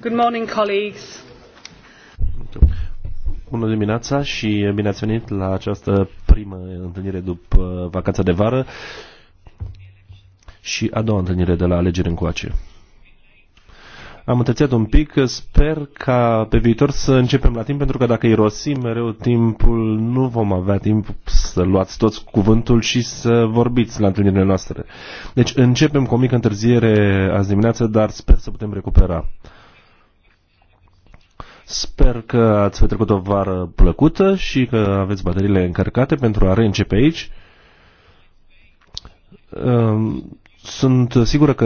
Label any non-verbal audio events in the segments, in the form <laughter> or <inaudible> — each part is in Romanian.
Good morning, colleagues. Bună dimineața și bine ați venit la această primă întâlnire după vacanța de vară și a doua întâlnire de la alegeri încoace. Am întățiat un pic, sper ca pe viitor să începem la timp, pentru că dacă irosim mereu timpul, nu vom avea timp să luați toți cuvântul și să vorbiți la întâlnirile noastre. Deci începem cu o mică întârziere azi dimineață, dar sper să putem recupera. Sper că ați petrecut o vară plăcută și că aveți bateriile încărcate pentru a reîncepe aici. Ehm, sunt sigură că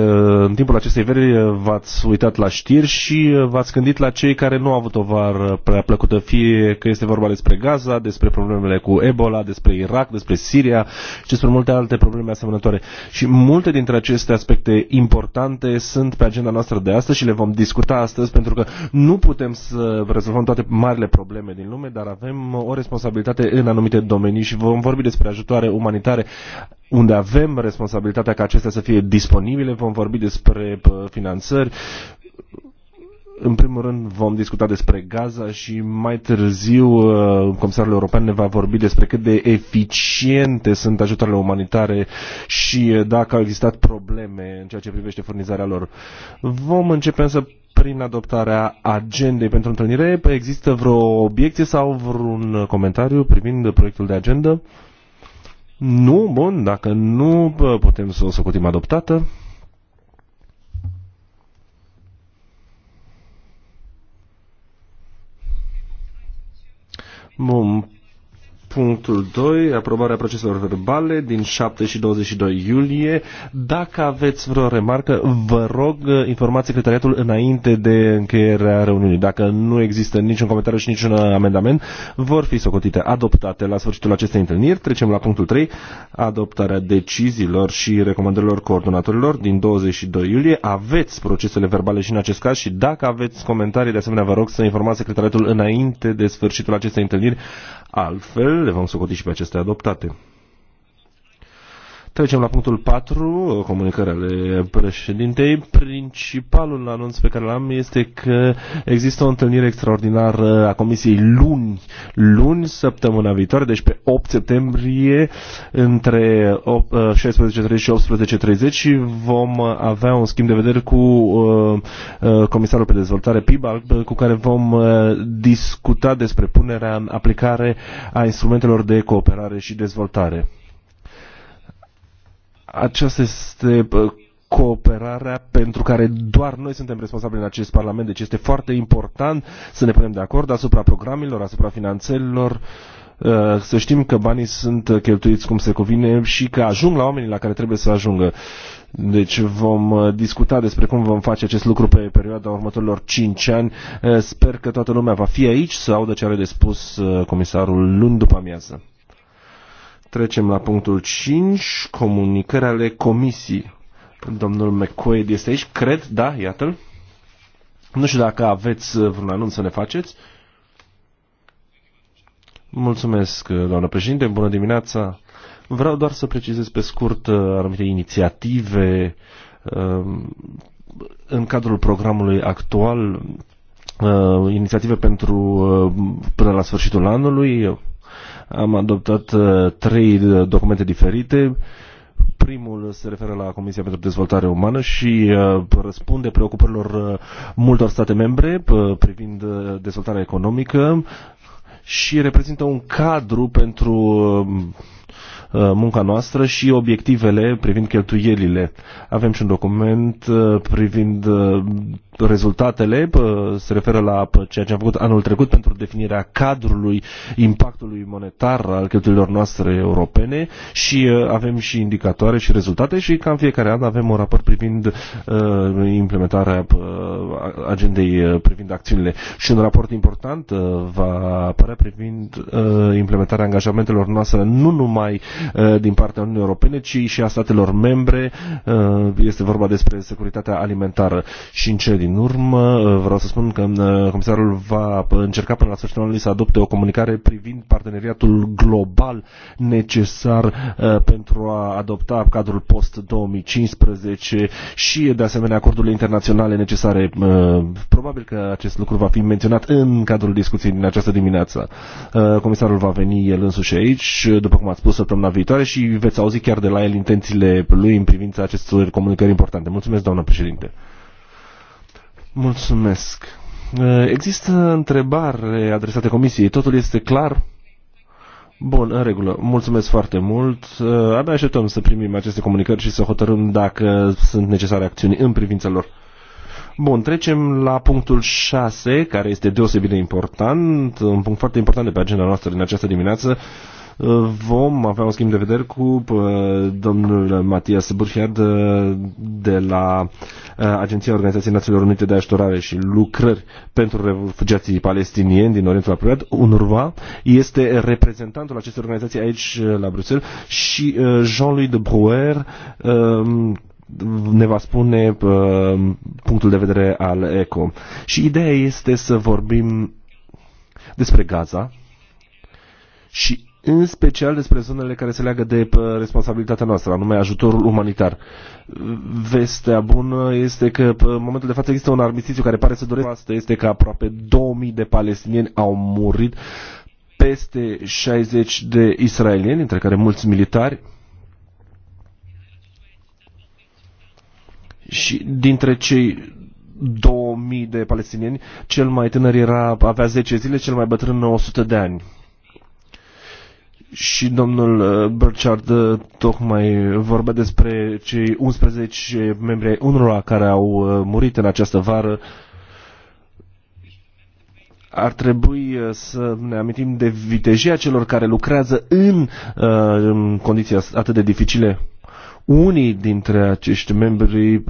în timpul acestei veri v-ați uitat la știri și v-ați gândit la cei care nu au avut o vară prea plăcută, fie că este vorba despre Gaza, despre problemele cu Ebola, despre Irak, despre Siria și despre multe alte probleme asemănătoare. Și multe dintre aceste aspecte importante sunt pe agenda noastră de astăzi și le vom discuta astăzi pentru că nu putem să rezolvăm toate marile probleme din lume, dar avem o responsabilitate în anumite domenii și vom vorbi despre ajutoare umanitare unde avem responsabilitatea ca acestea să fie disponibile, vom vorbi despre uh, finanțări, în primul rând vom discuta despre Gaza și mai târziu uh, Comisarul European ne va vorbi despre cât de eficiente sunt ajutoarele umanitare și uh, dacă au existat probleme în ceea ce privește furnizarea lor. Vom începe însă prin adoptarea agendei pentru întâlnire. Păi există vreo obiecție sau vreun comentariu privind proiectul de agendă? Nu, bun, dacă nu putem să o socotim adoptată. Bun, Punctul 2, aprobarea proceselor verbale din 7 și 22 iulie. Dacă aveți vreo remarcă, vă rog uh, informați secretariatul înainte de încheierea reuniunii. Dacă nu există niciun comentariu și niciun uh, amendament, vor fi socotite adoptate la sfârșitul acestei întâlniri. Trecem la punctul 3, adoptarea deciziilor și recomandărilor coordonatorilor din 22 iulie. Aveți procesele verbale și în acest caz și dacă aveți comentarii, de asemenea vă rog să informați secretariatul înainte de sfârșitul acestei întâlniri Altfel, le vom socoti și pe acestea adoptate. Trecem la punctul 4, comunicarea ale președintei. Principalul anunț pe care l-am este că există o întâlnire extraordinară a Comisiei luni, luni, săptămâna viitoare, deci pe 8 septembrie, între 16.30 uh, și 18.30 și vom avea un schimb de vedere cu uh, uh, Comisarul pe Dezvoltare, PIBAL, cu care vom discuta despre punerea în aplicare a instrumentelor de cooperare și dezvoltare aceasta este cooperarea pentru care doar noi suntem responsabili în acest Parlament. Deci este foarte important să ne punem de acord asupra programelor, asupra finanțelor, uh, să știm că banii sunt cheltuiți cum se cuvine și că ajung la oamenii la care trebuie să ajungă. Deci vom uh, discuta despre cum vom face acest lucru pe perioada următorilor 5 ani. Uh, sper că toată lumea va fi aici să audă ce are de spus comisarul luni după amiază. Trecem la punctul 5, comunicări ale comisiei. Domnul McQuaid este aici, cred, da, iată-l. Nu știu dacă aveți uh, vreun anunț să ne faceți. Mulțumesc, uh, doamnă președinte, bună dimineața. Vreau doar să precizez pe scurt uh, anumite inițiative um, în cadrul programului actual, inițiative pentru până la sfârșitul anului, am adoptat uh, trei uh, documente diferite. Primul se referă la Comisia pentru Dezvoltare Umană și uh, răspunde preocupărilor multor state membre privind dezvoltarea economică și reprezintă un cadru pentru Uh, munca noastră și obiectivele privind cheltuielile. Avem și un document uh, privind uh, rezultatele, se referă la ceea ce am făcut anul trecut pentru definirea cadrului impactului monetar al cheltuielilor noastre europene și avem și indicatoare și rezultate și cam fiecare an avem un raport privind implementarea agendei privind acțiunile. Și un raport important va apărea privind implementarea angajamentelor noastre nu numai Uh, din partea Uniunii Europene, ci și a statelor membre. Uh, este vorba despre securitatea alimentară. Și în cele din urmă uh, vreau să spun că comisarul va încerca până la sfârșitul anului să adopte o comunicare privind parteneriatul global necesar pentru a adopta cadrul post-2015 și de asemenea acordurile internaționale necesare. Probabil că acest lucru va fi menționat în cadrul discuției din această dimineață. Comisarul va veni el însuși aici, după cum ați spus, săptămâna viitoare și veți auzi chiar de la el intențiile lui în privința acestor comunicări importante. Mulțumesc, doamna președinte. Mulțumesc. Uh, există întrebare adresate comisiei. Totul este clar? Bun, în regulă. Mulțumesc foarte mult. Uh, abia așteptăm să primim aceste comunicări și să hotărâm dacă sunt necesare acțiuni în privința lor. Bun, trecem la punctul 6, care este deosebit de important, un punct foarte important de pe agenda noastră din această dimineață. Uh, vom avea un schimb de vedere cu uh, domnul Matias Burfiard uh, de la uh, Agenția Organizației Națiunilor Unite de Ajutorare și Lucrări pentru Refugiații Palestinieni din Orientul Apropiat, UNRWA, este reprezentantul acestei organizații aici la Bruxelles și Jean-Louis de Brouwer um, ne va spune punctul de vedere al ECO. Și ideea este să vorbim despre Gaza și în special despre zonele care se leagă de uh, responsabilitatea noastră, anume ajutorul umanitar. Vestea bună este că uh, în momentul de față există un armistițiu care pare să dorească asta, este că aproape 2000 de palestinieni au murit, peste 60 de israelieni, între care mulți militari, și dintre cei 2000 de palestinieni, cel mai tânăr era, avea 10 zile, cel mai bătrân 100 de ani și domnul uh, Burchard uh, tocmai vorbea despre cei 11 membri ai UNRWA care au uh, murit în această vară. Ar trebui să ne amintim de vitejia celor care lucrează în în condiții atât de dificile unii dintre acești membri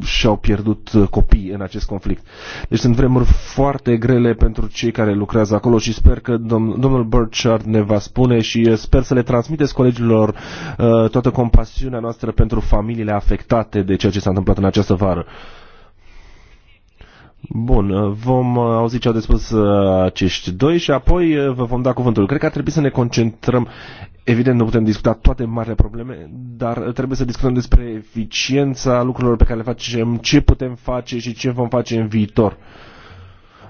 și-au pierdut uh, copii în acest conflict. Deci sunt vremuri foarte grele pentru cei care lucrează acolo și sper că dom- domnul Burchard ne va spune și uh, sper să le transmiteți colegilor uh, toată compasiunea noastră pentru familiile afectate de ceea ce s-a întâmplat în această vară. Bun, uh, vom uh, auzi ce au de spus uh, acești doi și apoi vă vom da cuvântul. Cred că ar trebui să ne concentrăm. Evident, nu putem discuta toate marile probleme, dar trebuie să discutăm despre eficiența lucrurilor pe care le facem, ce putem face și ce vom face în viitor.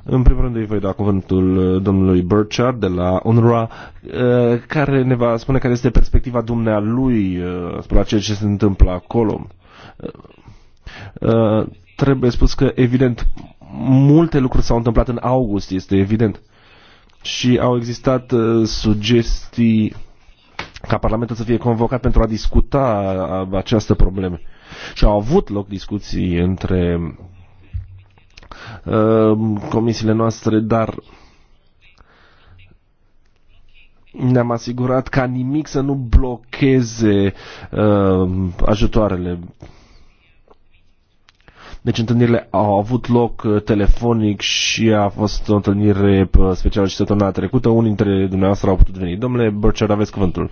În primul rând îi voi da cuvântul domnului Burchard de la UNRWA, care ne va spune care este perspectiva dumnealui asupra ceea ce se întâmplă acolo. Trebuie spus că, evident, multe lucruri s-au întâmplat în august, este evident. Și au existat uh, sugestii ca Parlamentul să fie convocat pentru a discuta uh, această problemă. Și au avut loc discuții între uh, comisiile noastre, dar ne-am asigurat ca nimic să nu blocheze uh, ajutoarele deci întâlnirile au avut loc uh, telefonic și a fost o întâlnire uh, specială și săptămâna trecută. Unii dintre dumneavoastră au putut veni. Domnule Bărcer, aveți cuvântul.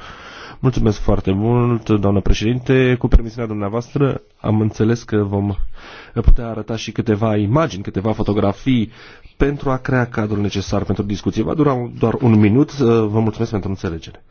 Mulțumesc foarte mult, doamnă președinte. Cu permisiunea dumneavoastră, am înțeles că vom putea arăta și câteva imagini, câteva fotografii pentru a crea cadrul necesar pentru discuție. Va dura doar un minut. Uh, vă mulțumesc pentru înțelegere.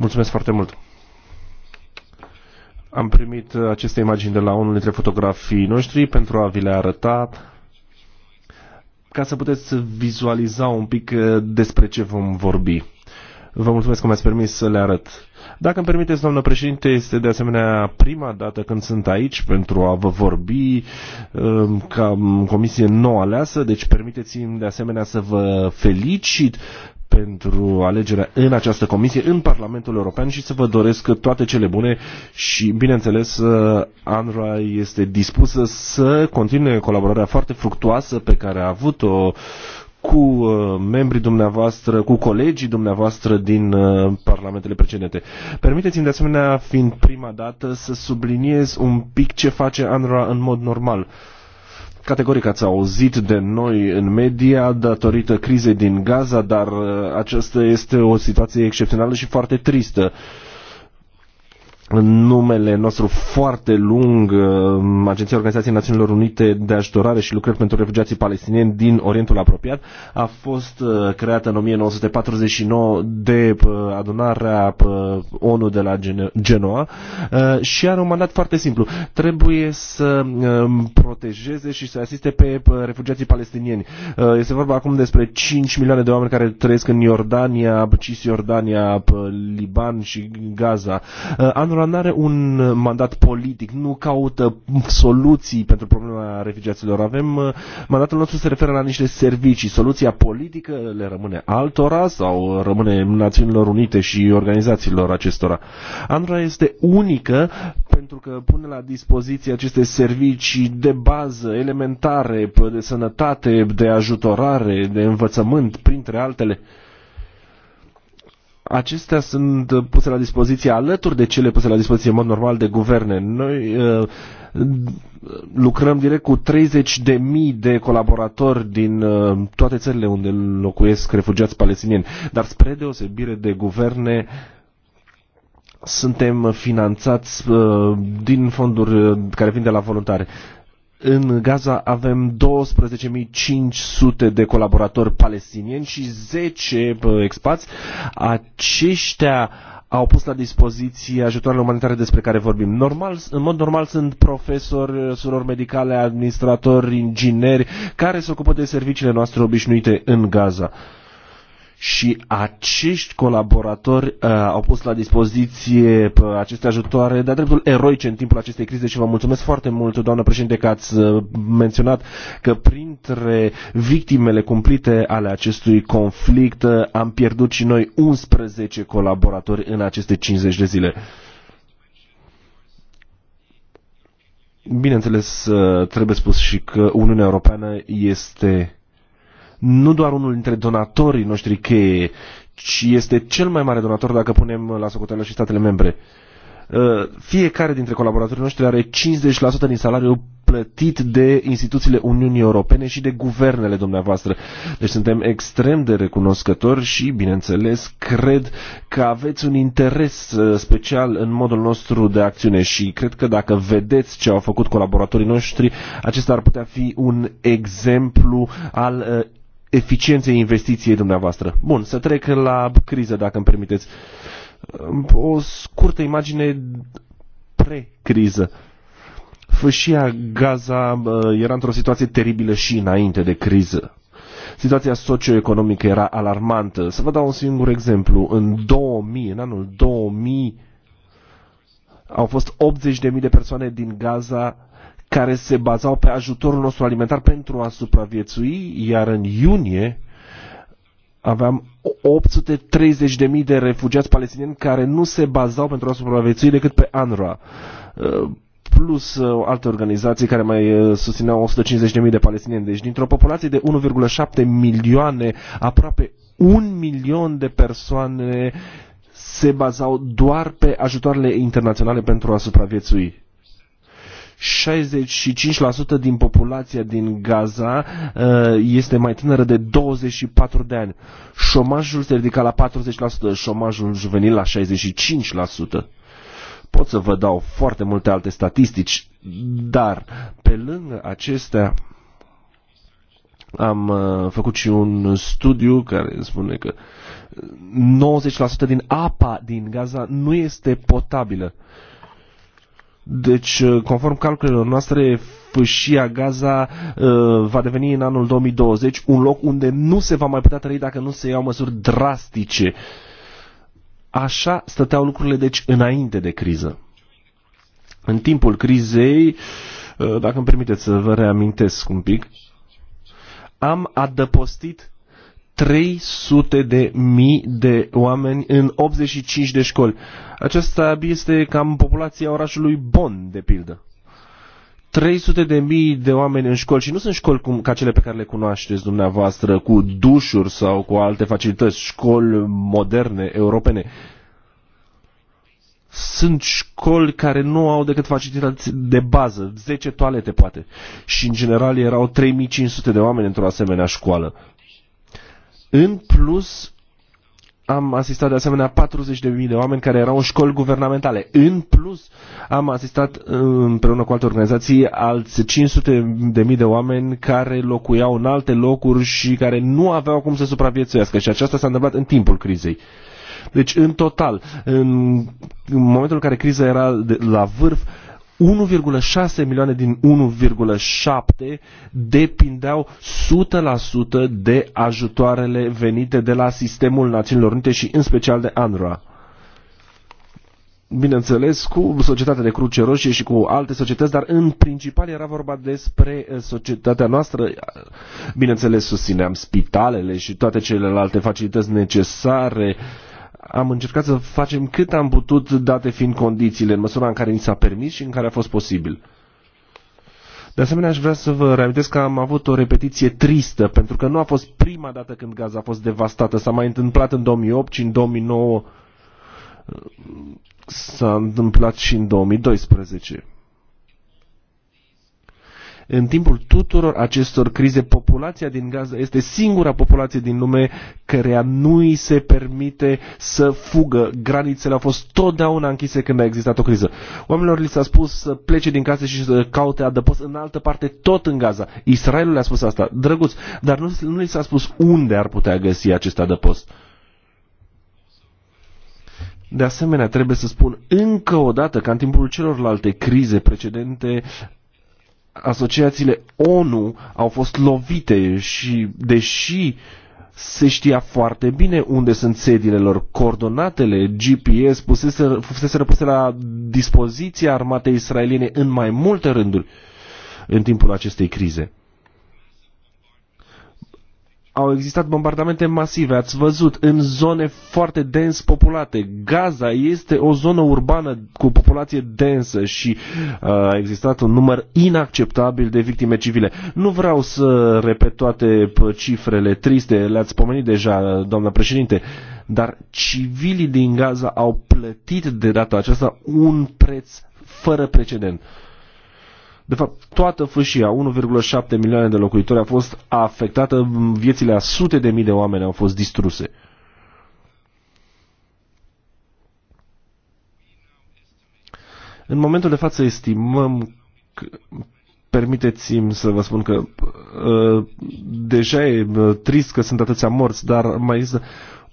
Mulțumesc foarte mult! Am primit aceste imagini de la unul dintre fotografii noștri pentru a vi le arăta ca să puteți vizualiza un pic eh, despre ce vom vorbi. Vă mulțumesc că mi-ați permis să le arăt. Dacă îmi permiteți, doamnă președinte, este de asemenea prima dată când sunt aici pentru a vă vorbi ehm, ca mm, comisie nouă aleasă, deci permiteți-mi de asemenea să vă felicit pentru alegerea în această comisie, în Parlamentul European și să vă doresc toate cele bune și, bineînțeles, Andra este dispusă să continue colaborarea foarte fructuoasă pe care a avut-o cu uh, membrii dumneavoastră, cu colegii dumneavoastră din uh, parlamentele precedente. Permiteți-mi de asemenea, fiind prima dată, să subliniez un pic ce face Anra în mod normal. Uh, Categoric ați auzit de noi în media datorită crizei din Gaza, dar uh, aceasta este o situație excepțională și foarte tristă. Uh, în numele nostru foarte lung uh, Agenția Organizației Națiunilor Unite de Ajutorare și Lucrări pentru Refugiații Palestinieni din Orientul Apropiat a fost uh, creată în 1949 de uh, adunarea ONU de la Genoa și are un mandat foarte simplu. Trebuie să um, protejeze și să asiste pe refugiații palestinieni. Este vorba acum despre 5 milioane de oameni care trăiesc în Iordania, Cisjordania, Liban și Gaza. Anul Erdogan nu are un uh, mandat politic, nu caută soluții pentru problema refugiaților. Avem, uh, mandatul nostru se referă la niște servicii. Soluția politică le rămâne altora sau rămâne Națiunilor Unite și organizațiilor acestora. Andra este unică pentru că pune la dispoziție aceste servicii de bază, elementare, de sănătate, de ajutorare, de învățământ, printre altele acestea sunt puse la dispoziție alături de cele puse la dispoziție în mod normal de guverne. Noi uh, lucrăm direct cu 30 de mii de colaboratori din uh, toate țările unde locuiesc refugiați palestinieni, dar spre deosebire de guverne suntem finanțați uh, din fonduri care vin de la voluntari. În Gaza avem 12.500 de colaboratori palestinieni și 10 expați. Aceștia au pus la dispoziție ajutoarele umanitare despre care vorbim. Normal, în mod normal sunt profesori, surori medicale, administratori, ingineri care se ocupă de serviciile noastre obișnuite în Gaza. Uh, și acești colaboratori uh, au pus la dispoziție uh, aceste ajutoare de-a dreptul eroice în timpul acestei crize și vă mulțumesc foarte mult, doamnă președinte, că ați uh, menționat că printre victimele cumplite ale acestui conflict uh, am pierdut și noi 11 colaboratori în aceste 50 de zile. Bineînțeles, uh, trebuie spus și că Uniunea Europeană este nu doar unul dintre donatorii noștri cheie, ci este cel mai mare donator dacă punem la socoteală și statele membre. Uh, fiecare dintre colaboratorii noștri are 50% din salariul plătit de instituțiile Uniunii Europene și de guvernele dumneavoastră. Deci suntem extrem de recunoscători și, bineînțeles, cred că aveți un interes uh, special în modul nostru de acțiune și cred că dacă vedeți ce au făcut colaboratorii noștri, acesta ar putea fi un exemplu al uh, eficienței investiției dumneavoastră. Bun, să trec la criză, dacă îmi permiteți. O scurtă imagine pre-criză. Fâșia Gaza era într-o situație teribilă și înainte de criză. Situația socioeconomică era alarmantă. Să vă dau un singur exemplu. În 2000, în anul 2000, au fost 80.000 de persoane din Gaza care se bazau pe ajutorul nostru alimentar pentru a supraviețui, iar în iunie aveam 830.000 de refugiați palestinieni care nu se bazau pentru a supraviețui decât pe ANRA uh, plus uh, alte organizații care mai uh, susțineau 150.000 de palestinieni. Deci dintr-o populație de 1,7 milioane, aproape un milion de persoane se bazau doar pe ajutoarele internaționale pentru a supraviețui. 65% din populația din Gaza uh, este mai tânără de 24 de ani. Șomajul se ridica la 40%, șomajul juvenil la 65%. Pot să vă dau foarte multe alte statistici, dar pe lângă acestea am uh, făcut și un studiu care spune că 90% uh, din apa din Gaza nu este potabilă. Uh, deci, uh, conform calculelor noastre, fâșia Gaza uh, va deveni în anul 2020 un loc unde nu se va mai putea trăi dacă nu se iau măsuri drastice. Așa stăteau lucrurile, deci, înainte de criză. În timpul crizei, uh, dacă îmi permiteți să vă reamintesc un pic, am adăpostit 300 de mii de oameni în 85 de școli. Aceasta este cam populația orașului Bonn, de pildă. 300 de mii de oameni în școli și nu sunt școli cum, ca cele pe care le cunoașteți dumneavoastră, cu dușuri sau cu alte facilități, școli moderne, europene. Sunt școli care nu au decât facilități de bază, 10 toalete poate. Și în general erau 3500 de oameni într-o asemenea școală. În plus, am asistat de asemenea 40.000 de oameni care erau în școli guvernamentale. În plus, am asistat uh, împreună cu alte organizații alți 500.000 de oameni care locuiau în alte locuri și care nu aveau cum să supraviețuiască. Și aceasta s-a întâmplat în timpul crizei. Deci, în total, în, în momentul în care criza era de, la vârf, 1,6 milioane din 1,7 depindeau 100% de ajutoarele venite de la sistemul Națiunilor Unite și în special de ANRA. bineînțeles, cu societatea de Cruce Roșie și cu alte societăți, dar în principal era vorba despre eh, societatea noastră. Bineînțeles, susțineam spitalele și toate celelalte facilități necesare uh, am încercat să facem cât am putut, date fiind condițiile, în măsura în care ni s-a permis și în care a fost posibil. De asemenea, aș vrea să vă reamintesc că am avut o repetiție tristă, pentru că nu a fost prima dată când Gaza a fost devastată. S-a mai întâmplat în 2008 și în 2009 s-a întâmplat și în 2012. În timpul tuturor acestor crize, populația din Gaza este singura populație din lume care nu îi se permite să fugă. Granițele au fost totdeauna închise când a existat o criză. Oamenilor li s-a spus să plece din casă și să caute adăpost în altă parte, tot în Gaza. Israelul le-a spus asta, drăguț, dar nu, nu li s-a spus unde ar putea găsi acest adăpost. De asemenea, trebuie să spun încă o dată ca în timpul celorlalte crize precedente, asociațiile ONU au fost lovite și deși se știa foarte bine unde sunt sediile lor. Coordonatele GPS pusese, fusese puse la dispoziția armatei israeliene în mai multe rânduri în timpul acestei crize au existat bombardamente masive, ați văzut, în zone foarte dens populate. Gaza este o zonă urbană cu populație densă și uh, a existat un număr inacceptabil de victime civile. Nu vreau să repet toate cifrele triste, le-ați pomenit deja, doamna președinte, dar civilii din Gaza au plătit de data aceasta un preț fără precedent. Uh, de fapt, toată fâșia, 1,7 milioane de locuitori, a fost afectată, viețile a sute de mii de oameni au fost distruse. În momentul de față estimăm, că, permiteți-mi să vă spun că uh, deja e uh, trist că sunt atâția morți, dar mai există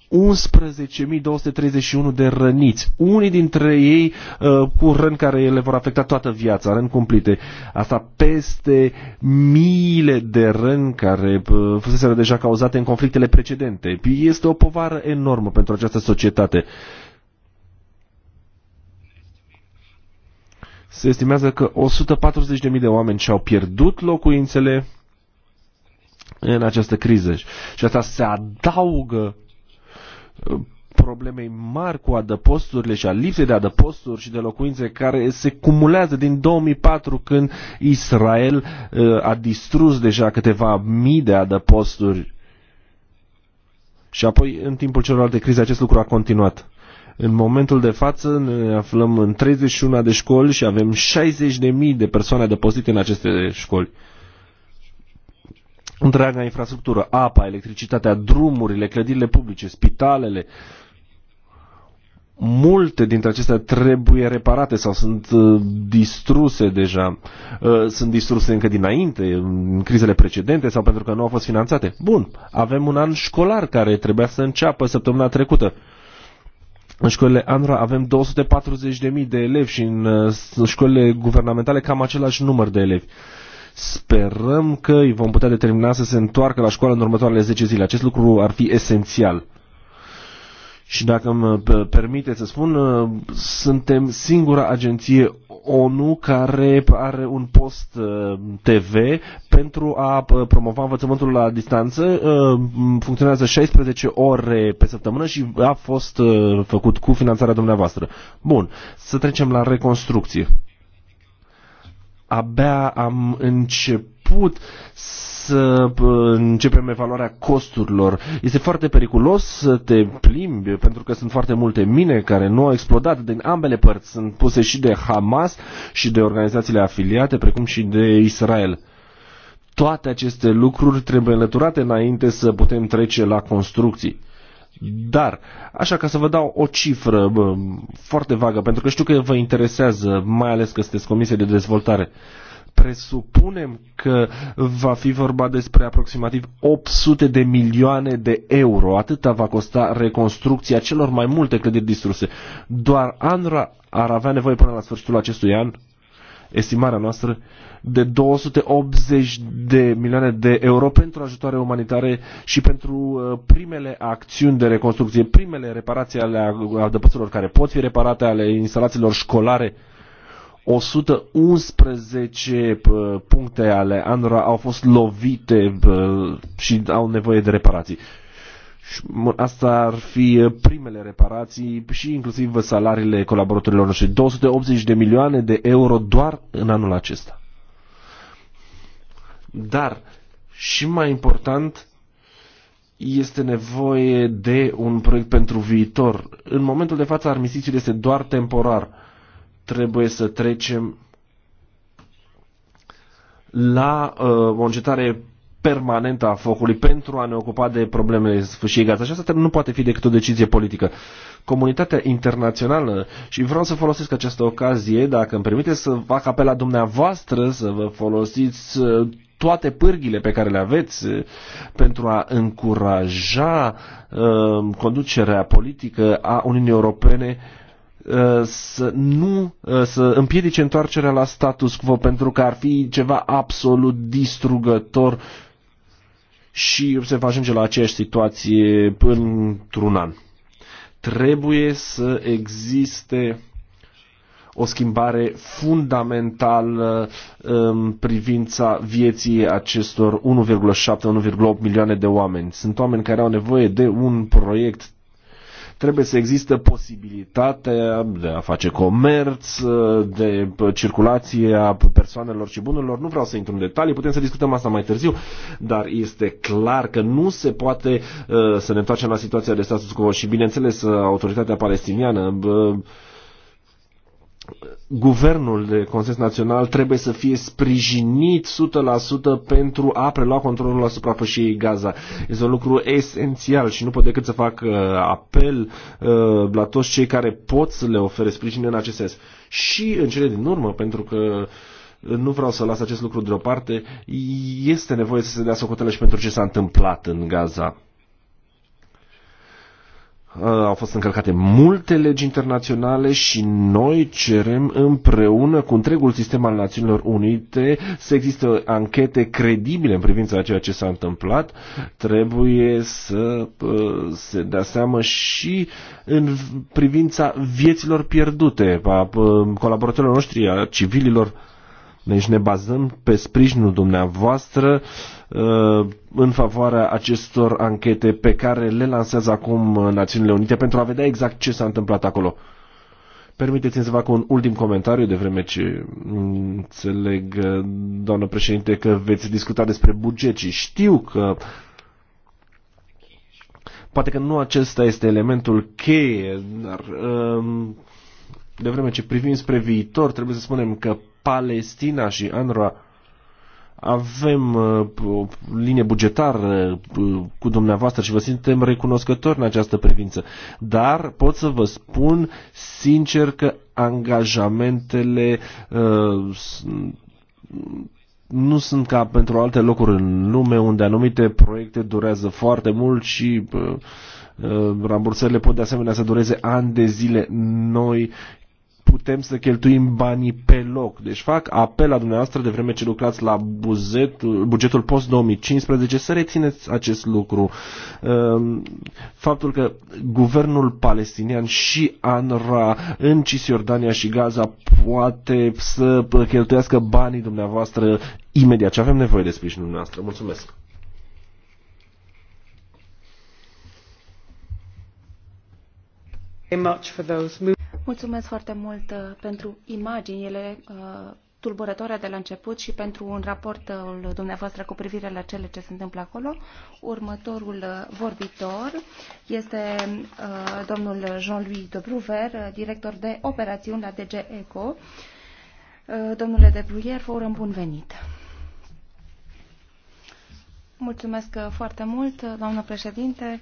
11.231 de răniți, unii dintre ei uh, cu răni care le vor afecta toată viața, răni cumplite. Asta peste miile de răni care uh, fuseseră deja cauzate în conflictele precedente. Este o povară enormă pentru această societate. Se estimează că 140.000 de oameni și-au pierdut locuințele în această criză. Și asta se adaugă problemei mari cu adăposturile și a lipsei de adăposturi și de locuințe care se cumulează din 2004 când Israel uh, a distrus deja câteva mii de adăposturi și apoi în timpul celorlalte crize acest lucru a continuat. În momentul de față ne aflăm în 31 de școli și avem 60.000 de persoane adăpostite în aceste școli întreaga infrastructură, apa, electricitatea, drumurile, clădirile publice, spitalele. Multe dintre acestea trebuie reparate sau sunt uh, distruse deja, uh, sunt distruse încă dinainte, în crizele precedente sau pentru că nu au fost finanțate. Bun, avem un an școlar care trebuia să înceapă săptămâna trecută. În școlile ANRA avem 240.000 de elevi și în uh, școlile guvernamentale cam același număr de elevi. Uh, Sperăm că îi vom putea determina să se întoarcă la școală în următoarele 10 zile. Acest lucru ar fi esențial. Și dacă îmi uh, permite să spun, uh, suntem singura agenție ONU care are un post uh, TV pentru a promova învățământul la distanță. Funcționează 16 ore pe săptămână și a fost făcut cu finanțarea dumneavoastră. Bun, să trecem la reconstrucție abia am început să uh, începem evaluarea costurilor. Este foarte periculos să te plimbi, pentru că sunt foarte multe mine care nu au explodat din ambele părți. Sunt puse și de Hamas și de organizațiile afiliate, precum și de Israel. Toate aceste lucruri trebuie înlăturate înainte să putem trece la construcții. Dar, așa ca să vă dau o cifră bă, foarte vagă, pentru că știu că vă interesează, mai ales că sunteți comisie de dezvoltare, presupunem că va fi vorba despre aproximativ 800 de milioane de euro. Atâta va costa reconstrucția celor mai multe clădiri distruse. Doar ANRA ar avea nevoie până la sfârșitul acestui an estimarea noastră, de 280 de milioane de euro pentru ajutoare umanitare și pentru uh, primele acțiuni de reconstrucție, primele reparații ale adăpăților care pot fi reparate, ale instalațiilor școlare. 111 puncte ale ANRA au fost lovite și au nevoie de reparații. Și asta ar fi primele reparații și inclusiv salariile colaboratorilor noștri. 280 de milioane de euro doar în anul acesta. Dar și mai important este nevoie de un proiect pentru viitor. În momentul de față armistițiul este doar temporar. Trebuie să trecem la uh, o încetare permanentă a focului pentru a ne ocupa de problemele sfârșiei Gaza. Așa asta nu poate fi decât o decizie politică. Comunitatea internațională, și vreau să folosesc această ocazie, dacă îmi permite să fac apel la dumneavoastră să vă folosiți uh, toate pârghile pe care le aveți uh, pentru a încuraja uh, conducerea politică a Uniunii Europene uh, să nu să împiedice întoarcerea la status quo pentru că ar fi ceva absolut distrugător și se va ajunge la aceeași situație într-un an. Trebuie să existe o schimbare fundamentală în um, privința vieții acestor 1,7-1,8 milioane de oameni. Sunt oameni care au nevoie de un proiect Trebuie să existe posibilitatea de a face comerț, de circulație a persoanelor și bunurilor. Nu vreau să intru în detalii, putem să discutăm asta mai târziu, dar este clar că nu se poate uh, să ne întoarcem la situația de status quo și, bineînțeles, uh, autoritatea palestiniană uh, guvernul de consens național trebuie să fie sprijinit 100% pentru a prelua controlul asupra fășiei Gaza. Este un lucru esențial și nu pot decât să fac uh, apel uh, la toți cei care pot să le ofere sprijin în acest sens. Și în cele din urmă, pentru că nu vreau să las acest lucru deoparte, este nevoie să se dea socotelă și pentru ce s-a întâmplat în Gaza au fost încălcate multe legi internaționale și noi cerem împreună cu întregul sistem al Națiunilor Unite să există anchete credibile în privința a ceea ce s-a întâmplat. Trebuie să uh, se dea seamă și în privința vieților pierdute a uh, colaboratorilor noștri, a civililor deci ne bazăm pe sprijinul dumneavoastră uh, în favoarea acestor anchete pe care le lansează acum uh, Națiunile Unite pentru a vedea exact ce s-a întâmplat acolo. Permiteți-mi să fac un ultim comentariu, de vreme ce înțeleg, uh, doamnă președinte, că veți discuta despre buget și știu că poate că nu acesta este elementul cheie, dar de vreme ce privim spre viitor, trebuie să spunem că Palestina și Anra avem uh, o linie bugetară uh, cu dumneavoastră și vă suntem recunoscători în această privință. Dar pot să vă spun sincer că angajamentele uh, nu sunt ca pentru alte locuri în lume unde anumite proiecte durează foarte mult și uh, uh rambursările pot de asemenea să dureze ani de zile. Noi putem să cheltuim banii pe loc. Deci fac apel la dumneavoastră de vreme ce lucrați la bugetul, bugetul post-2015 să rețineți acest lucru. Ehm, faptul că guvernul palestinian și ANRA în Cisjordania și Gaza poate să cheltuiască banii dumneavoastră imediat Ce avem nevoie de sprijinul dumneavoastră. Mulțumesc! much for those Mulțumesc foarte mult uh, pentru imaginile uh, tulburătoare de la început și pentru un raportul dumneavoastră cu privire la cele ce se întâmplă acolo. Următorul uh, vorbitor este domnul Jean-Louis de Bruver, director de operațiuni la DG ECO. Domnule de Bruyer, vă urăm bun venit! Mulțumesc foarte mult, doamnă președinte,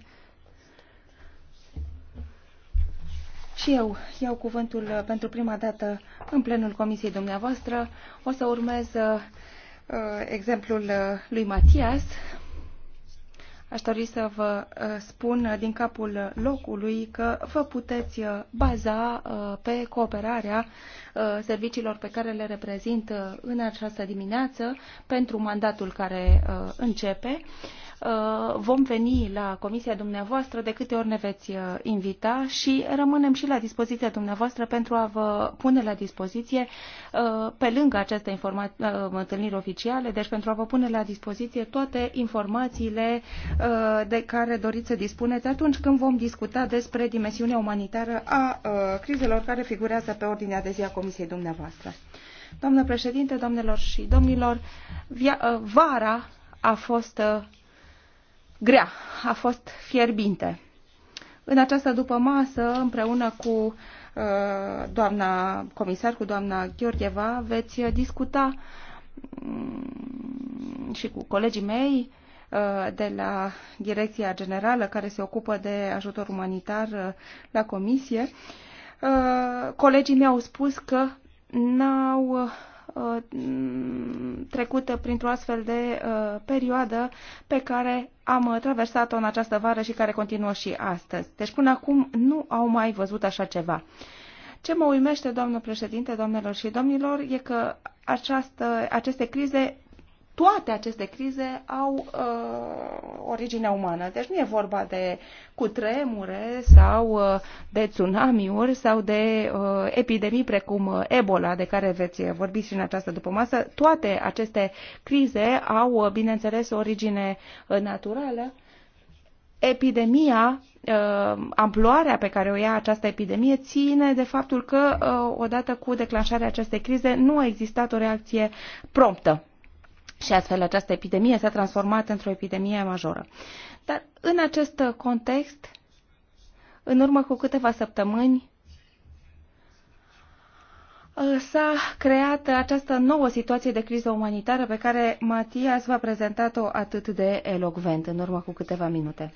Și eu iau cuvântul uh, pentru prima dată în plenul comisiei dumneavoastră. O să urmez uh, uh exemplul uh, lui Matias. Aș dori să vă spun din capul locului că vă puteți baza pe cooperarea serviciilor pe care le reprezint în această dimineață pentru mandatul care începe. Uh, vom veni la comisia dumneavoastră de câte ori ne veți uh, invita și rămânem și la dispoziția dumneavoastră pentru a vă pune la dispoziție, uh, pe lângă aceste întâlniri oficiale, deci pentru a vă pune la dispoziție toate informațiile de care doriți să dispuneți atunci când vom discuta despre dimensiunea umanitară a crizelor care figurează pe ordinea de zi a comisiei dumneavoastră. Doamnă președinte, domnilor și domnilor, vara a fost grea, a fost fierbinte. În această după-masă, împreună cu uh, doamna comisar, cu doamna Gheorgheva, veți discuta mm, și cu colegii mei uh, de la Direcția Generală care se ocupă de ajutor umanitar uh, la Comisie. Colegii mi au spus că n-au Uh, trecut printr-o astfel de uh, perioadă pe care am uh, traversat-o în această vară și care continuă și astăzi. Deci până acum nu au mai văzut așa ceva. Ce mă uimește, doamnă președinte, doamnelor și domnilor, e că această, aceste crize toate aceste crize au uh, origine umană. Deci nu e vorba de cutremure sau uh, de tsunamiuri sau de uh, epidemii precum uh, Ebola, de care veți vorbi și în această dupămasă. Toate aceste crize au, uh, bineînțeles, origine uh, naturală. Epidemia, uh, amploarea pe care o ia această epidemie ține de faptul că, uh, odată cu declanșarea acestei crize, nu a existat o reacție promptă și astfel această epidemie s-a transformat într-o epidemie majoră. Dar în acest context, în urmă cu câteva săptămâni, S-a creat această nouă situație de criză umanitară pe care Matias v-a prezentat-o atât de elogvent în urmă cu câteva minute.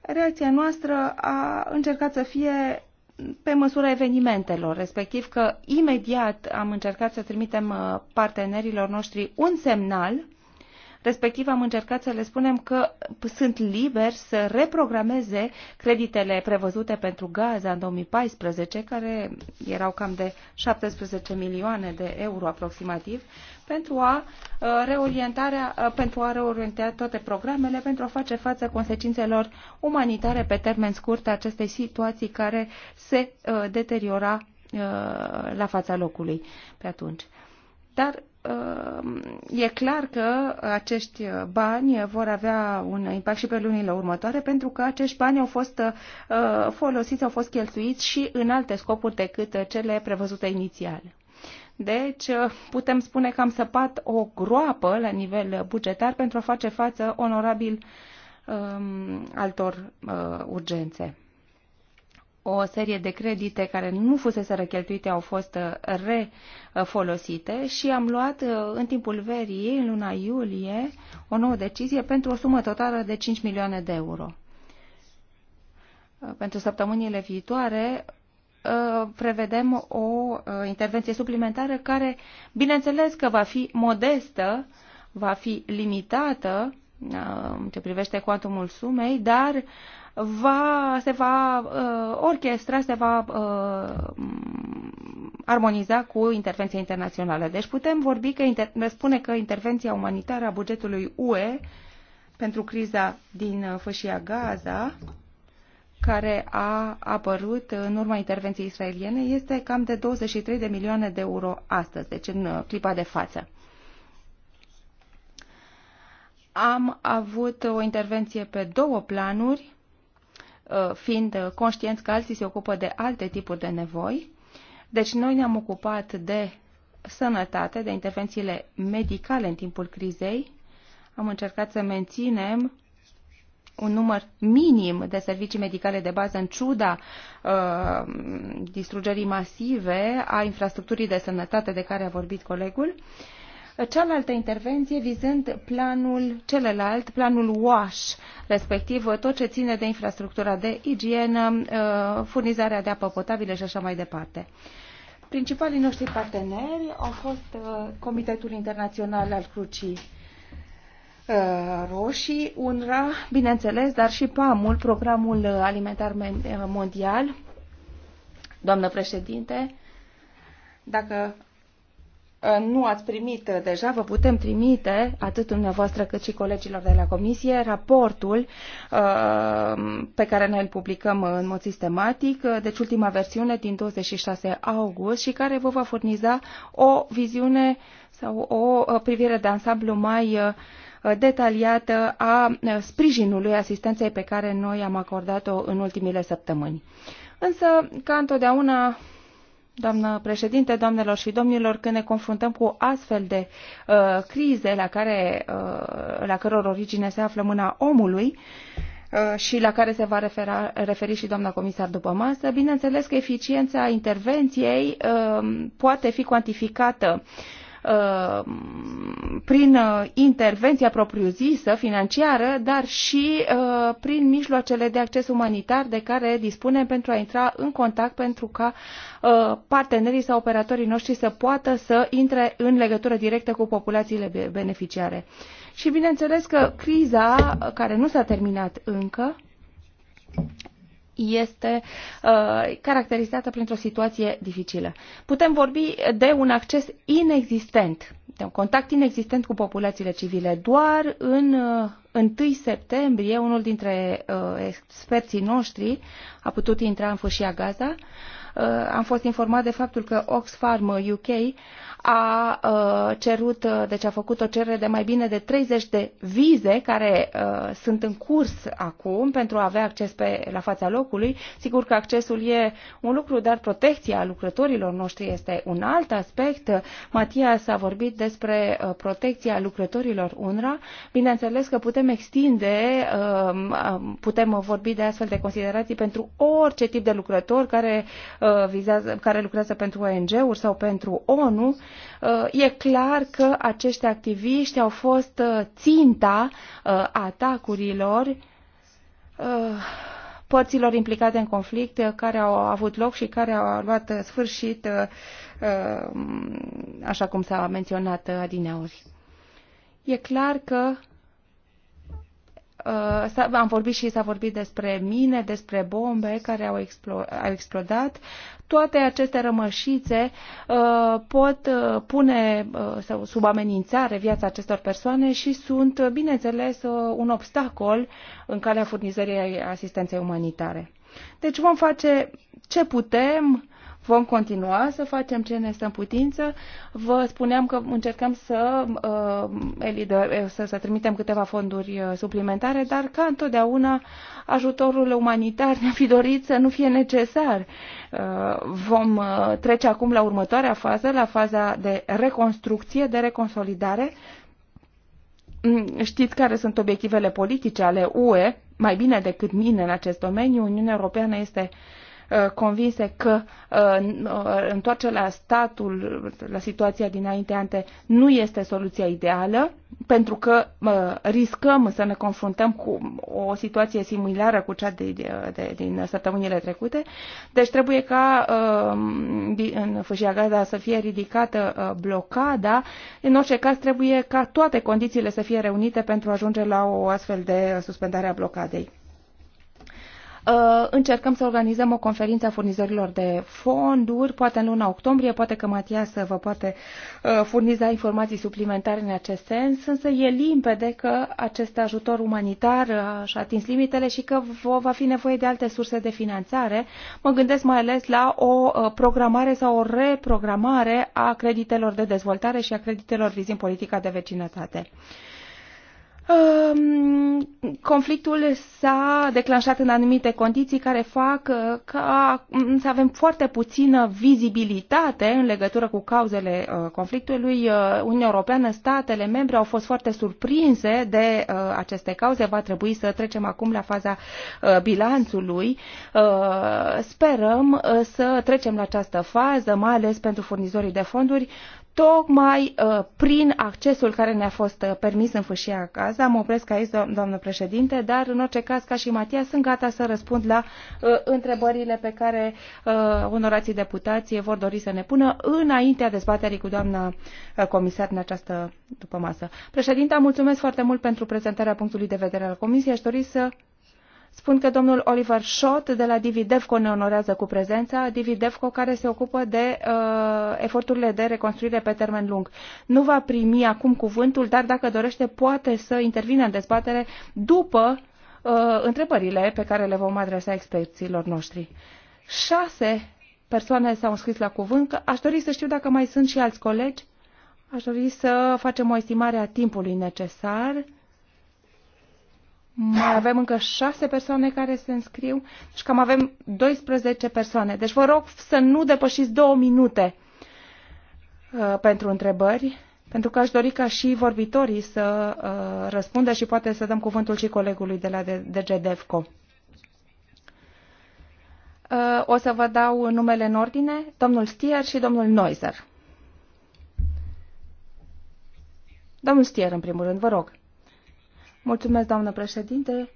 Reacția noastră a încercat să fie pe măsura evenimentelor, respectiv că imediat am încercat să trimitem uh, partenerilor noștri un semnal respectiv am încercat să le spunem că sunt liberi să reprogrameze creditele prevăzute pentru Gaza în 2014, care erau cam de 17 milioane de euro aproximativ, pentru a, uh, reorientarea, uh, pentru a reorienta toate programele, pentru a face față consecințelor umanitare pe termen scurt a acestei situații care se uh, deteriora la fața locului pe atunci. Dar Ehm, e clar că acești bani vor avea un impact și pe lunile următoare, pentru că acești bani au fost ehm, folosiți, au fost cheltuiți și în alte scopuri decât cele prevăzute inițial. Deci putem spune că am săpat o groapă la nivel bugetar pentru a face față onorabil um, altor uh, urgențe o serie de credite care nu fusese răcheltuite au fost uh, refolosite și am luat uh, în timpul verii, în luna iulie, o nouă decizie pentru o sumă totală de 5 milioane de euro. Uh, pentru săptămânile viitoare prevedem o intervenție suplimentară care, bineînțeles că va fi modestă, va fi limitată, în ce privește cuantumul sumei, dar va, se va uh, orchestra, se va uh, armoniza cu intervenția internațională. Deci putem vorbi că inter- spune că intervenția umanitară a bugetului UE pentru criza din uh, fâșia Gaza, care a apărut în urma intervenției israeliene, este cam de 23 de milioane de euro astăzi, deci în uh, clipa de față. Am avut o intervenție pe două planuri Uh, fiind uh, conștienți că alții se ocupă de alte tipuri de nevoi. Deci noi ne-am ocupat de sănătate, de intervențiile medicale în timpul crizei. Am încercat să menținem un număr minim de servicii medicale de bază în ciuda uh, distrugerii masive a infrastructurii de sănătate de care a vorbit colegul. Uh, cealaltă intervenție vizând planul celălalt, planul WASH, respectiv tot ce ține de infrastructura de igienă, uh, furnizarea de apă potabilă și așa mai departe. Principalii noștri parteneri au fost uh, Comitetul Internațional al Crucii uh, Roșii, UNRWA, bineînțeles, dar și PAMul, Programul Alimentar Mondial. Doamnă președinte, dacă nu ați primit uh, deja, vă putem trimite, atât dumneavoastră cât și colegilor de la Comisie, raportul uh, pe care noi îl publicăm în mod sistematic, uh, deci ultima versiune din 26 august și care vă va furniza o viziune sau o privire de ansamblu mai detaliată a sprijinului asistenței pe care noi am acordat-o în ultimile săptămâni. Însă, ca întotdeauna, Doamnă președinte, doamnelor și domnilor, când ne confruntăm cu astfel de uh, crize la, care, uh, la căror origine se află mâna omului, uh, și la care se va refera, referi și doamna comisar după masă, bineînțeles că eficiența intervenției uh, poate fi cuantificată uh, Uh, prin uh, intervenția propriu-zisă financiară, dar și uh, prin mijloacele de acces umanitar de care dispunem pentru a intra în contact pentru ca partenerii sau operatorii noștri să poată să intre în legătură directă cu populațiile beneficiare. Și bineînțeles că criza, care nu s-a terminat încă, este uh, caracterizată printr-o situație dificilă. Putem vorbi de un acces inexistent, de un contact inexistent cu populațiile civile. Doar în uh, 1 septembrie, unul dintre uh, experții noștri a putut intra în fâșia Gaza. Uh, am fost informat de faptul că Oxfam UK uh, a uh, cerut, uh, deci a făcut o cerere de mai bine de 30 de vize care uh, sunt în curs acum pentru a avea acces pe, la fața locului. Sigur că accesul e un lucru, dar protecția lucrătorilor noștri este un alt aspect. Matias a vorbit despre protecția lucrătorilor UNRWA. Bineînțeles că putem extinde, um, um, putem vorbi de astfel de considerații pentru orice tip de lucrător care, vizează, care lucrează pentru ONG-uri sau pentru ONU Uh, e clar că acești activiști au fost uh, ținta uh, atacurilor părților implicate în conflict care au avut loc și care au luat sfârșit, așa cum s-a menționat adineauri. E clar că Uh, am vorbit și s-a vorbit despre mine, despre bombe care au, explo, au explodat. Toate aceste rămășițe uh, pot uh, pune uh, sub amenințare viața acestor persoane și sunt, uh, bineînțeles, uh, un obstacol în calea furnizării asistenței umanitare. Deci vom face ce putem Vom continua să facem ce ne este în putință. Vă spuneam că încercăm să, uh, să, să trimitem câteva fonduri uh, suplimentare, dar ca întotdeauna ajutorul umanitar ne-a fi dorit să nu fie necesar. Uh, vom uh, trece acum la următoarea fază, la faza de reconstrucție, de reconsolidare. Mm, știți care sunt obiectivele politice ale UE, mai bine decât mine în acest domeniu. Uniunea Europeană este uh, Uh, convinse că uh, uh, întoarcerea la statul, la situația dinainte ante, nu este soluția ideală, pentru că riscăm să ne confruntăm cu o situație similară cu cea de, de, de, din săptămânile trecute. Deci trebuie ca um, în Fâșia Gaza să fie ridicată blocada. În orice caz, trebuie ca toate condițiile să fie reunite pentru a ajunge la o astfel de suspendare a blocadei. Uh, încercăm să organizăm o conferință a furnizorilor de fonduri, poate în luna octombrie, poate că Matias vă poate uh, furniza informații suplimentare în acest sens, însă e limpede că acest ajutor umanitar uh, și-a atins limitele și că va fi nevoie de alte surse de finanțare. Mă gândesc mai ales la o programare sau o reprogramare a creditelor de dezvoltare și a creditelor vizind politica de vecinătate. Ehm, conflictul s-a declanșat în anumite condiții care fac uh, ca să avem foarte puțină vizibilitate în legătură cu cauzele uh, conflictului. Uh, Uniunea Europeană, statele membre au fost foarte surprinse de aceste cauze. Va trebui să trecem acum la faza bilanțului. Sperăm să trecem la această fază, mai ales pentru furnizorii de fonduri, tocmai uh, prin accesul care ne-a fost uh, permis în fâșia Gaza. Mă opresc aici, doamnă președinte, dar în orice caz, ca și Matia, sunt gata să răspund la uh, întrebările pe care uh, onorații deputații vor dori să ne pună înaintea dezbaterii cu doamna uh, comisar în această după masă. Președinta, mulțumesc foarte mult pentru prezentarea punctului de vedere al Comisiei. Aș dori să Spun că domnul Oliver Schott de la Devco ne onorează cu prezența, Devco care se ocupă de uh, eforturile de reconstruire pe termen lung. Nu va primi acum cuvântul, dar dacă dorește poate să intervină în dezbatere după uh, întrebările pe care le vom adresa experților noștri. Șase persoane s-au înscris la cuvânt. Aș dori să știu dacă mai sunt și alți colegi. Aș dori să facem o estimare a timpului necesar. Mai avem încă șase persoane care se înscriu, deci cam avem 12 persoane. Deci vă rog să nu depășiți două minute uh, pentru întrebări, pentru că aș dori ca și vorbitorii să uh, răspundă și poate să dăm cuvântul și colegului de la DGDEVCO. Uh, o să vă dau numele în ordine, domnul Stier și domnul Noizer. Domnul Stier, în primul rând, vă rog. Mulțumesc, doamnă președinte.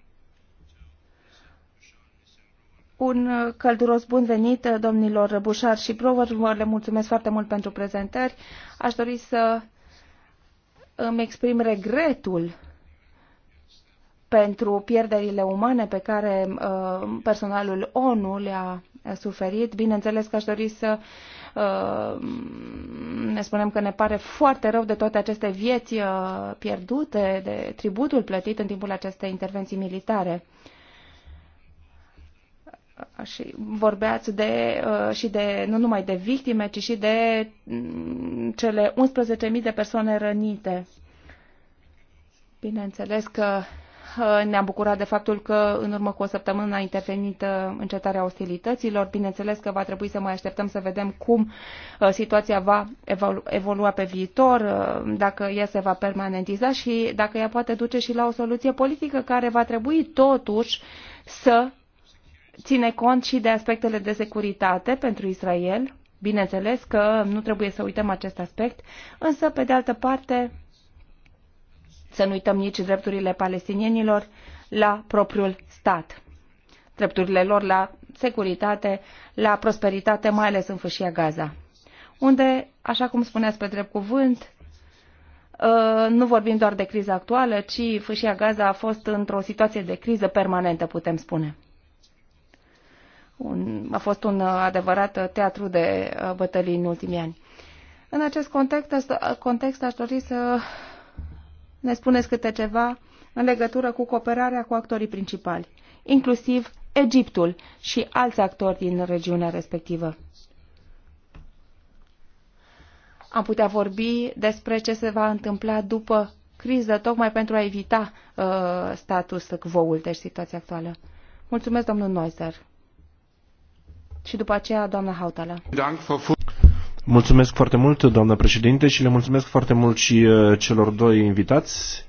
Un călduros bun venit domnilor Bușar și Vă Le mulțumesc foarte mult pentru prezentări. Aș dori să îmi exprim regretul pentru pierderile umane pe care uh, personalul ONU le-a suferit. Bineînțeles că aș dori să Uh, ne spunem că ne pare foarte rău de toate aceste vieți uh, pierdute, de tributul plătit în timpul acestei intervenții militare și vorbeați de, uh, și de, nu numai de victime, ci și de mm, cele 11.000 de persoane rănite. Bineînțeles că Uh, ne-am bucurat de faptul că în urmă cu o săptămână a intervenit uh, încetarea ostilităților. Bineînțeles că va trebui să mai așteptăm să vedem cum uh, situația va evolua pe viitor, dacă ea se va permanentiza și dacă ea poate duce și la o soluție politică care va trebui totuși să ține cont și de aspectele de securitate pentru Israel. Bineînțeles că nu trebuie să uităm acest aspect, însă, pe de altă parte, să nu uităm nici drepturile palestinienilor la propriul stat, drepturile lor la securitate, la prosperitate, mai ales în fâșia Gaza, unde, așa cum spuneați pe drept cuvânt, ă, nu vorbim doar de criza actuală, ci fâșia Gaza a fost într-o situație de criză permanentă, putem spune. Un, a fost un adevărat teatru de ă, bătălii în ultimii ani. În acest context, context aș dori să ne spuneți câte ceva în legătură cu cooperarea cu actorii principali, inclusiv Egiptul și alți actori din regiunea respectivă. Am putea vorbi despre ce se va întâmpla după criză, tocmai pentru a evita uh, status quo-ul, deci situația actuală. Mulțumesc, domnul Neuser. Și după aceea, doamna Hautala. Mulțumesc foarte mult, doamnă președinte, și le mulțumesc foarte mult și uh, celor doi invitați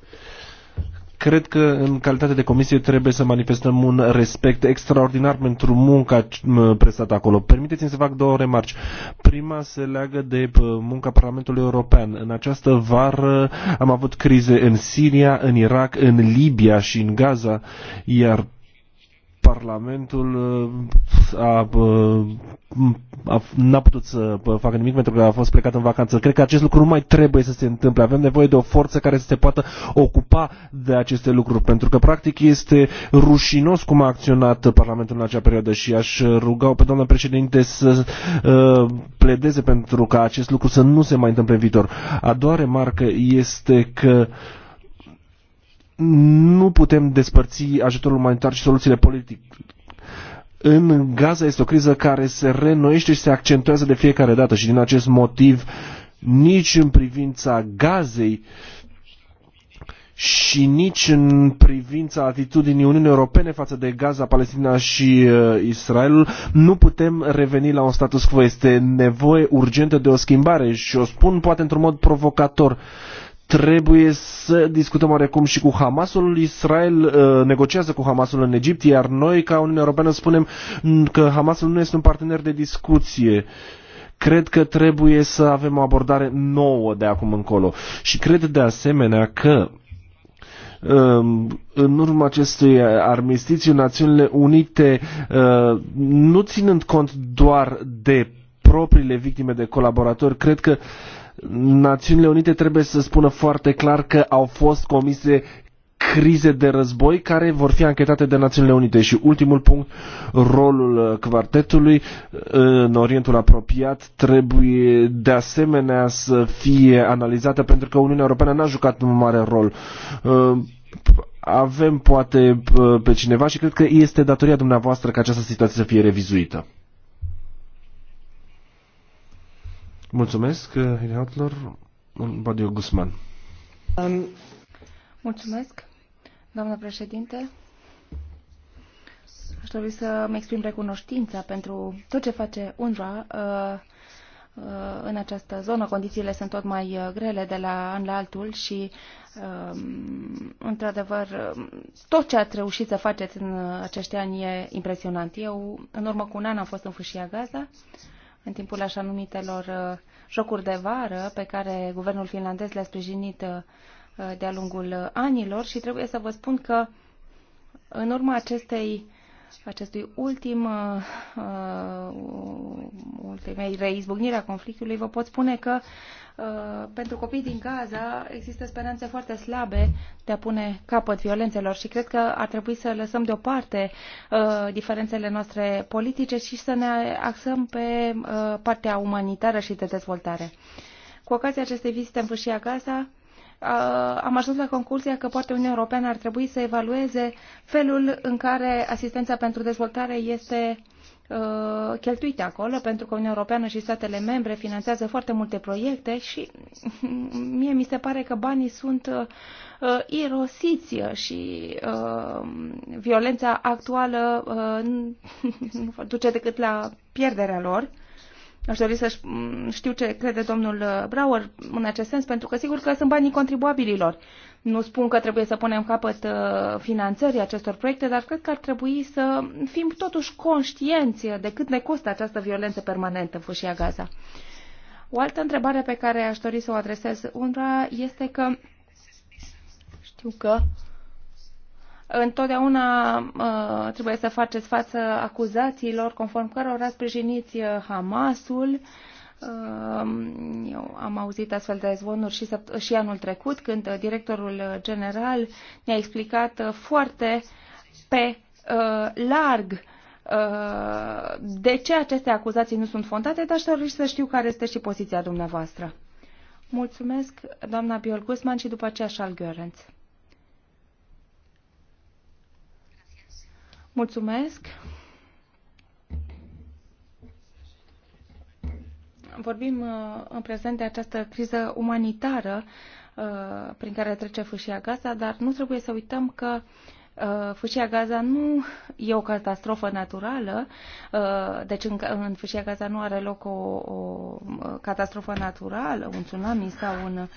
cred că în calitate de comisie trebuie să manifestăm un respect extraordinar pentru munca uh, prestată acolo. Permiteți-mi să fac două remarci. Prima se leagă de uh, munca Parlamentului European. În această vară am avut crize în Siria, în Irak, în Libia și în Gaza, iar Parlamentul uh, a, uh, a, n-a putut să uh, facă nimic pentru că a fost plecat în vacanță. Cred că acest lucru nu mai trebuie să se întâmple. Avem nevoie de o forță care să se poată ocupa de aceste lucruri, pentru că practic este rușinos cum a acționat Parlamentul în acea perioadă și aș ruga pe doamna președinte să uh, pledeze pentru ca acest lucru să nu se mai întâmple în viitor. A doua remarcă este că uh, nu putem despărți ajutorul umanitar și soluțiile politice. În Gaza este o criză care se renoiește și se accentuează de fiecare dată și din acest motiv nici în privința Gazei și nici în privința atitudinii Uniunii Europene față de Gaza, Palestina și uh, Israelul, nu putem reveni la un status quo. Este nevoie urgentă de o schimbare și o spun poate într-un mod provocator. Uh, trebuie să discutăm oarecum și cu Hamasul. Israel uh, negociază cu Hamasul în Egipt, iar noi, ca Uniunea Europeană, spunem că Hamasul nu este un partener de discuție. Cred că trebuie să avem o abordare nouă de acum încolo. Și cred de asemenea că um, în urma acestui armistițiu Națiunile Unite, uh, nu ținând cont doar de propriile victime de colaboratori, cred că uh, Națiunile Unite trebuie să spună foarte clar că au fost comise crize de război care vor fi anchetate de Națiunile Unite. Și ultimul punct, rolul uh, quartetului uh, în Orientul apropiat trebuie de asemenea să fie analizată pentru că Uniunea Europeană n-a jucat un mare rol. Uh, avem poate pe cineva și cred că este datoria dumneavoastră ca această situație să fie revizuită. Mulțumesc, Hotler, uh, Badio Guzman. Um, mulțumesc, doamnă președinte. Aș dori să-mi exprim recunoștința pentru tot ce face UNRWA uh, uh, în această zonă. Condițiile sunt tot mai grele de la an la altul și, um, într-adevăr, tot ce ați reușit să faceți în acești ani e impresionant. Eu, în urmă cu un an, am fost în Fâșia Gaza în timpul așa numitelor uh, jocuri de vară pe care guvernul finlandez le-a sprijinit uh, de-a lungul anilor și trebuie să vă spun că în urma acestei acestui ultim uh, uh ultimei reizbucnire a conflictului, vă pot spune că Uh, pentru copii din Gaza există speranțe foarte slabe de a pune capăt violențelor și cred că ar trebui să lăsăm deoparte uh, diferențele noastre politice și să ne axăm pe uh, partea umanitară și de dezvoltare. Cu ocazia acestei vizite în Fâșia Gaza, am ajuns la concluzia că poate Uniunea Europeană ar trebui să evalueze felul în care asistența pentru dezvoltare este Uh, cheltuite acolo, pentru că Uniunea Europeană și statele membre finanțează foarte multe proiecte și <laughs> mie mi se pare că banii sunt uh, uh irosiți și uh, violența actuală uh, <laughs> nu duce decât la pierderea lor. Aș dori să mm, știu ce crede domnul Brauer în acest sens, pentru că sigur că sunt banii contribuabililor. Nu spun că trebuie să punem capăt uh, finanțării acestor proiecte, dar cred că ar trebui să fim totuși conștienți de cât ne costă această violență permanentă în fâșia Gaza. O altă întrebare pe care aș dori să o adresez UNRWA este că știu că întotdeauna uh, trebuie să faceți față acuzațiilor conform cărora sprijiniți uh, Hamasul. Eu am auzit astfel de zvonuri și, și anul trecut, când directorul general ne-a explicat uh, foarte pe uh, larg uh, de ce aceste acuzații nu sunt fondate, dar și dori să știu care este și poziția dumneavoastră. Mulțumesc, doamna Biol Guzman și după aceea Charles Görenț. Mulțumesc. Vorbim uh, în prezent de această criză umanitară uh, prin care trece fâșia Gaza, dar nu trebuie să uităm că uh, fâșia Gaza nu e o catastrofă naturală, deci în, fâșia Gaza nu are loc o, o catastrofă naturală, un tsunami sau un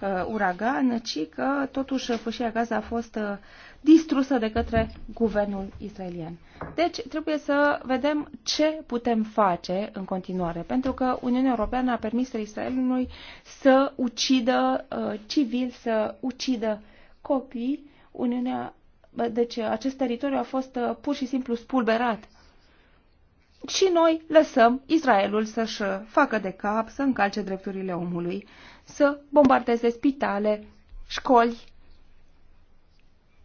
uh, uragan, ci că totuși fâșia Gaza a fost uh, distrusă de către guvernul israelian. Deci trebuie să vedem ce putem face în continuare, pentru că Uniunea Europeană a permis Israelului să ucidă uh, civili, să ucidă copii. Uniunea, deci acest teritoriu a fost uh, pur și simplu spulberat și noi lăsăm Israelul să-și uh, facă de cap, să încalce drepturile omului să bombardeze spitale, școli,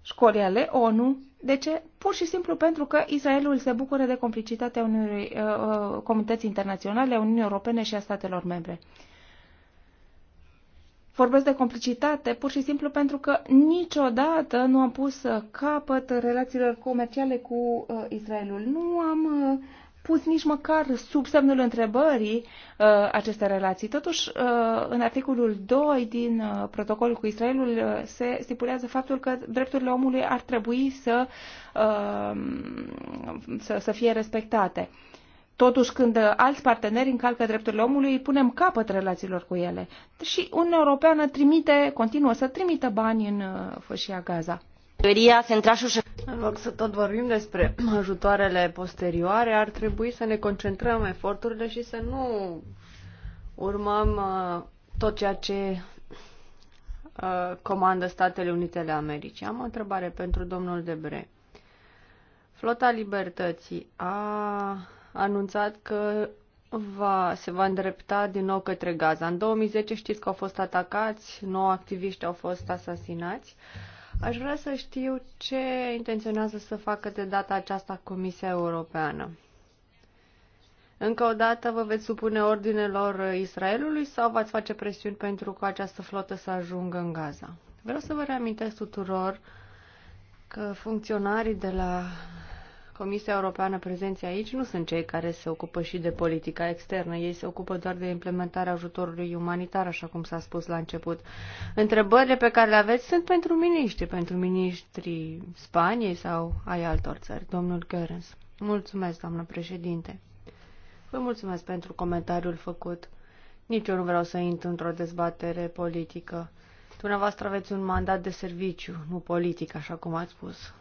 școli ale ONU. De ce? Pur și simplu pentru că Israelul se bucură de complicitatea unui uh, uh, comunității internaționale, a Uniunii Europene și a statelor membre. Vorbesc de complicitate pur și simplu pentru că niciodată nu am pus capăt relațiilor comerciale cu uh, Israelul. Nu am uh, pus nici măcar sub semnul întrebării uh, aceste relații. Totuși, uh, în articolul 2 din uh, protocolul cu Israelul uh, se stipulează faptul că drepturile omului ar trebui să, uh, să, să fie respectate. Totuși, când alți parteneri încalcă drepturile omului, punem capăt relațiilor cu ele. Și Uniunea Europeană trimite, continuă să trimită bani în uh, fășia Gaza. În loc să tot vorbim despre <clears throat> ajutoarele posterioare, ar trebui să ne concentrăm eforturile și să nu urmăm uh, tot ceea ce uh, comandă Statele Unite ale Americii. Am o întrebare pentru domnul Debre. Flota Libertății a anunțat că va, se va îndrepta din nou către Gaza. În 2010 știți că au fost atacați, 9 activiști au fost asasinați. Uh, Aș vrea să știu ce intenționează să facă de data aceasta Comisia Europeană. Încă o dată vă veți supune ordinelor Israelului sau v-ați face presiuni pentru ca această flotă să ajungă în Gaza? Vreau să vă reamintesc tuturor că funcționarii de la Comisia Europeană prezenți aici nu sunt cei care se ocupă și de politica externă, ei se ocupă doar de implementarea ajutorului umanitar, așa cum s-a spus la început. Întrebările pe care le aveți sunt pentru miniștri, pentru miniștrii Spaniei sau ai altor țări. Domnul Görens. Mulțumesc, doamnă președinte. Vă mulțumesc pentru comentariul făcut. Nici eu nu vreau să intru într-o dezbatere politică. Dumneavoastră aveți un mandat de serviciu, nu politic, așa cum ați spus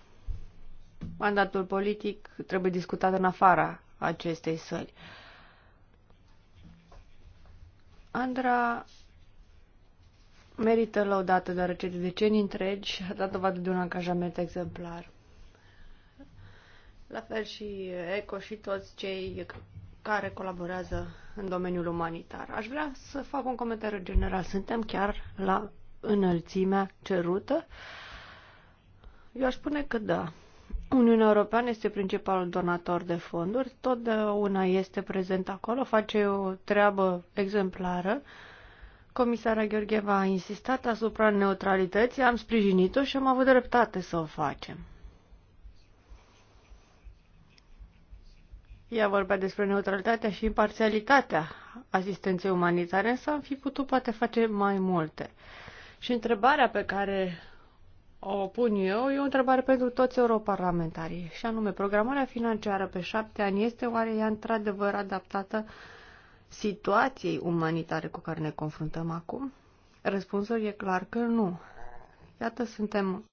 mandatul politic trebuie discutat în afara acestei săli. Andra merită dată, deoarece de decenii întregi a dat dovadă de un angajament exemplar. La fel și ECO și toți cei care colaborează în domeniul umanitar. Aș vrea să fac un comentariu general. Suntem chiar la înălțimea cerută? Eu aș spune că da. Uniunea Europeană este principalul donator de fonduri, totdeauna este prezent acolo, face o treabă exemplară. Comisara Gheorgheva a insistat asupra neutralității, am sprijinit-o și am avut dreptate să o facem. Ea vorbea despre neutralitatea și imparțialitatea asistenței umanitare, însă am fi putut poate face mai multe. Și întrebarea pe care o pun eu, e o întrebare pentru toți europarlamentarii, și anume, programarea financiară pe șapte ani este oare ea într-adevăr adaptată situației umanitare cu care ne confruntăm acum? Răspunsul e clar că nu. Iată, suntem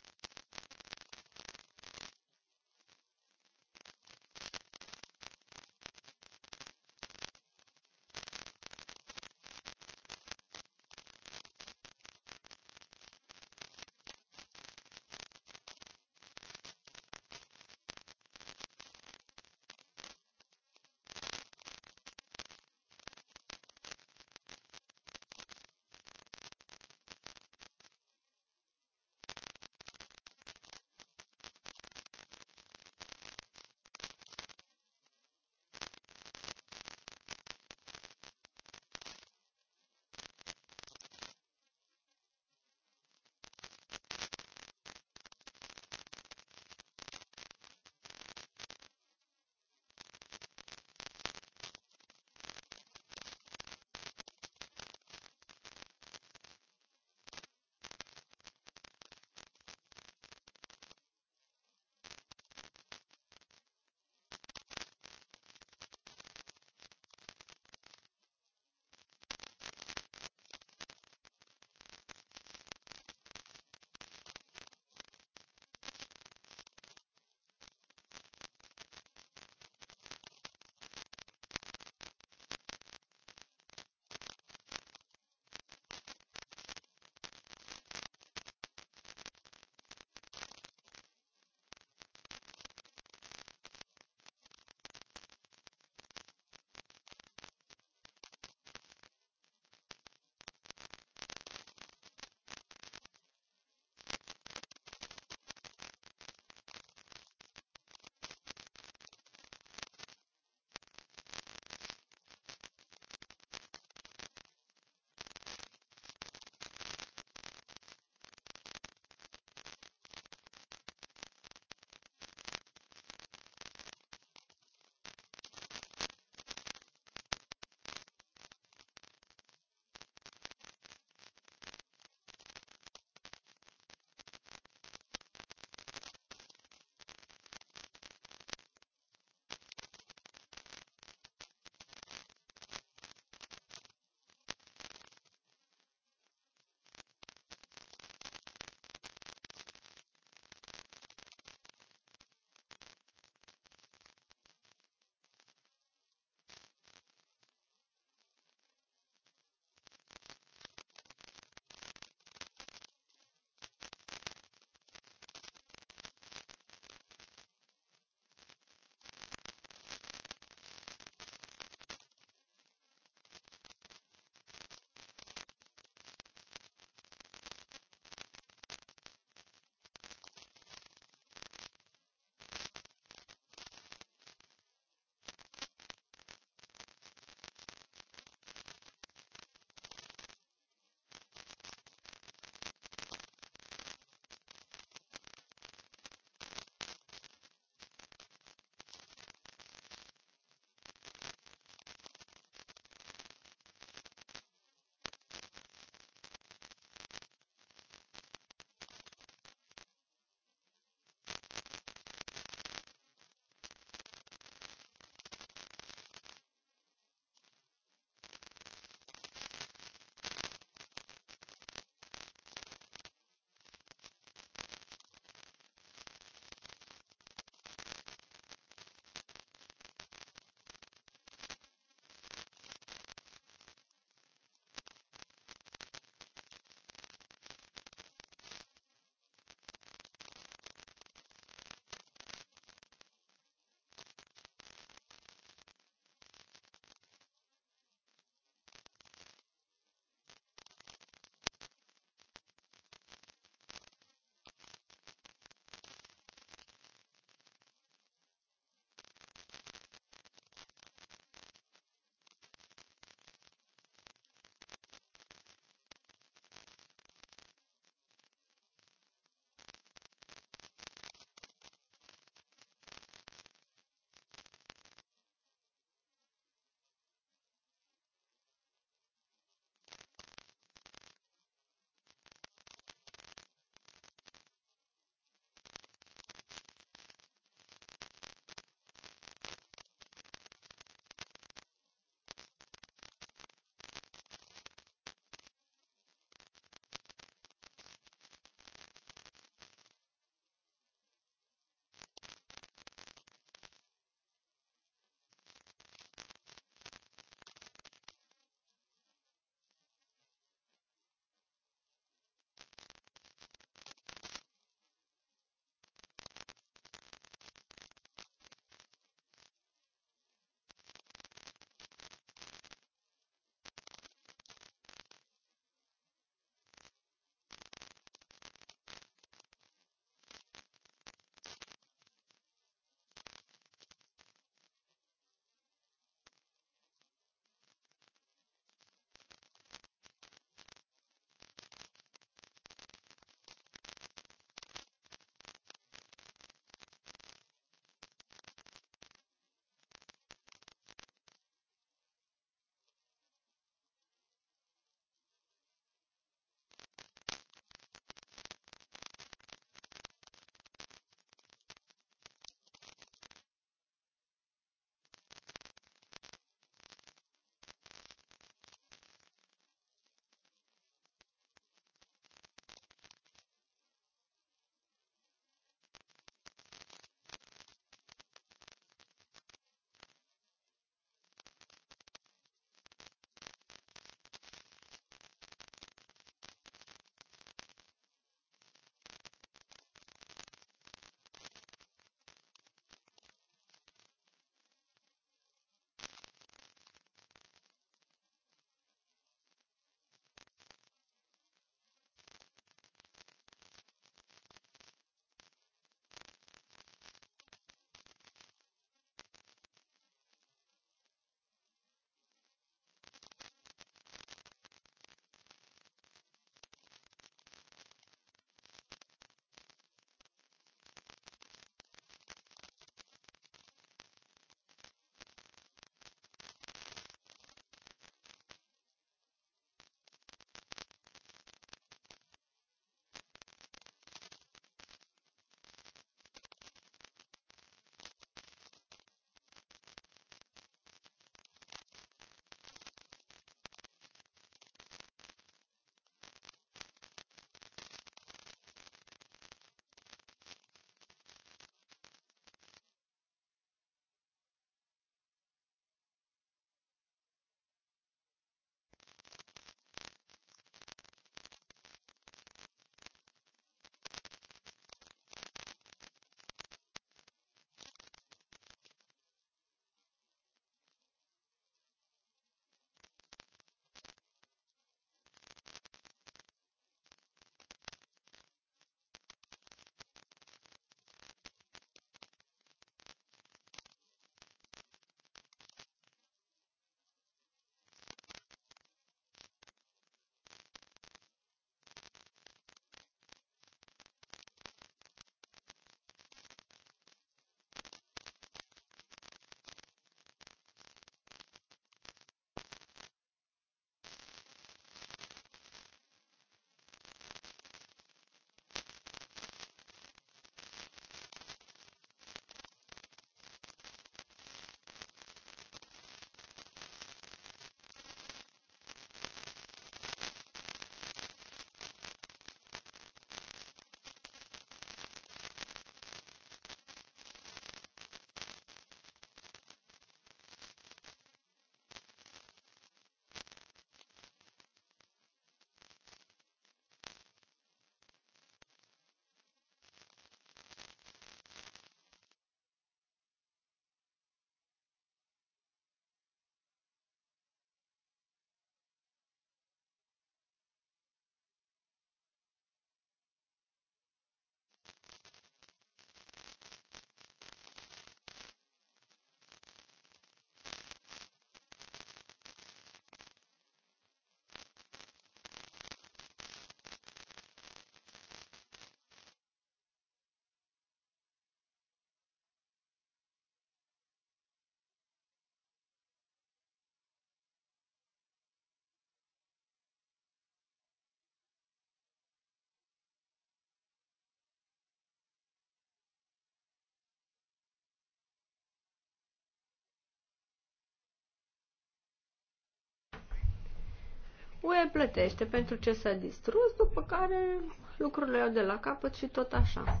UE plătește pentru ce s-a distrus, după care lucrurile iau de la capăt și tot așa.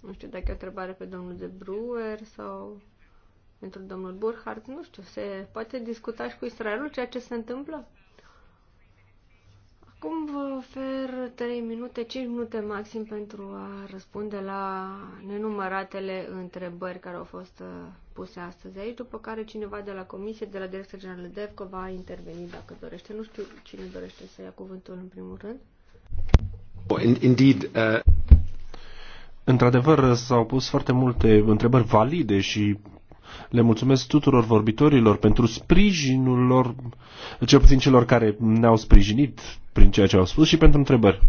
Nu știu dacă e o întrebare pe domnul de Brewer sau pentru domnul Burhardt, nu știu, se poate discuta și cu Israelul ceea ce se întâmplă? Acum vă ofer 3 minute, 5 minute maxim pentru a răspunde la nenumăratele întrebări care au fost uh, puse astăzi aici, după care cineva de la Comisie, de la Direcția Generală DEVCO va interveni dacă dorește. Nu știu cine dorește să ia cuvântul în primul rând. Oh, indeed, uh... Într-adevăr, s-au pus foarte multe întrebări valide și le mulțumesc tuturor vorbitorilor pentru sprijinul lor, cel puțin celor care ne-au sprijinit prin ceea ce au spus și pentru întrebări.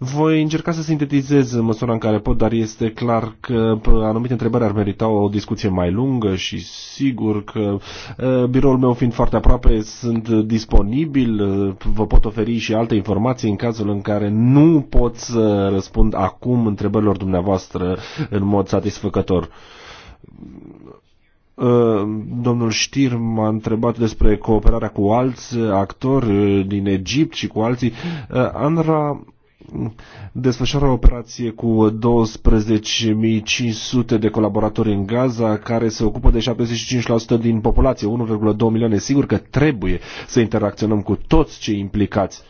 Voi încerca să sintetizez în măsura în care pot, dar este clar că anumite întrebări ar merita o discuție mai lungă și sigur că ă, biroul meu fiind foarte aproape sunt disponibil, ă, vă pot oferi și alte informații în cazul în care nu pot să răspund acum întrebărilor dumneavoastră în mod satisfăcător ă, domnul Știr m-a întrebat despre cooperarea cu alți actori din Egipt și cu alții. Anra desfășoară o operație cu 12.500 de colaboratori în Gaza, care se ocupă de 75% din populație, 1,2 milioane. Sigur că trebuie să interacționăm cu toți cei implicați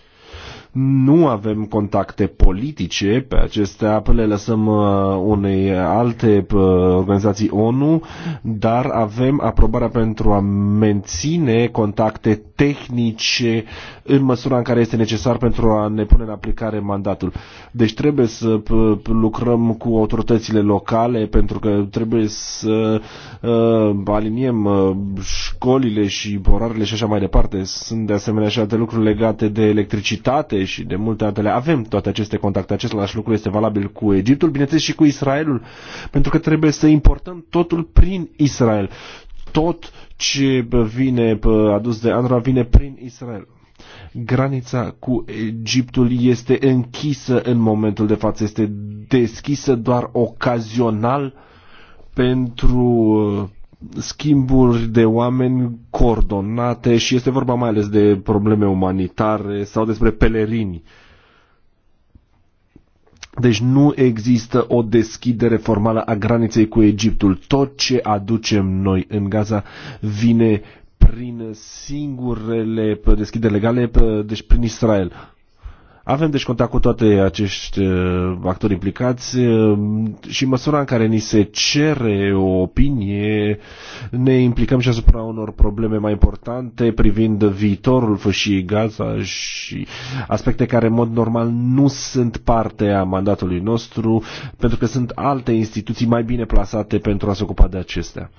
nu avem contacte politice pe acestea, le lăsăm uh, unei alte uh, organizații ONU, dar avem aprobarea pentru a menține contacte tehnice în măsura în care este necesar pentru a ne pune în aplicare mandatul. Deci trebuie să uh, lucrăm cu autoritățile locale pentru că trebuie să uh, aliniem uh, școlile și orarele și așa mai departe. Sunt de asemenea și alte lucruri legate de electricitate Egipte și de multe altele. Avem toate aceste contacte. Același lucru este valabil cu Egiptul, bineînțeles și cu Israelul, pentru că trebuie să importăm totul prin Israel. Tot ce vine adus de Andra vine prin Israel. Granița cu Egiptul este închisă în momentul de față, este deschisă doar ocazional pentru schimburi de oameni coordonate și este vorba mai ales de probleme umanitare sau despre pelerini. Deci nu există o deschidere formală a graniței cu Egiptul. Tot ce aducem noi în Gaza vine prin singurele deschideri legale, deci prin Israel. Avem deci contact cu toate acești uh, actori implicați uh, și în măsura în care ni se cere o opinie, ne implicăm și asupra unor probleme mai importante privind viitorul și Gaza și aspecte care în mod normal nu sunt parte a mandatului nostru, pentru că sunt alte instituții mai bine plasate pentru a se ocupa de acestea.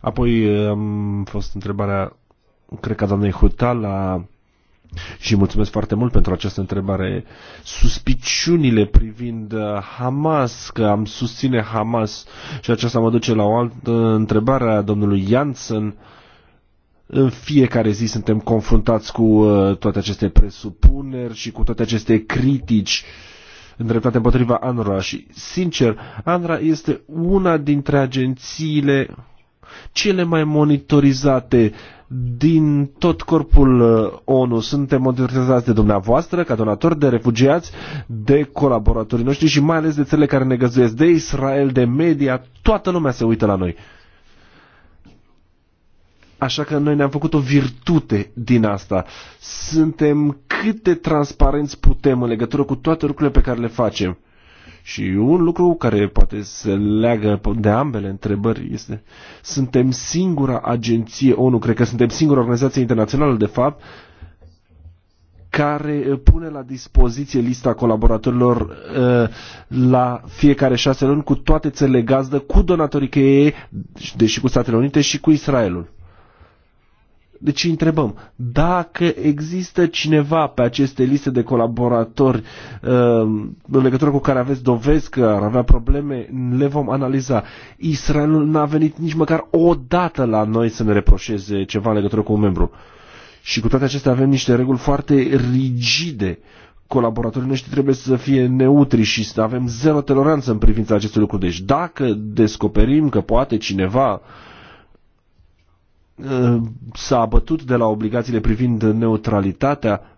Apoi uh, am fost întrebarea, cred că a doamnei Hutala, și mulțumesc foarte mult pentru această întrebare. Suspiciunile privind uh, Hamas, că am susține Hamas și aceasta mă duce la o altă întrebare a domnului Janssen. În fiecare zi suntem confruntați cu uh, toate aceste presupuneri și cu toate aceste critici îndreptate împotriva ANRA și, sincer, ANRA este una dintre agențiile cele mai monitorizate uh, din tot corpul uh, ONU. Suntem monitorizați de dumneavoastră, ca donatori, de refugiați, de colaboratorii noștri și mai ales de țările care ne găzduiesc, de Israel, de media, toată lumea se uită la noi. Așa că noi ne-am făcut o virtute din asta. Suntem cât de transparenți putem în legătură cu toate lucrurile pe care le facem. Și un lucru care poate să leagă de ambele întrebări este suntem singura agenție ONU, cred că suntem singura organizație internațională de fapt, care uh, pune la dispoziție lista colaboratorilor uh, la fiecare șase luni cu toate țările gazdă, cu donatorii cheie, deși cu Statele Unite și cu Israelul. Deci întrebăm dacă există cineva pe aceste liste de colaboratori uh, în legătură cu care aveți dovezi că ar avea probleme, le vom analiza. Israelul n-a venit nici măcar o dată la noi să ne reproșeze ceva în legătură cu un membru. Și cu toate acestea avem niște reguli foarte rigide colaboratorii noștri trebuie să fie neutri și să avem zero toleranță în privința acestui lucru. Deci dacă descoperim că poate cineva uh, Uh, s-a abătut de la obligațiile privind neutralitatea.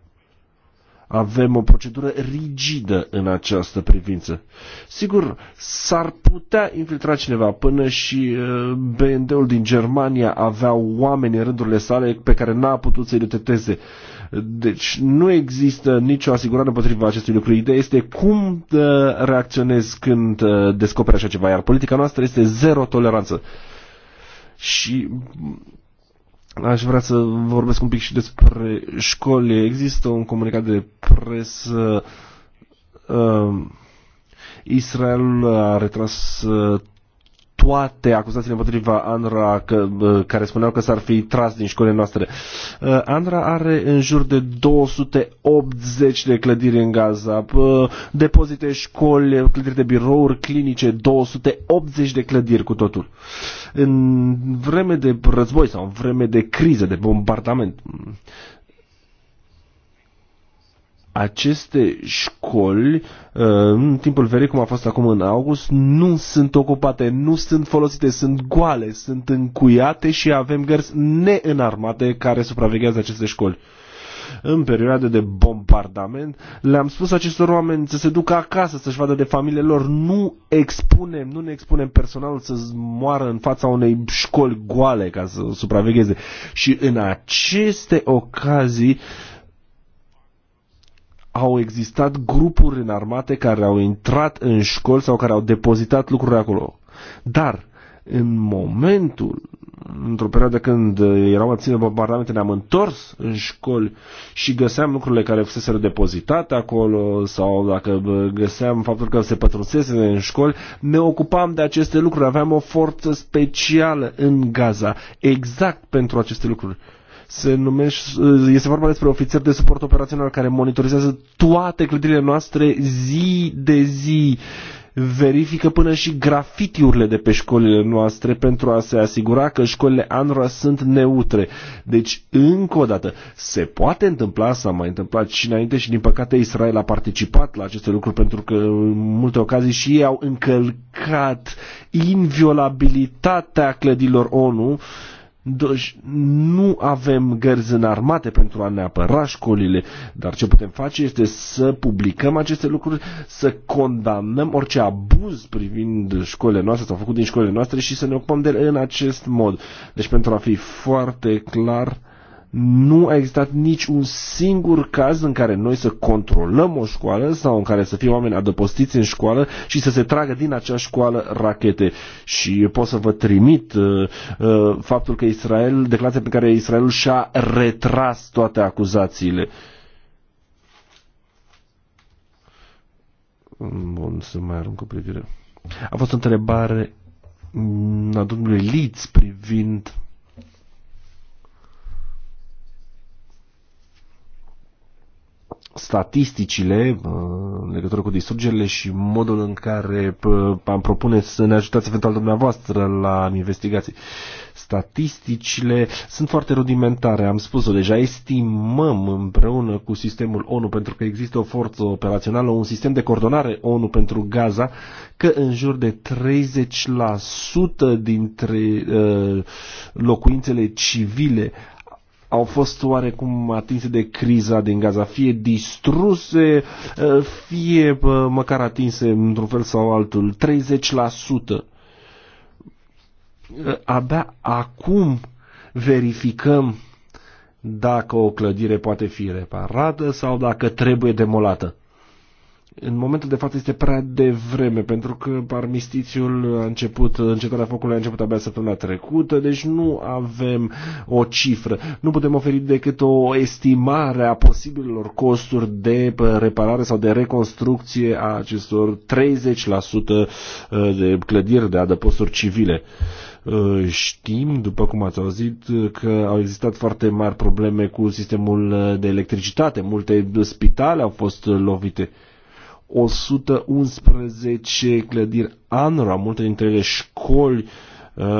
Avem o procedură rigidă în această privință. Sigur, s-ar putea infiltra cineva. Până și uh, BND-ul din Germania avea oameni în rândurile sale pe care n-a putut să-i deteteze. Deci nu există nicio asigurare împotriva acestui lucru. Ideea este cum uh, reacționezi când descoperi așa ceva, iar politica noastră este zero toleranță. Și Aș vrea să vorbesc un pic și despre școli. Există un comunicat de presă. Uh, Israel a retras uh, toate acuzațiile împotriva Andra că, care spuneau că s-ar fi tras din școlile noastre. Andra are în jur de 280 de clădiri în Gaza, depozite, școli, clădiri de birouri, clinice, 280 de clădiri cu totul. În vreme de război sau în vreme de criză, de bombardament, aceste școli, uh, în timpul verii, cum a fost acum în august, nu sunt ocupate, nu sunt folosite, sunt goale, sunt încuiate și avem gărzi neînarmate care supraveghează aceste școli. În perioada de bombardament, le-am spus acestor oameni să se ducă acasă, să-și vadă de familie lor. Nu expunem, nu ne expunem personalul să moară în fața unei școli goale ca să supravegheze. Și în aceste ocazii, uh, au existat grupuri înarmate care au intrat în școli sau care au depozitat lucruri acolo. Dar în momentul, într-o perioadă când erau abține bombardamente, ne-am întors în școli și găseam lucrurile care fuseseră depozitate acolo sau dacă găseam faptul că se pătrusese în școli, ne ocupam de aceste lucruri. Aveam o forță specială în Gaza exact pentru aceste lucruri se numește, este vorba despre ofițer de suport operațional care monitorizează toate clădirile noastre zi de zi verifică până și grafitiurile de pe școlile noastre pentru a se asigura că școlile ANRA sunt neutre. Deci, încă o dată, se poate întâmpla, s-a mai întâmplat și înainte și din păcate Israel a participat la aceste lucruri pentru că în multe ocazii și ei au încălcat inviolabilitatea clădilor ONU deci nu avem gărzi armate pentru a ne apăra școlile, dar ce putem face este să publicăm aceste lucruri, să condamnăm orice abuz privind școlile noastre sau făcut din școlile noastre și să ne ocupăm de ele în acest mod. Deci pentru a fi foarte clar, uh, nu a existat nici un singur caz în care noi să controlăm o școală sau în care să fie oameni adăpostiți în școală și să se tragă din acea școală rachete. Și pot să vă trimit uh, uh, faptul că Israel, declarația pe care Israelul și-a retras toate acuzațiile. Bun, să mai arunc o privire. A fost o întrebare a domnului Leeds privind statisticile uh, în legătură cu distrugerile și modul în care uh, am propune să ne ajutați eventual dumneavoastră la investigații. Statisticile sunt foarte rudimentare, am spus-o deja, estimăm împreună cu sistemul ONU, pentru că există o forță operațională, un sistem de coordonare ONU pentru Gaza, că în jur de 30% dintre uh, locuințele civile au fost oarecum atinse de criza din Gaza, fie distruse, ă, fie ă, măcar atinse într-un fel sau altul, 30%. Ă, abia acum verificăm dacă o clădire poate fi reparată sau dacă trebuie demolată în momentul de față este prea devreme, pentru că armistițiul a început, încetarea focului a început abia săptămâna trecută, deci nu avem o cifră. Nu putem oferi decât o estimare a posibilor costuri de reparare sau de reconstrucție a acestor 30% uh, de clădiri de adăposturi civile. Uh, știm, după cum ați auzit, că au existat foarte mari probleme cu sistemul de electricitate. Multe spitale au fost lovite. 111 clădiri ANRA, multe dintre ele școli, uh,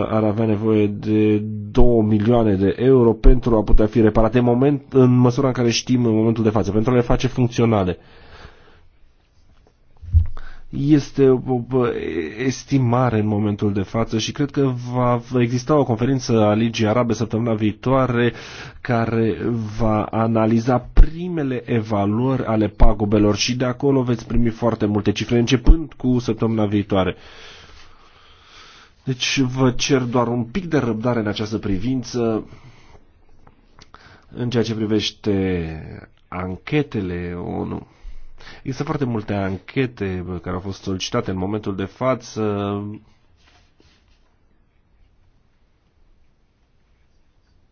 ar avea nevoie de 2 milioane de euro pentru a putea fi reparate în, moment, în măsura în care știm în momentul de față, pentru a le face funcționale. Uh, este o estimare în momentul de față și cred că va exista o conferință a Ligii Arabe săptămâna viitoare care va analiza primele evaluări ale pagubelor și de acolo veți primi foarte multe cifre începând cu săptămâna viitoare. Deci vă cer doar un pic de răbdare în această privință în ceea ce privește anchetele ONU. Există foarte multe anchete care au fost solicitate în momentul de față.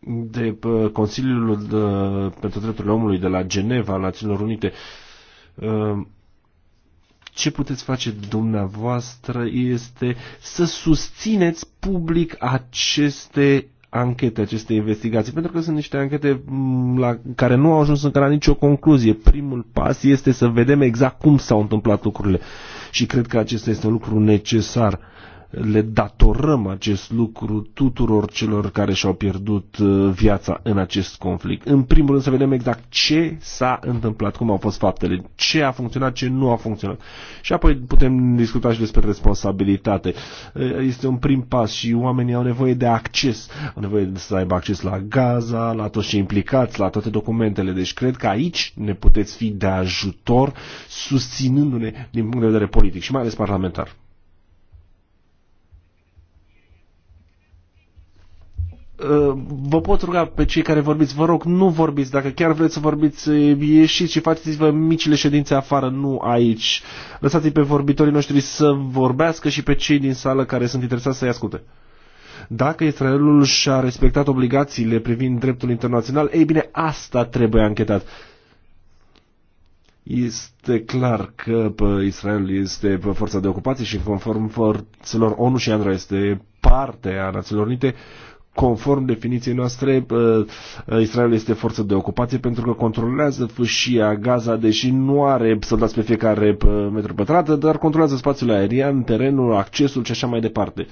de Consiliul de, pentru Drepturile Omului de la Geneva, Națiunilor Unite. Uh, ce puteți face dumneavoastră este să susțineți public aceste anchete, aceste investigații, pentru că sunt niște anchete mm, la care nu au ajuns încă la nicio concluzie. Primul pas este să vedem exact cum s-au întâmplat lucrurile și cred că acesta este un lucru necesar le datorăm acest lucru tuturor celor care și-au pierdut uh, viața în acest conflict. În primul rând să vedem exact ce s-a întâmplat, cum au fost faptele, ce a funcționat, ce nu a funcționat. Și apoi putem discuta și despre responsabilitate. Uh, este un prim pas și oamenii au nevoie de acces, au nevoie să aibă acces la Gaza, la toți cei implicați, la toate documentele. Deci cred că aici ne puteți fi de ajutor susținându-ne din punct de vedere politic și mai ales parlamentar. vă pot ruga pe cei care vorbiți, vă rog, nu vorbiți, dacă chiar vreți să vorbiți, ieșiți și faceți-vă micile ședințe afară, nu aici. Lăsați-i pe vorbitorii noștri să vorbească și pe cei din sală care sunt interesați să-i asculte. Dacă Israelul și-a respectat obligațiile privind dreptul internațional, ei bine, asta trebuie anchetat. Este clar că Israel este forța de ocupație și conform forțelor ONU și Andra este parte a Națiunilor Unite, conform definiției noastre, uh, Israel este forță de ocupație pentru că controlează fâșia Gaza, deși nu are soldați pe fiecare uh, metru pătrat, dar controlează spațiul aerian, terenul, accesul și așa mai departe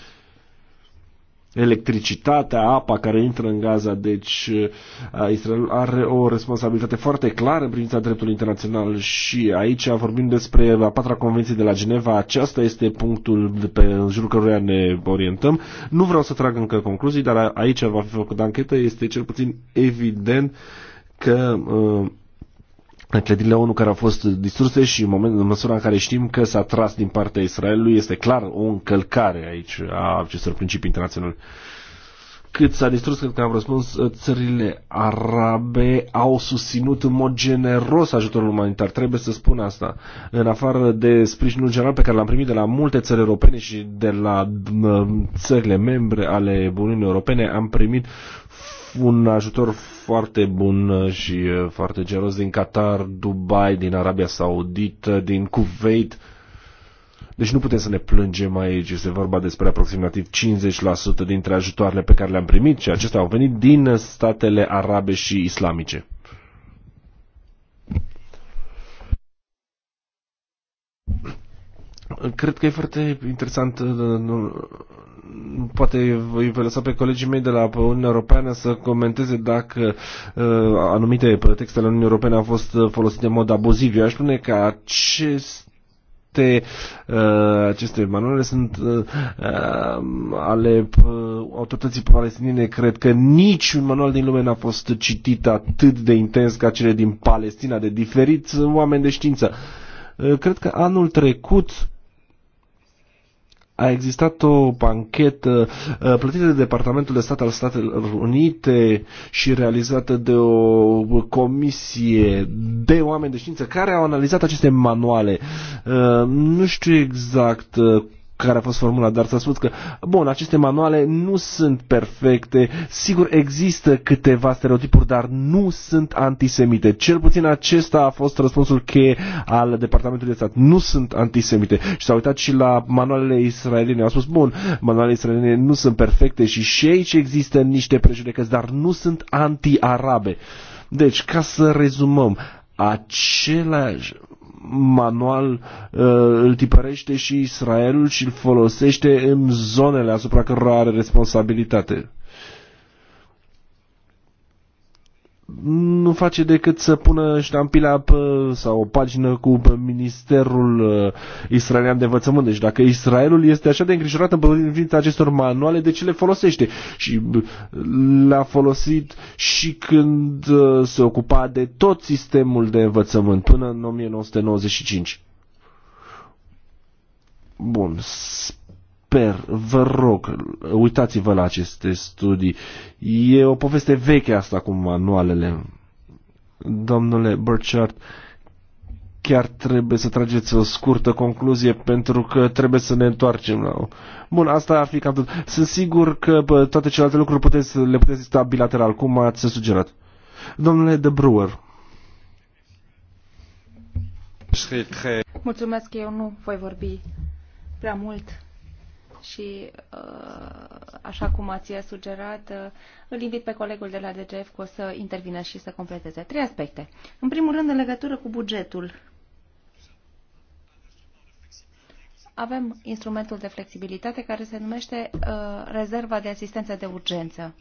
electricitatea, apa care intră în Gaza, deci uh, Israel are o responsabilitate foarte clară în privința dreptului internațional și aici vorbim despre a patra convenție de la Geneva, aceasta este punctul de pe în jurul căruia ne orientăm. Nu vreau să trag încă concluzii, dar aici va fi făcută anchetă, este cel puțin evident că uh, clădirile ONU care au fost distruse și în, moment, în măsura în care știm că s-a tras din partea Israelului, este clar o încălcare aici a acestor principii internaționale. Cât s-a distrus, cred că am răspuns, țările arabe au susținut în mod generos ajutorul umanitar. Trebuie să spun asta. În afară de sprijinul general pe care l-am primit de la multe țări europene și de la uh, țările membre ale Uniunii Europene, am primit un ajutor foarte bun uh, și uh, foarte generos din Qatar, Dubai, din Arabia Saudită, din Kuwait. Deci nu putem să ne plângem aici. Este vorba despre aproximativ 50% dintre ajutoarele pe care le-am primit și acestea au venit din statele arabe și islamice. Cred că e foarte interesant uh, poate îi voi lăsa pe colegii mei de la Uniunea Europeană să comenteze dacă uh, anumite texte ale Uniunii Europene au fost uh, folosite în mod abuziv. Eu aș spune că acest aceste, uh, aceste manuale sunt uh, uh, ale uh, autorității palestiniene. Cred că niciun manual din lume n-a fost citit atât de intens ca cele din Palestina, de diferiți oameni de știință. Cred că anul trecut a existat o banchetă uh, plătită de Departamentul de Stat al Statelor Unite și realizată de o comisie de oameni de știință care au analizat aceste manuale. Uh, nu știu exact uh, care a fost formula, dar s-a spus că, bun, aceste manuale nu sunt perfecte, sigur există câteva stereotipuri, dar nu sunt antisemite. Cel puțin acesta a fost răspunsul cheie al Departamentului de Stat. Nu sunt antisemite. Și s-au uitat și la manualele israeliene. Au spus, bun, manualele israeliene nu sunt perfecte și și aici există niște prejudecăți, dar nu sunt anti-arabe. Deci, ca să rezumăm, același manual uh, îl tipărește și Israelul și îl folosește în zonele asupra cărora are responsabilitate. nu face decât să pună ștampila pe, sau o pagină cu Ministerul uh, Israelian de Învățământ. Deci dacă Israelul este așa de îngrijorat în privința acestor manuale, de ce le folosește? Și uh, le-a folosit și când uh, se ocupa de tot sistemul de învățământ până în 1995. Bun, sper, vă rog, uitați-vă la aceste studii. E o poveste veche asta cu manualele. Domnule Burchard, chiar trebuie să trageți o scurtă concluzie pentru că trebuie să ne întoarcem la... Bun, asta ar fi cam tot. Sunt sigur că bă, toate celelalte lucruri puteți, le puteți discuta bilateral, cum ați sugerat. Domnule de Brewer. Mulțumesc, că eu nu voi vorbi prea mult și, uh, așa cum ați sugerat, uh, îl invit pe colegul de la DGF că o să intervină și să completeze. Trei aspecte. În primul rând, în legătură cu bugetul. Avem instrumentul de flexibilitate care se numește uh, rezerva de asistență de urgență.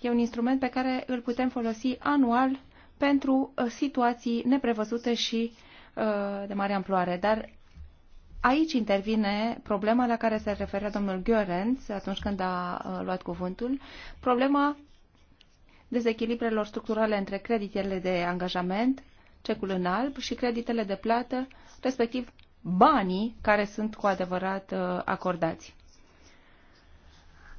E un instrument pe care îl putem folosi anual pentru situații neprevăzute și de mare amploare, dar Aici intervine problema la care se referea domnul Gheorenț atunci când a luat cuvântul, problema dezechilibrelor structurale între creditele de angajament, cecul în alb și creditele de plată, respectiv banii care sunt cu adevărat acordați.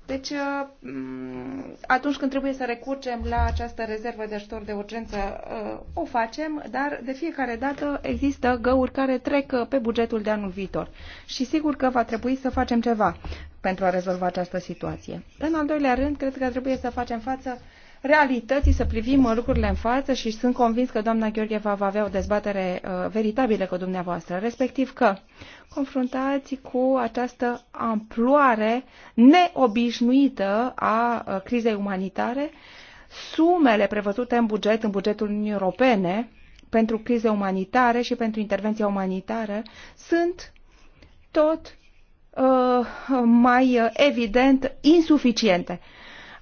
Deci, uh, atunci când trebuie să recurgem la această rezervă de ajutor de urgență, uh, o facem, dar de fiecare dată există găuri care trec uh, pe bugetul de anul viitor. Și sigur că va trebui să facem ceva pentru a rezolva această situație. În al doilea rând, cred că trebuie să facem față realității, să privim lucrurile în față și sunt convins că doamna Gheorgheva va avea o dezbatere veritabilă cu dumneavoastră, respectiv că confruntați cu această amploare neobișnuită a crizei umanitare. Sumele prevăzute în buget, în bugetul Uniunii Europene, pentru crize umanitare și pentru intervenția umanitară sunt tot uh, mai evident insuficiente,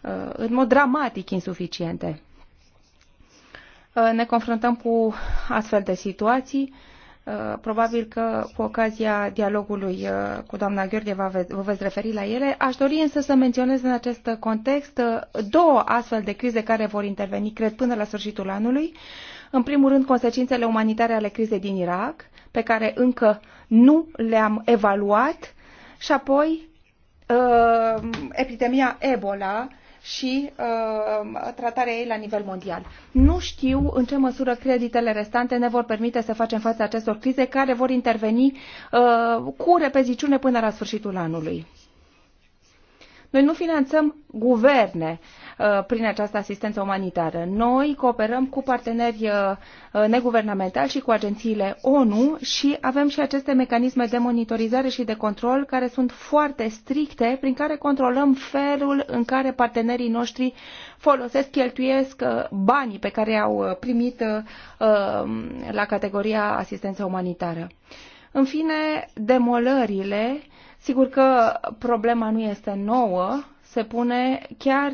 uh, în mod dramatic insuficiente. Uh, ne confruntăm cu astfel de situații Uh, probabil că cu ocazia dialogului uh, cu doamna Gheorghe vă veți referi la ele. Aș dori însă să menționez în acest context uh, două astfel de crize care vor interveni, cred, până la sfârșitul anului. În primul rând, consecințele umanitare ale crizei din Irak, pe care încă nu le-am evaluat, și apoi epidemia Ebola, și uh, tratarea ei la nivel mondial. Nu știu în ce măsură creditele restante ne vor permite să facem față acestor crize care vor interveni uh, cu repeziciune până la sfârșitul anului. Noi nu finanțăm guverne, Uh, prin această asistență umanitară. Noi cooperăm cu parteneri uh, uh, neguvernamentali și cu agențiile ONU și avem și aceste mecanisme de monitorizare și de control care sunt foarte stricte, prin care controlăm felul în care partenerii noștri folosesc, cheltuiesc banii pe care i-au primit um, la categoria asistență umanitară. În fine, demolările, sigur că problema nu este nouă, se pune chiar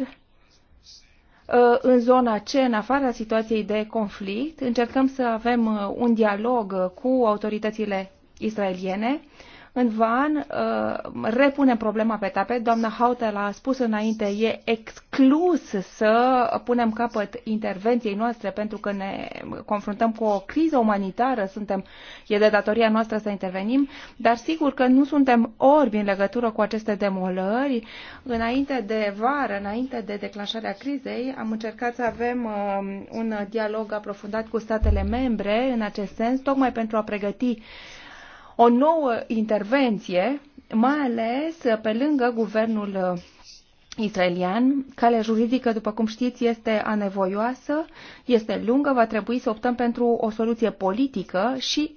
Uh, în zona C, în afara situației de conflict. Încercăm să avem uh, un dialog uh, cu autoritățile israeliene în van uh, repunem problema pe tapet. Doamna Hautel a spus înainte, e exclus să punem capăt intervenției noastre pentru că ne confruntăm cu o criză umanitară, suntem, e de datoria noastră să intervenim, dar sigur că nu suntem orbi în legătură cu aceste demolări. Înainte de vară, înainte de declanșarea crizei, am încercat să avem um, un dialog aprofundat cu statele membre în acest sens, tocmai pentru a pregăti uh, o nouă intervenție, mai ales pe lângă guvernul uh, israelian. Calea juridică, după cum știți, este anevoioasă, este lungă, va trebui să optăm pentru o soluție politică și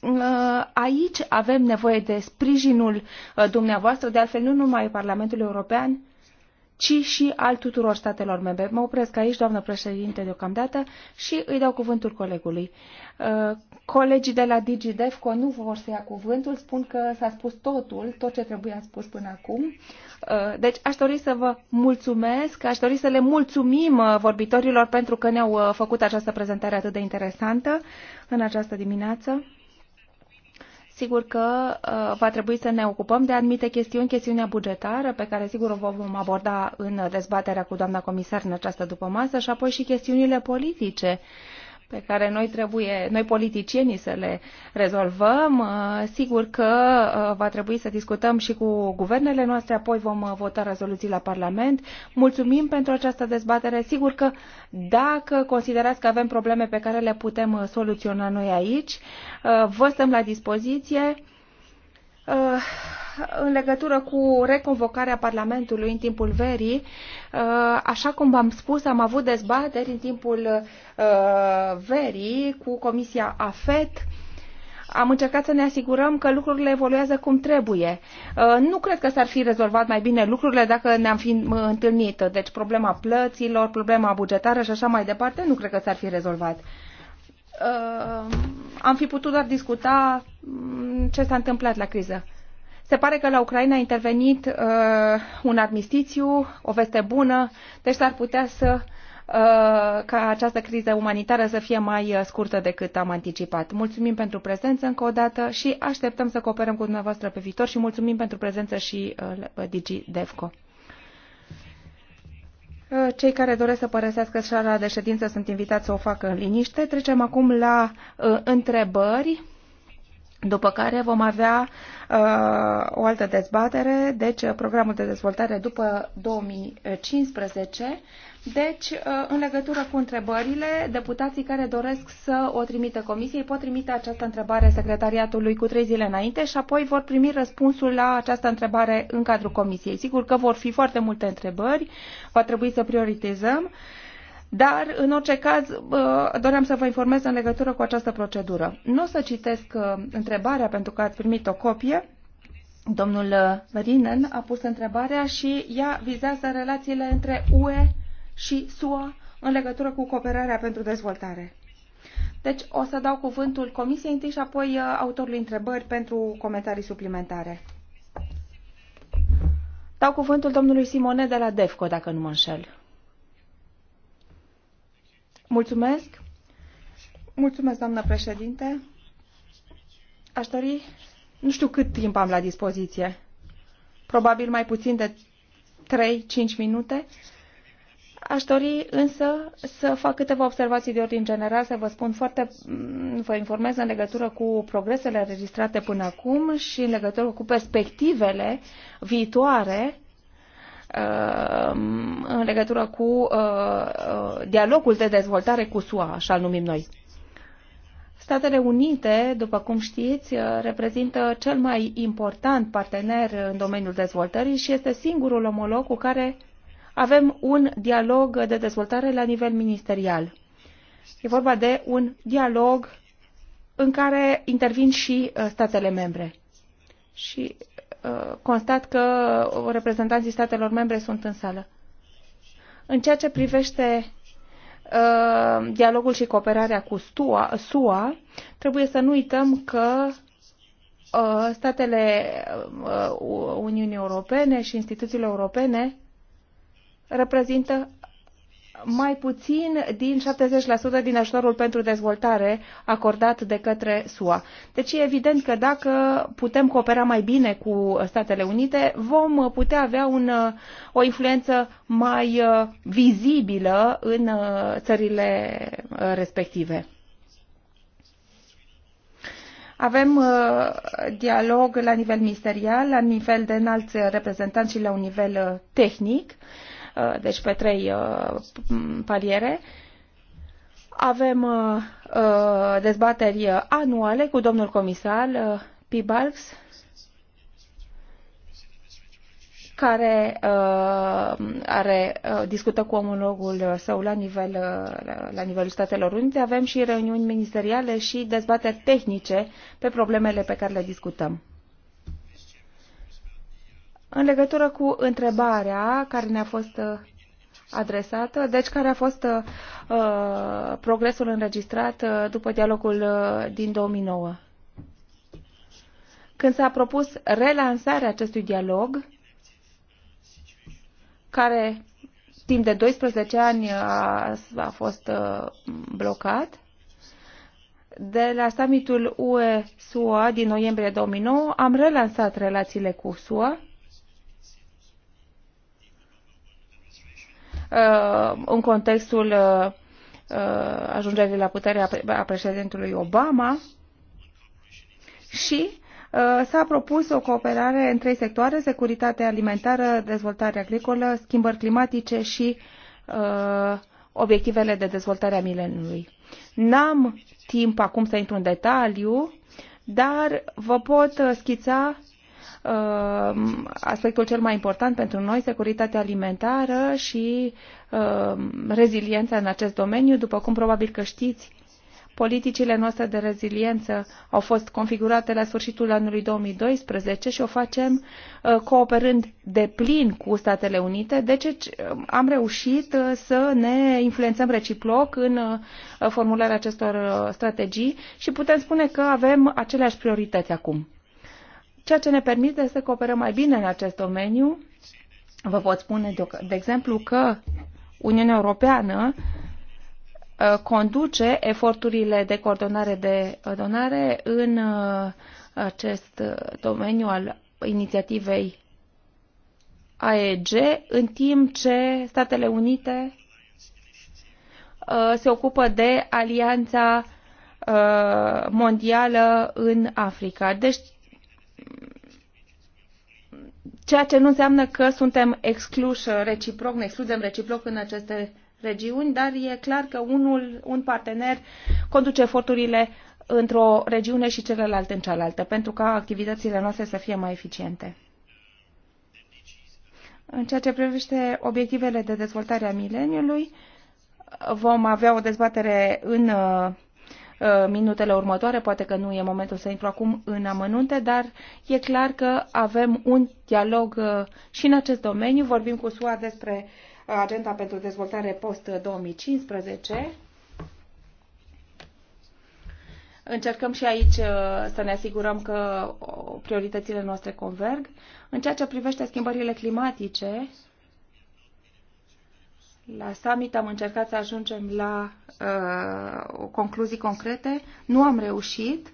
uh, aici avem nevoie de sprijinul uh, dumneavoastră, de altfel nu numai Parlamentul European, ci și al tuturor statelor membre. Mă opresc aici, doamnă președinte, deocamdată și îi dau cuvântul colegului. Uh, colegii de la DigiDefco nu vor să ia cuvântul, spun că s-a spus totul, tot ce trebuia spus până acum. Uh, deci aș dori să vă mulțumesc, aș dori să le mulțumim uh, vorbitorilor pentru că ne-au făcut această prezentare atât de interesantă în această dimineață. Sigur că uh, va trebui să ne ocupăm de anumite chestiuni, chestiunea bugetară, pe care sigur o vom aborda în dezbaterea cu doamna comisar în această dupămasă, și apoi și chestiunile politice pe care noi trebuie, noi politicienii să le rezolvăm. Uh, sigur că uh, va trebui să discutăm și cu guvernele noastre, apoi vom uh, vota rezoluții la Parlament. Mulțumim pentru această dezbatere. Sigur că dacă considerați că avem probleme pe care le putem soluționa noi aici, vă stăm la dispoziție. Uh, în legătură cu reconvocarea Parlamentului în timpul verii, uh, așa cum v-am spus, am avut dezbateri în timpul uh, verii cu Comisia AFET. Am încercat să ne asigurăm că lucrurile evoluează cum trebuie. Nu cred că s-ar fi rezolvat mai bine lucrurile dacă ne-am fi întâlnit. Deci problema plăților, problema bugetară și așa mai departe, nu cred că s-ar fi rezolvat. Uh, am fi putut doar discuta mm, ce s-a întâmplat la criză. Se pare că la Ucraina a intervenit uh, un armistițiu, o veste bună, deci s-ar putea să uh, ca această criză umanitară să fie mai uh, scurtă decât am anticipat. Mulțumim pentru prezență încă o dată și așteptăm să cooperăm cu dumneavoastră pe viitor și mulțumim pentru prezență și uh, DigiDevco. Uh, cei care doresc să părăsească sala de ședință sunt invitați să o facă în liniște. Trecem acum la uh, întrebări. După care vom avea uh, o altă dezbatere, deci uh, programul de dezvoltare după 2015. Deci, uh, în legătură cu întrebările, deputații care doresc să o trimită comisiei pot trimite această întrebare secretariatului cu trei zile înainte și apoi vor primi răspunsul la această întrebare în cadrul comisiei. Sigur că vor fi foarte multe întrebări, va trebui să prioritizăm. Uh, dar, în orice caz, doream să vă informez în legătură cu această procedură. Nu o să citesc întrebarea pentru că ați primit o copie. Domnul Rinen a pus întrebarea și ea vizează relațiile între UE și SUA în legătură cu cooperarea pentru dezvoltare. Deci o să dau cuvântul comisiei întâi și apoi autorului întrebări pentru comentarii suplimentare. Dau cuvântul domnului Simone de la DEFCO, dacă nu mă înșel. Mulțumesc. Mulțumesc, doamnă președinte. Aș dori... Nu știu cât timp am la dispoziție. Probabil mai puțin de 3-5 minute. Aș dori însă să fac câteva observații de ordin general, să vă spun foarte, mm, vă informez în legătură cu progresele înregistrate până acum și în legătură cu perspectivele viitoare Uh, în legătură cu uh, uh, dialogul de dezvoltare cu SUA, așa numim noi. Statele Unite, după cum știți, reprezintă cel mai important partener în domeniul dezvoltării și este singurul omolog cu care avem un dialog de dezvoltare la nivel ministerial. E vorba de un dialog în care intervin și statele membre. Și Uh, constat că reprezentanții statelor membre sunt în sală. În ceea ce privește uh, dialogul și cooperarea cu SUA, trebuie să nu uităm că uh, statele Uniunii Europene și instituțiile europene reprezintă mai puțin din 70% din ajutorul pentru dezvoltare acordat de către SUA. Deci e evident că dacă putem coopera mai bine cu Statele Unite, vom putea avea un, o influență mai uh, vizibilă în uh, țările uh, respective. Avem dialog la nivel ministerial, la nivel de înalți reprezentanți și la un nivel tehnic. Uh, Uh, deci pe trei uh, paliere. Avem uh, dezbateri anuale cu domnul comisar Pibalks, care uh, are, uh, discută cu omologul său la, nivel, uh, la nivelul Statelor Unite. Avem și reuniuni ministeriale și dezbateri tehnice pe problemele pe care le discutăm. În legătură cu întrebarea care ne-a fost uh, adresată, deci care a fost uh, progresul înregistrat uh, după dialogul uh, din 2009. Când s-a propus relansarea acestui dialog, care timp de 12 ani uh, a, a fost uh, blocat, de la summitul UE-SUA din noiembrie 2009 am relansat relațiile cu SUA, Uh, în contextul uh, uh, ajungerii la putere a președintelui Obama și s-a propus o cooperare în trei sectoare, securitate alimentară, dezvoltare agricolă, schimbări climatice și obiectivele de dezvoltare a mileniului. N-am timp acum să intru în detaliu, dar vă pot schița Um, aspectul cel mai important pentru noi, securitatea alimentară și um, reziliența în acest domeniu. După cum probabil că știți, politicile noastre de reziliență au fost configurate la sfârșitul anului 2012 și o facem uh, cooperând de plin cu Statele Unite, deci am reușit uh, să ne influențăm reciproc în uh, formularea acestor strategii și putem spune că avem aceleași priorități acum ceea ce ne permite să cooperăm mai bine în acest domeniu. Vă pot spune, de, de exemplu, că Uniunea Europeană uh, conduce eforturile de coordonare de donare în uh, acest domeniu al inițiativei AEG, în timp ce Statele Unite uh, se ocupă de alianța mondială în Africa. Deci ceea ce nu înseamnă că suntem excluși reciproc, ne excludem reciproc în aceste regiuni, dar e clar că unul, un partener conduce eforturile într-o regiune și celălalt în cealaltă, pentru ca activitățile noastre să fie mai eficiente. În ceea ce privește obiectivele de dezvoltare a mileniului, vom avea o dezbatere în uh, Uh, minutele următoare. Poate că nu e momentul să intru acum în amănunte, dar e clar că avem un dialog uh, și în acest domeniu. Vorbim cu SUA despre uh, agenda pentru dezvoltare post-2015. Încercăm și aici să ne asigurăm că prioritățile noastre converg. În ceea ce privește schimbările climatice, la summit am încercat să ajungem la uh, concluzii concrete. Nu am reușit.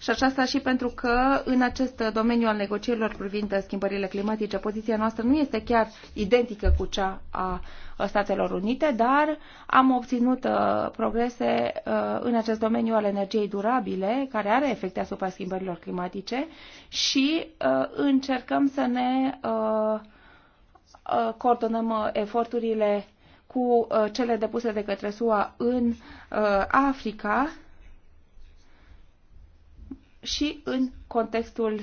Și aceasta și pentru că în acest domeniu al negocierilor privind schimbările climatice, poziția noastră nu este chiar identică cu cea a Statelor Unite, dar am obținut uh, progrese uh, în acest domeniu al energiei durabile, care are efecte asupra schimbărilor climatice și uh, încercăm să ne coordonăm eforturile cu uh, cele depuse de către SUA în uh, Africa și în contextul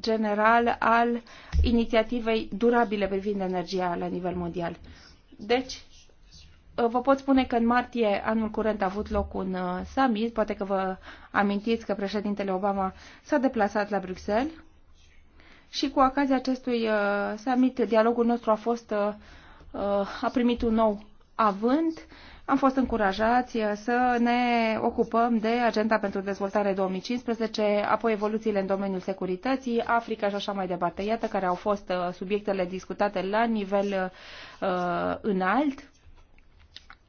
general al inițiativei durabile privind energia la nivel mondial. Deci, uh, vă pot spune că în martie anul curent a avut loc un summit, poate că vă amintiți că președintele Obama s-a deplasat la Bruxelles și cu ocazia acestui uh, summit, dialogul nostru a fost uh, uh, a primit un nou avânt. Am fost încurajați să ne ocupăm de agenda pentru dezvoltare 2015, apoi evoluțiile în domeniul securității, Africa și așa mai departe. Iată care au fost subiectele discutate la nivel uh, înalt.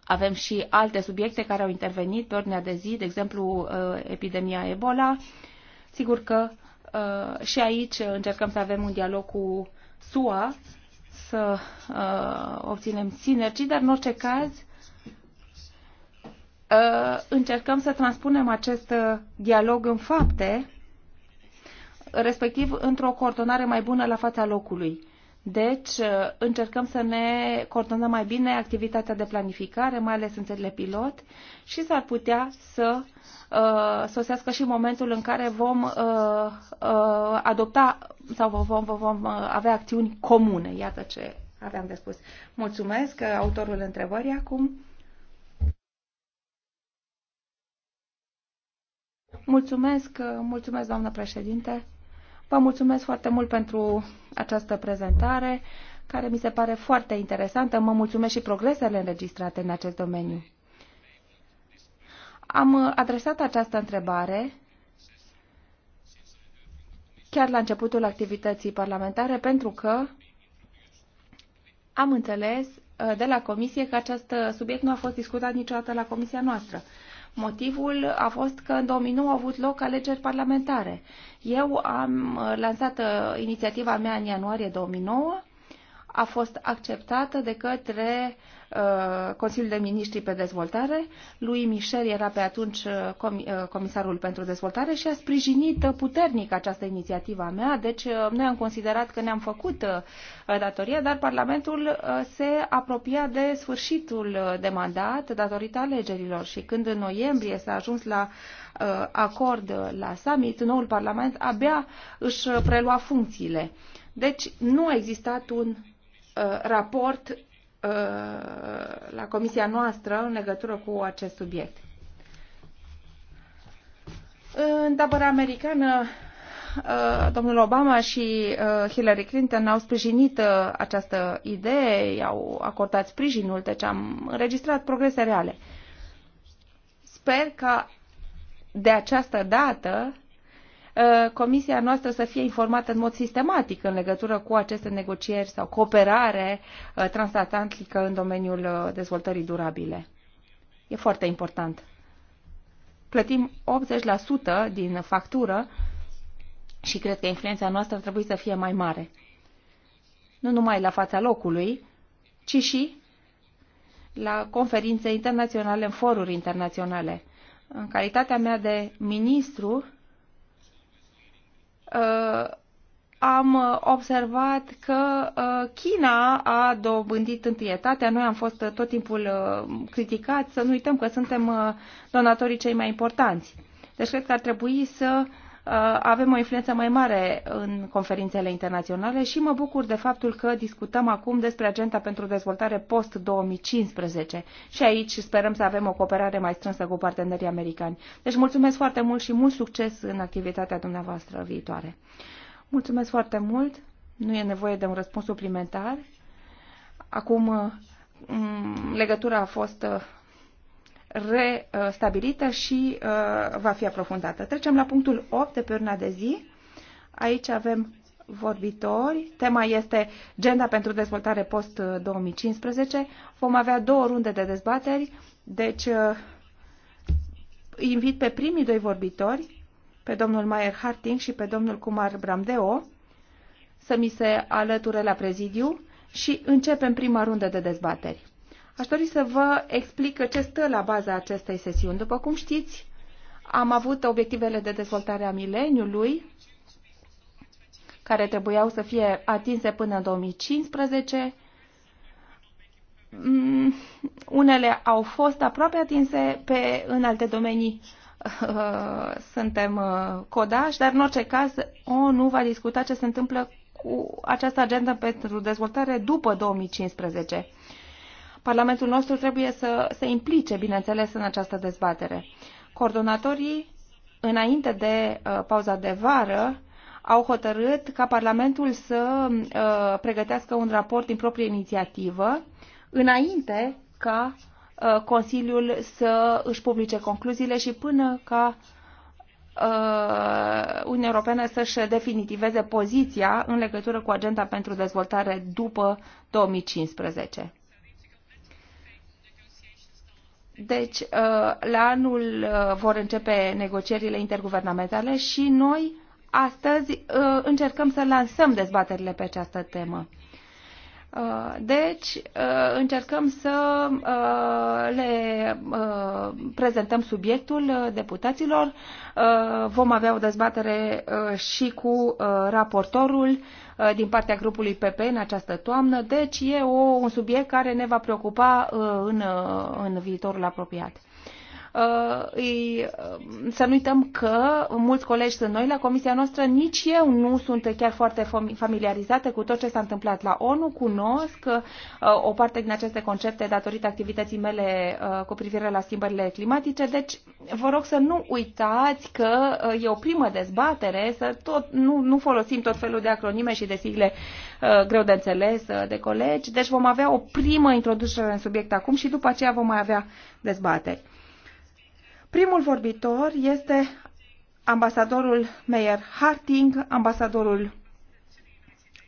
Avem și alte subiecte care au intervenit pe ordinea de zi, de exemplu uh, epidemia Ebola. Sigur că uh, Uh, și aici încercăm să avem un dialog cu SUA, să uh, obținem sinergii, dar în orice caz uh, încercăm să transpunem acest dialog în fapte, respectiv într-o coordonare mai bună la fața locului deci, uh, încercăm să ne coordonăm mai bine activitatea de planificare, mai ales în țările pilot, și s-ar putea să uh, sosească și momentul în care vom uh, uh, adopta sau vom, vom, vom uh, avea acțiuni comune. Iată ce aveam de spus. Mulțumesc, uh, autorul întrebării acum. Mulțumesc, mulțumesc, doamnă președinte. Vă mulțumesc foarte mult pentru această prezentare, care mi se pare foarte interesantă. Mă mulțumesc și progresele înregistrate în acest domeniu. Am adresat această întrebare chiar la începutul activității parlamentare, pentru că am înțeles uh, de la Comisie că acest subiect nu a fost discutat niciodată la Comisia noastră. Motivul a fost că în 2009 au avut loc alegeri parlamentare. Eu am uh, lansat uh, inițiativa mea în ianuarie 2009, a fost acceptată de către Uh, Consiliul de Ministri pe Dezvoltare. Lui Michel era pe atunci uh, uh, comisarul pentru dezvoltare și a sprijinit puternic această inițiativă a mea, deci noi am considerat că ne-am făcut datoria, dar Parlamentul se apropia de sfârșitul de mandat datorită alegerilor și când în noiembrie s-a ajuns la acord la summit, noul Parlament abia își prelua funcțiile. Deci nu a existat un raport Uh, la comisia noastră în legătură cu acest subiect. În tabăra americană, uh, domnul Obama și uh, Hillary Clinton au sprijinit această idee, i-au acordat sprijinul, deci am înregistrat progrese reale. Sper că de această dată Uh, comisia noastră să fie informată în mod sistematic în legătură cu aceste negocieri sau cooperare uh, transatlantică în domeniul uh, dezvoltării durabile. E foarte important. Plătim 80% din factură și cred că influența noastră ar trebui să fie mai mare. Nu numai la fața locului, ci și la conferințe internaționale, în foruri internaționale. În calitatea mea de ministru Uh, am observat că uh, China a dobândit întâietatea. Noi am fost uh, tot timpul criticați, să nu uităm că suntem donatorii cei mai importanți. Deci cred că ar trebui să Uh, avem o influență mai mare în conferințele internaționale și mă bucur de faptul că discutăm acum despre agenda pentru dezvoltare post-2015 și aici sperăm să avem o cooperare mai strânsă cu partenerii americani. Deci mulțumesc foarte mult și mult succes în activitatea dumneavoastră viitoare. Mulțumesc foarte mult. Nu e nevoie de un răspuns suplimentar. Acum mm, legătura a fost uh, restabilită și uh, va fi aprofundată. Trecem la punctul 8 de pe urna de zi. Aici avem vorbitori. Tema este Genda pentru dezvoltare post-2015. Vom avea două runde de dezbateri, deci uh, invit pe primii doi vorbitori, pe domnul Maier Harting și pe domnul Kumar Bramdeo, să mi se alăture la prezidiu și începem prima rundă de dezbateri. Aș dori să vă explic ce stă la baza acestei sesiuni. După cum știți, am avut obiectivele de dezvoltare a mileniului, care trebuiau să fie atinse până în 2015. Mm, unele au fost aproape atinse, pe, în alte domenii <laughs> suntem uh, codași, dar în orice caz ONU va discuta ce se întâmplă cu această agenda pentru dezvoltare după 2015. Parlamentul nostru trebuie să se implice, bineînțeles, în această dezbatere. Coordonatorii, înainte de uh, pauza de vară, au hotărât ca Parlamentul să uh, pregătească un raport din proprie inițiativă, înainte ca uh, Consiliul să își publice concluziile și până ca uh, Uniunea Europeană să-și definitiveze poziția în legătură cu agenda pentru dezvoltare după 2015. Deci, uh, la anul uh, vor începe negocierile interguvernamentale și noi astăzi uh, încercăm să lansăm dezbaterile pe această temă. Uh, deci, uh, încercăm să uh, le prezentăm subiectul deputaților. Vom avea o dezbatere și cu raportorul din partea grupului PP în această toamnă. Deci, e un subiect care ne va preocupa în viitorul apropiat. Uh, uh, să nu uităm că mulți colegi sunt noi la comisia noastră, nici eu nu sunt chiar foarte familiarizată cu tot ce s-a întâmplat la ONU, cunosc uh, o parte din aceste concepte datorită activității mele cu privire la schimbările climatice, deci vă rog să nu uitați că e o primă dezbatere, să tot, nu, nu folosim tot felul de acronime și de sigle greu de înțeles de colegi, deci vom avea o primă introducere în subiect acum și după aceea vom mai avea dezbateri. Primul vorbitor este ambasadorul Meyer Harting, ambasadorul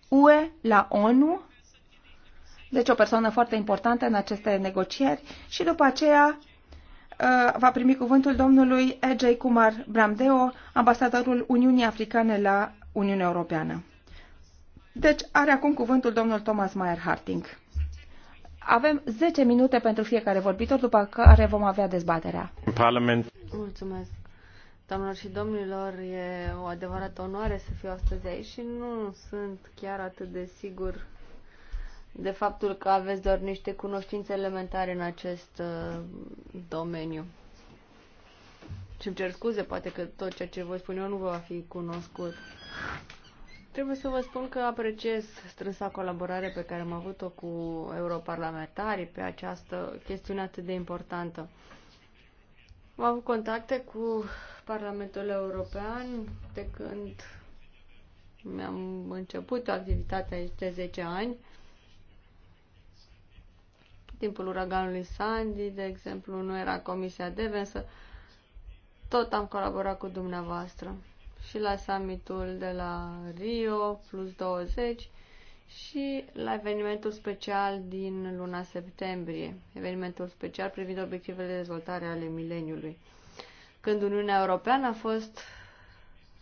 UE la ONU, deci o persoană foarte importantă în aceste negocieri și după aceea uh, va primi cuvântul domnului E.J. Kumar Bramdeo, ambasadorul Uniunii Africane la Uniunea Europeană. Deci are acum cuvântul domnul Thomas Mayer Harting. Avem 10 minute pentru fiecare vorbitor, după care vom avea dezbaterea. Parlament. Mulțumesc. Doamnelor și domnilor, e o adevărată onoare să fiu astăzi aici și nu sunt chiar atât de sigur de faptul că aveți doar niște cunoștințe elementare în acest uh, domeniu. Și îmi cer scuze, poate că tot ceea ce voi spune eu nu vă va fi cunoscut. Trebuie să vă spun că apreciez strânsa colaborare pe care am avut-o cu europarlamentarii pe această chestiune atât de importantă. Am avut contacte cu Parlamentul European de când mi-am început activitatea aici de 10 ani. Timpul uraganului Sandy, de exemplu, nu era Comisia deven însă tot am colaborat cu dumneavoastră și la summitul de la Rio plus 20 și la evenimentul special din luna septembrie, evenimentul special privind obiectivele de dezvoltare ale mileniului, când Uniunea Europeană a fost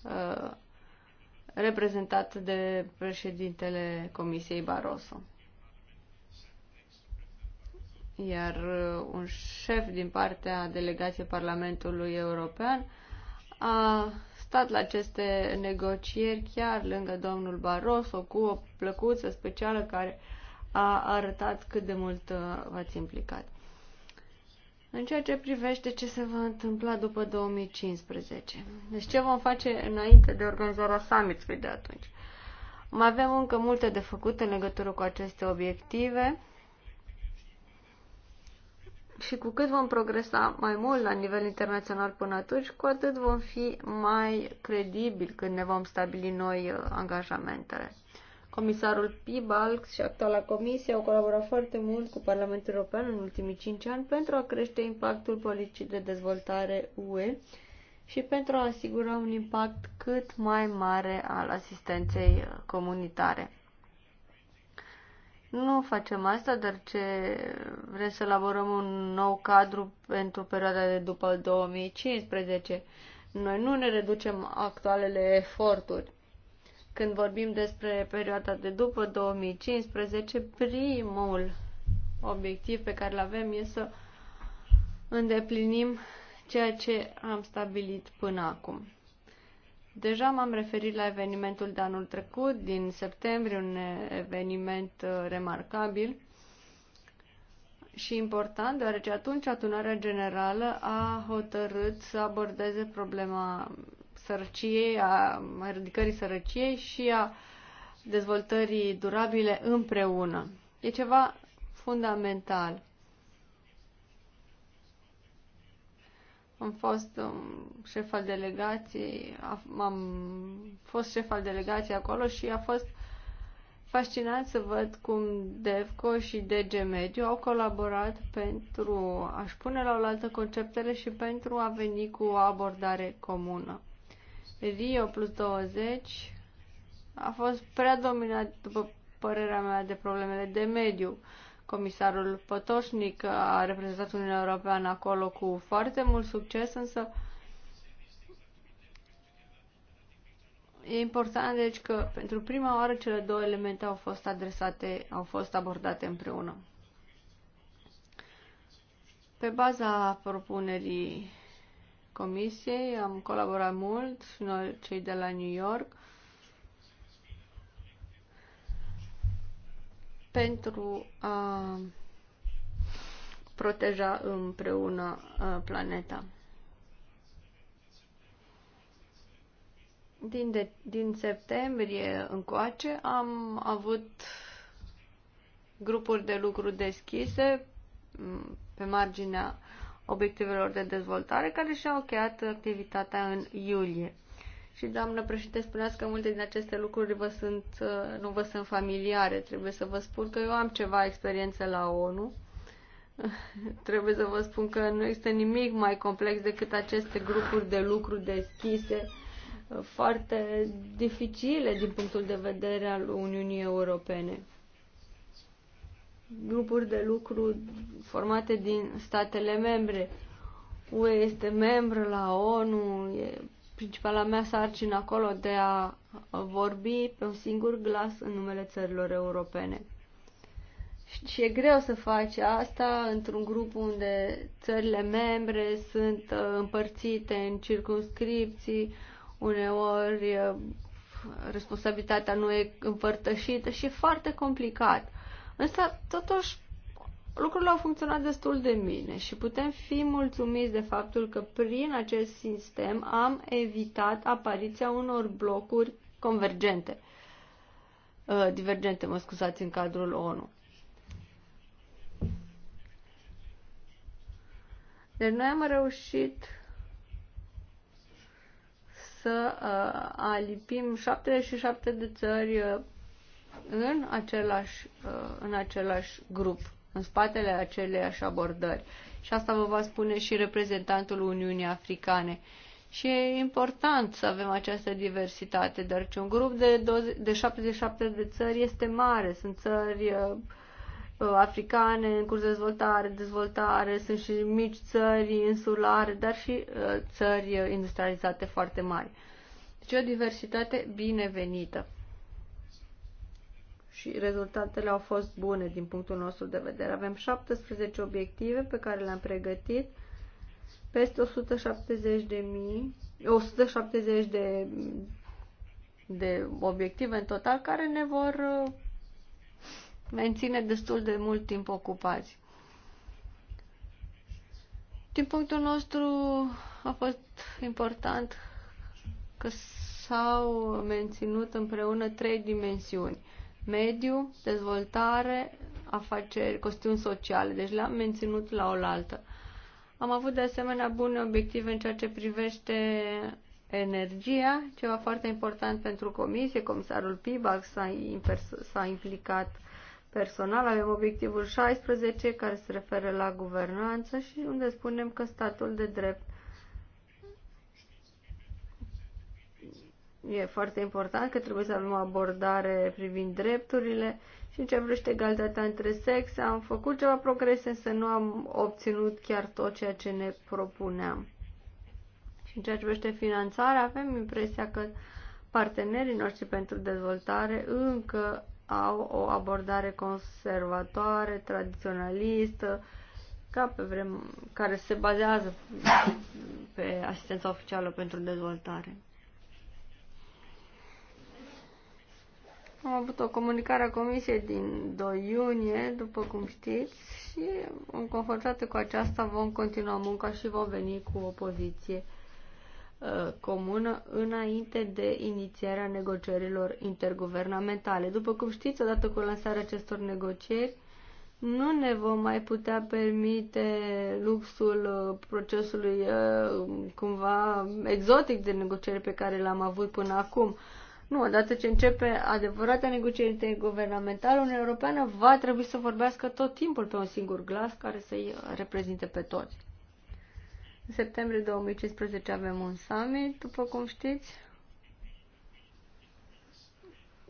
uh, reprezentată de președintele Comisiei Barroso. Iar uh, un șef din partea delegației Parlamentului European a stat la aceste negocieri chiar lângă domnul Barroso cu o plăcuță specială care a arătat cât de mult uh, v-ați implicat. În ceea ce privește ce se va întâmpla după 2015. Deci ce vom face înainte de organizarea summitului de atunci. Mai avem încă multe de făcut în legătură cu aceste obiective și cu cât vom progresa mai mult la nivel internațional până atunci, cu atât vom fi mai credibili când ne vom stabili noi uh, angajamentele. Comisarul Pibalx și actuala comisie au colaborat foarte mult cu Parlamentul European în ultimii 5 ani pentru a crește impactul politicii de dezvoltare UE și pentru a asigura un impact cât mai mare al asistenței uh, comunitare. Nu facem asta, dar ce vrem să elaborăm un nou cadru pentru perioada de după 2015. Noi nu ne reducem actualele eforturi. Când vorbim despre perioada de după 2015, primul obiectiv pe care îl avem este să îndeplinim ceea ce am stabilit până acum. Deja m-am referit la evenimentul de anul trecut, din septembrie, un eveniment uh, remarcabil și important, deoarece atunci adunarea generală a hotărât să abordeze problema sărăciei, a ridicării sărăciei și a dezvoltării durabile împreună. E ceva fundamental. Am fost um, șef al delegației, am fost șef al delegației acolo și a fost fascinant să văd cum DEVCO și DG Mediu au colaborat pentru a-și pune la oaltă conceptele și pentru a veni cu o abordare comună. Rio plus 20 a fost prea dominat, după părerea mea, de problemele de mediu. Uh, Comisarul Pătoșnic a reprezentat Uniunea Europeană acolo cu foarte mult succes, însă e important deci că pentru prima oară cele două elemente au fost adresate, au fost abordate împreună. Pe baza propunerii comisiei am colaborat mult și noi cei de la New York pentru a proteja împreună planeta. Din, de, din septembrie încoace am avut grupuri de lucru deschise pe marginea obiectivelor de dezvoltare care și-au cheiat activitatea în iulie. Și, doamnă președinte, spuneați că multe din aceste lucruri vă sunt, uh, nu vă sunt familiare. Trebuie să vă spun că eu am ceva experiență la ONU. <laughs> Trebuie să vă spun că nu există nimic mai complex decât aceste grupuri de lucru deschise, uh, foarte dificile din punctul de vedere al Uniunii Europene. Grupuri de lucru formate din statele membre. UE este membră la ONU, e principala mea sarcină acolo de a vorbi pe un singur glas în numele țărilor europene. Și e greu să faci asta într-un grup unde țările membre sunt uh, împărțite în circunscripții, uneori uh, responsabilitatea nu e împărtășită și e foarte complicat. Însă, totuși, lucrurile au funcționat destul de bine și putem fi mulțumiți de faptul că prin acest sistem am evitat apariția unor blocuri convergente, uh, divergente, mă scuzați, în cadrul ONU. Deci noi am reușit să uh, alipim 77 de țări uh, în, același, uh, în același grup în spatele aceleiași abordări. Și asta vă va spune și reprezentantul Uniunii Africane. Și e important să avem această diversitate, ce un grup de, 20, de 77 de țări este mare. Sunt țări uh, uh, africane în curs de dezvoltare, dezvoltare, sunt și mici țări insulare, dar și uh, țări industrializate foarte mari. Deci o diversitate binevenită și rezultatele au fost bune din punctul nostru de vedere. Avem 17 obiective pe care le-am pregătit, peste 170 de, mii, 170 de, de obiective în total care ne vor uh, menține destul de mult timp ocupați. Din punctul nostru a fost important că s-au menținut împreună trei dimensiuni mediu, dezvoltare, afaceri, costiuni sociale. Deci le-am menținut la oaltă. Am avut de asemenea bune obiective în ceea ce privește energia, ceva foarte important pentru comisie. Comisarul Pibac s-a, implicat personal. Avem obiectivul 16 care se referă la guvernanță și unde spunem că statul de drept e foarte important că trebuie să avem o abordare privind drepturile și în ce vrește egalitatea între sexe. Am făcut ceva progrese, însă nu am obținut chiar tot ceea ce ne propuneam. Și în ceea ce vrește finanțarea, avem impresia că partenerii noștri pentru dezvoltare încă au o abordare conservatoare, tradiționalistă, ca pe vrem, care se bazează pe asistența oficială pentru dezvoltare. Am avut o comunicare a Comisiei din 2 iunie, după cum știți, și în conformitate cu aceasta vom continua munca și vom veni cu o poziție uh, comună înainte de inițierea negocierilor interguvernamentale. După cum știți, odată cu lansarea acestor negocieri, nu ne vom mai putea permite luxul uh, procesului uh, cumva exotic de negocieri pe care l-am avut până acum. Nu, odată ce începe adevărata negociere interguvernamentală, Uniunea Europeană va trebui să vorbească tot timpul pe un singur glas care să-i reprezinte pe toți. În septembrie 2015 avem un summit, după cum știți,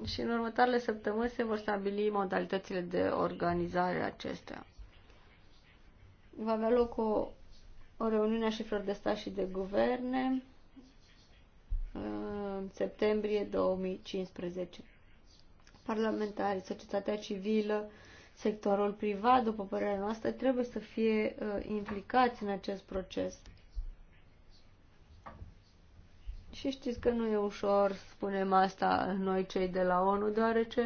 și în următoarele săptămâni se vor stabili modalitățile de organizare acestea. Va avea loc o, o reuniune a șefilor de stat și de guverne, în uh, septembrie 2015. Parlamentarii, societatea civilă, sectorul privat, după părerea noastră, trebuie să fie uh, implicați în acest proces. Și știți că nu e ușor, spunem asta noi cei de la ONU, deoarece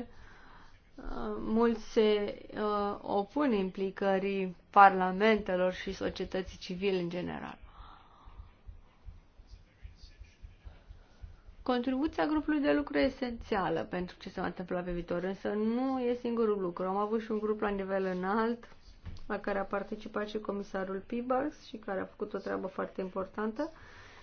uh, mulți se uh, opun implicării parlamentelor și societății civile în general. Contribuția grupului de lucru e esențială pentru ce se va întâmpla pe viitor, însă nu e singurul lucru. Am avut și un grup la nivel înalt la care a participat și comisarul Pibax și care a făcut o treabă foarte importantă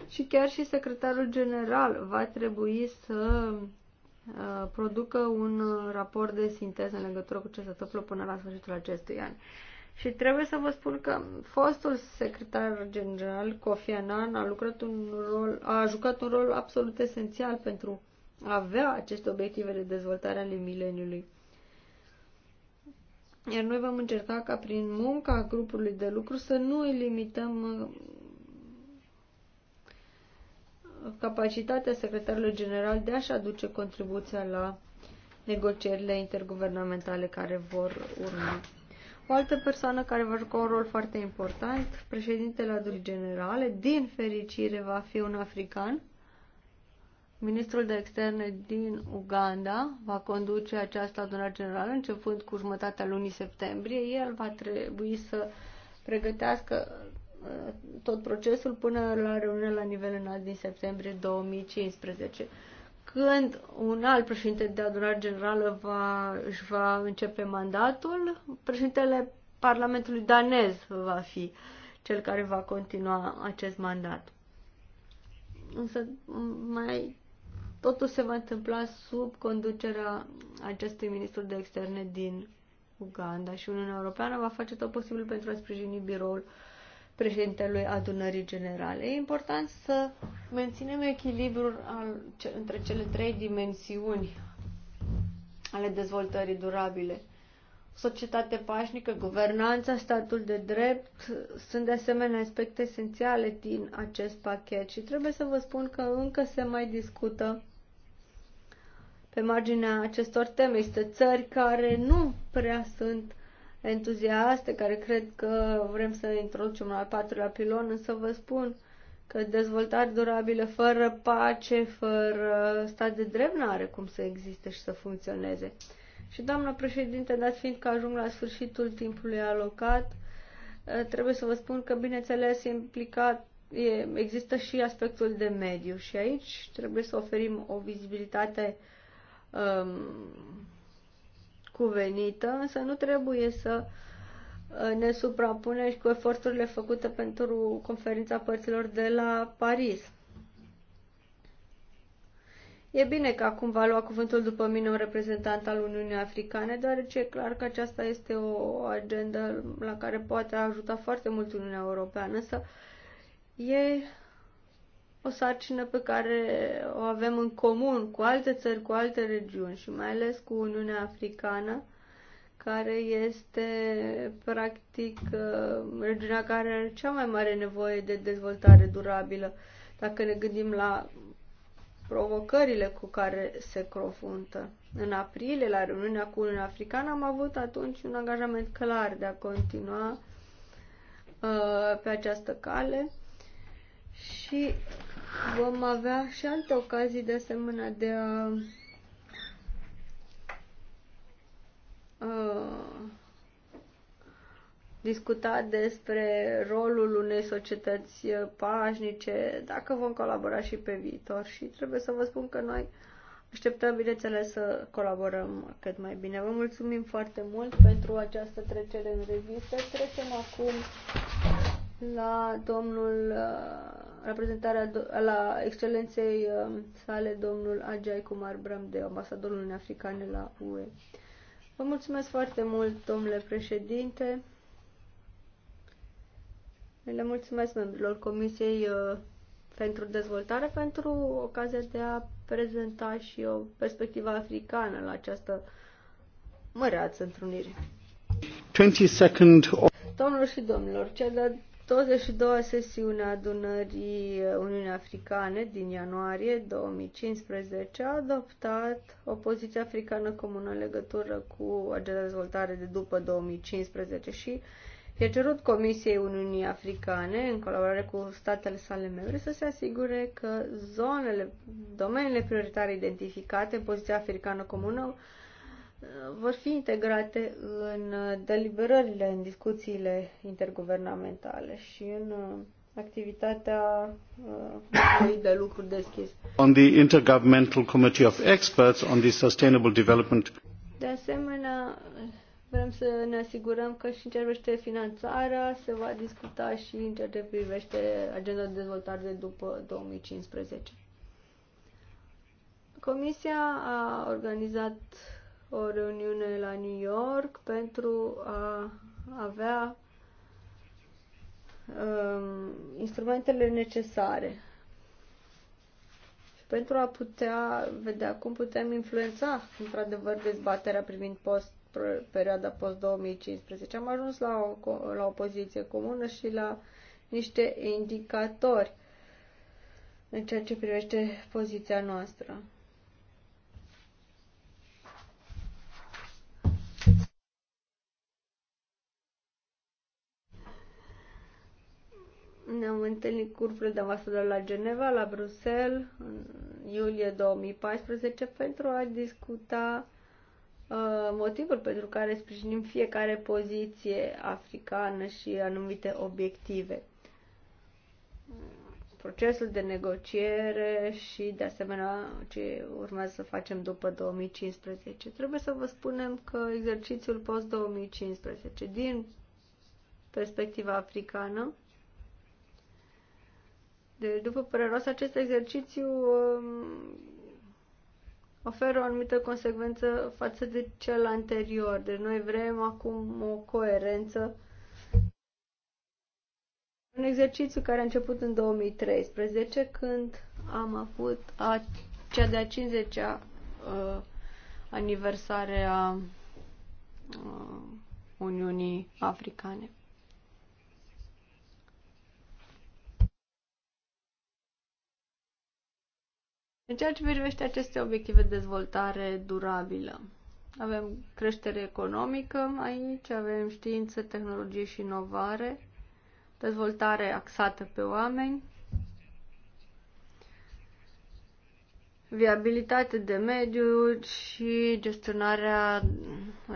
și chiar și secretarul general va trebui să uh, producă un uh, raport de sinteză în legătură cu ce se întâmplă până la sfârșitul acestui an. Și trebuie să vă spun că fostul secretar general, Kofi Annan, a, lucrat un rol, a jucat un rol absolut esențial pentru a avea aceste obiective de dezvoltare ale mileniului. Iar noi vom încerca ca prin munca grupului de lucru să nu îi limităm uh, capacitatea secretarului general de a-și aduce contribuția la negocierile interguvernamentale care vor urma. O altă persoană care va juca un rol foarte important, președintele adunii generale, din fericire va fi un african. Ministrul de externe din Uganda va conduce această adunare generală începând cu jumătatea lunii septembrie. El va trebui să pregătească uh, tot procesul până la reuniunea la nivel înalt din septembrie 2015 când un alt președinte de adunare generală va, își va începe mandatul, președintele Parlamentului danez va fi cel care va continua acest mandat. Însă mai totul se va întâmpla sub conducerea acestui ministru de externe din Uganda și Uniunea Europeană va face tot posibil pentru a sprijini biroul uh, președintelui adunării generale. E important să menținem echilibrul al, ce, între cele trei dimensiuni ale dezvoltării durabile. Societate pașnică, guvernanța, statul de drept sunt de asemenea aspecte esențiale din acest pachet și trebuie să vă spun că încă se mai discută pe marginea acestor teme. Este țări care nu prea sunt entuziaste care cred că vrem să introducem un al patrulea pilon, însă vă spun că dezvoltare durabilă fără pace, fără stat de drept, nu are cum să existe și să funcționeze. Și, doamna președinte, dat fiind că ajung la sfârșitul timpului alocat, ă, trebuie să vă spun că, bineînțeles, implicat e, există și aspectul de mediu și aici trebuie să oferim o vizibilitate um, cuvenită, însă nu trebuie să uh, ne suprapunem și cu eforturile făcute pentru conferința părților de la Paris. E bine că acum va lua cuvântul după mine un reprezentant al Uniunii Africane, deoarece e clar că aceasta este o agendă la care poate ajuta foarte mult Uniunea Europeană, însă e o sarcină pe care o avem în comun cu alte țări, cu alte regiuni și mai ales cu Uniunea Africană, care este practic uh, regiunea care are cea mai mare nevoie de dezvoltare durabilă. Dacă ne gândim la provocările cu care se confruntă. În aprilie, la reuniunea cu Uniunea Africană, am avut atunci un angajament clar de a continua uh, pe această cale și Vom avea și alte ocazii de asemenea de a a discuta despre rolul unei societăți pașnice, dacă vom colabora și pe viitor. Și trebuie să vă spun că noi așteptăm, bineînțeles, să colaborăm cât mai bine. Vă mulțumim foarte mult pentru această trecere în revistă. Trecem acum la domnul uh, reprezentarea la excelenței um, sale domnul Ajay Kumar Bramdeo, ambasadorul Uniunii Africane la UE. Vă mulțumesc foarte mult, domnule președinte. Le mulțumesc membrilor Comisiei uh, pentru dezvoltare pentru ocazia de a prezenta și o perspectivă africană la această măreață întrunire. 22nd... Domnilor și domnilor, cea de 22-a sesiune a adunării Uniunii Africane din ianuarie 2015 a adoptat o poziție africană comună în legătură cu agenda de dezvoltare de după 2015 și i-a cerut Comisiei Uniunii Africane, în colaborare cu statele sale membre, să se asigure că zonele, domeniile prioritare identificate în poziția africană comună vor fi integrate în uh, deliberările, în discuțiile interguvernamentale și în uh, activitatea uh, de lucru deschis. On the Intergovernmental Committee of Experts on the Sustainable Development. De asemenea, vrem să ne asigurăm că și în ce privește finanțarea se va discuta și în ce privește agenda de dezvoltare de după 2015. Comisia a organizat o reuniune la New York pentru a avea um, instrumentele necesare și pentru a putea vedea cum putem influența într-adevăr dezbaterea privind post perioada post-2015. Am ajuns la o, la o poziție comună și la niște indicatori în ceea ce privește poziția noastră. Ne-am întâlnit cu grupurile voastre de la Geneva, la Bruxelles, în iulie 2014, pentru a discuta uh, motivul pentru care sprijinim fiecare poziție africană și anumite obiective. Procesul de negociere și, de asemenea, ce urmează să facem după 2015. Trebuie să vă spunem că exercițiul post-2015, din perspectiva africană, după părerea noastră, acest exercițiu um, oferă o anumită consecvență față de cel anterior. Deci noi vrem acum o coerență. Un exercițiu care a început în 2013, când am avut a, cea de-a 50-a uh, aniversare a uh, Uniunii Africane. În ceea ce privește aceste obiective de dezvoltare durabilă, avem creștere economică aici, avem știință, tehnologie și inovare, dezvoltare axată pe oameni, viabilitate de mediu și gestionarea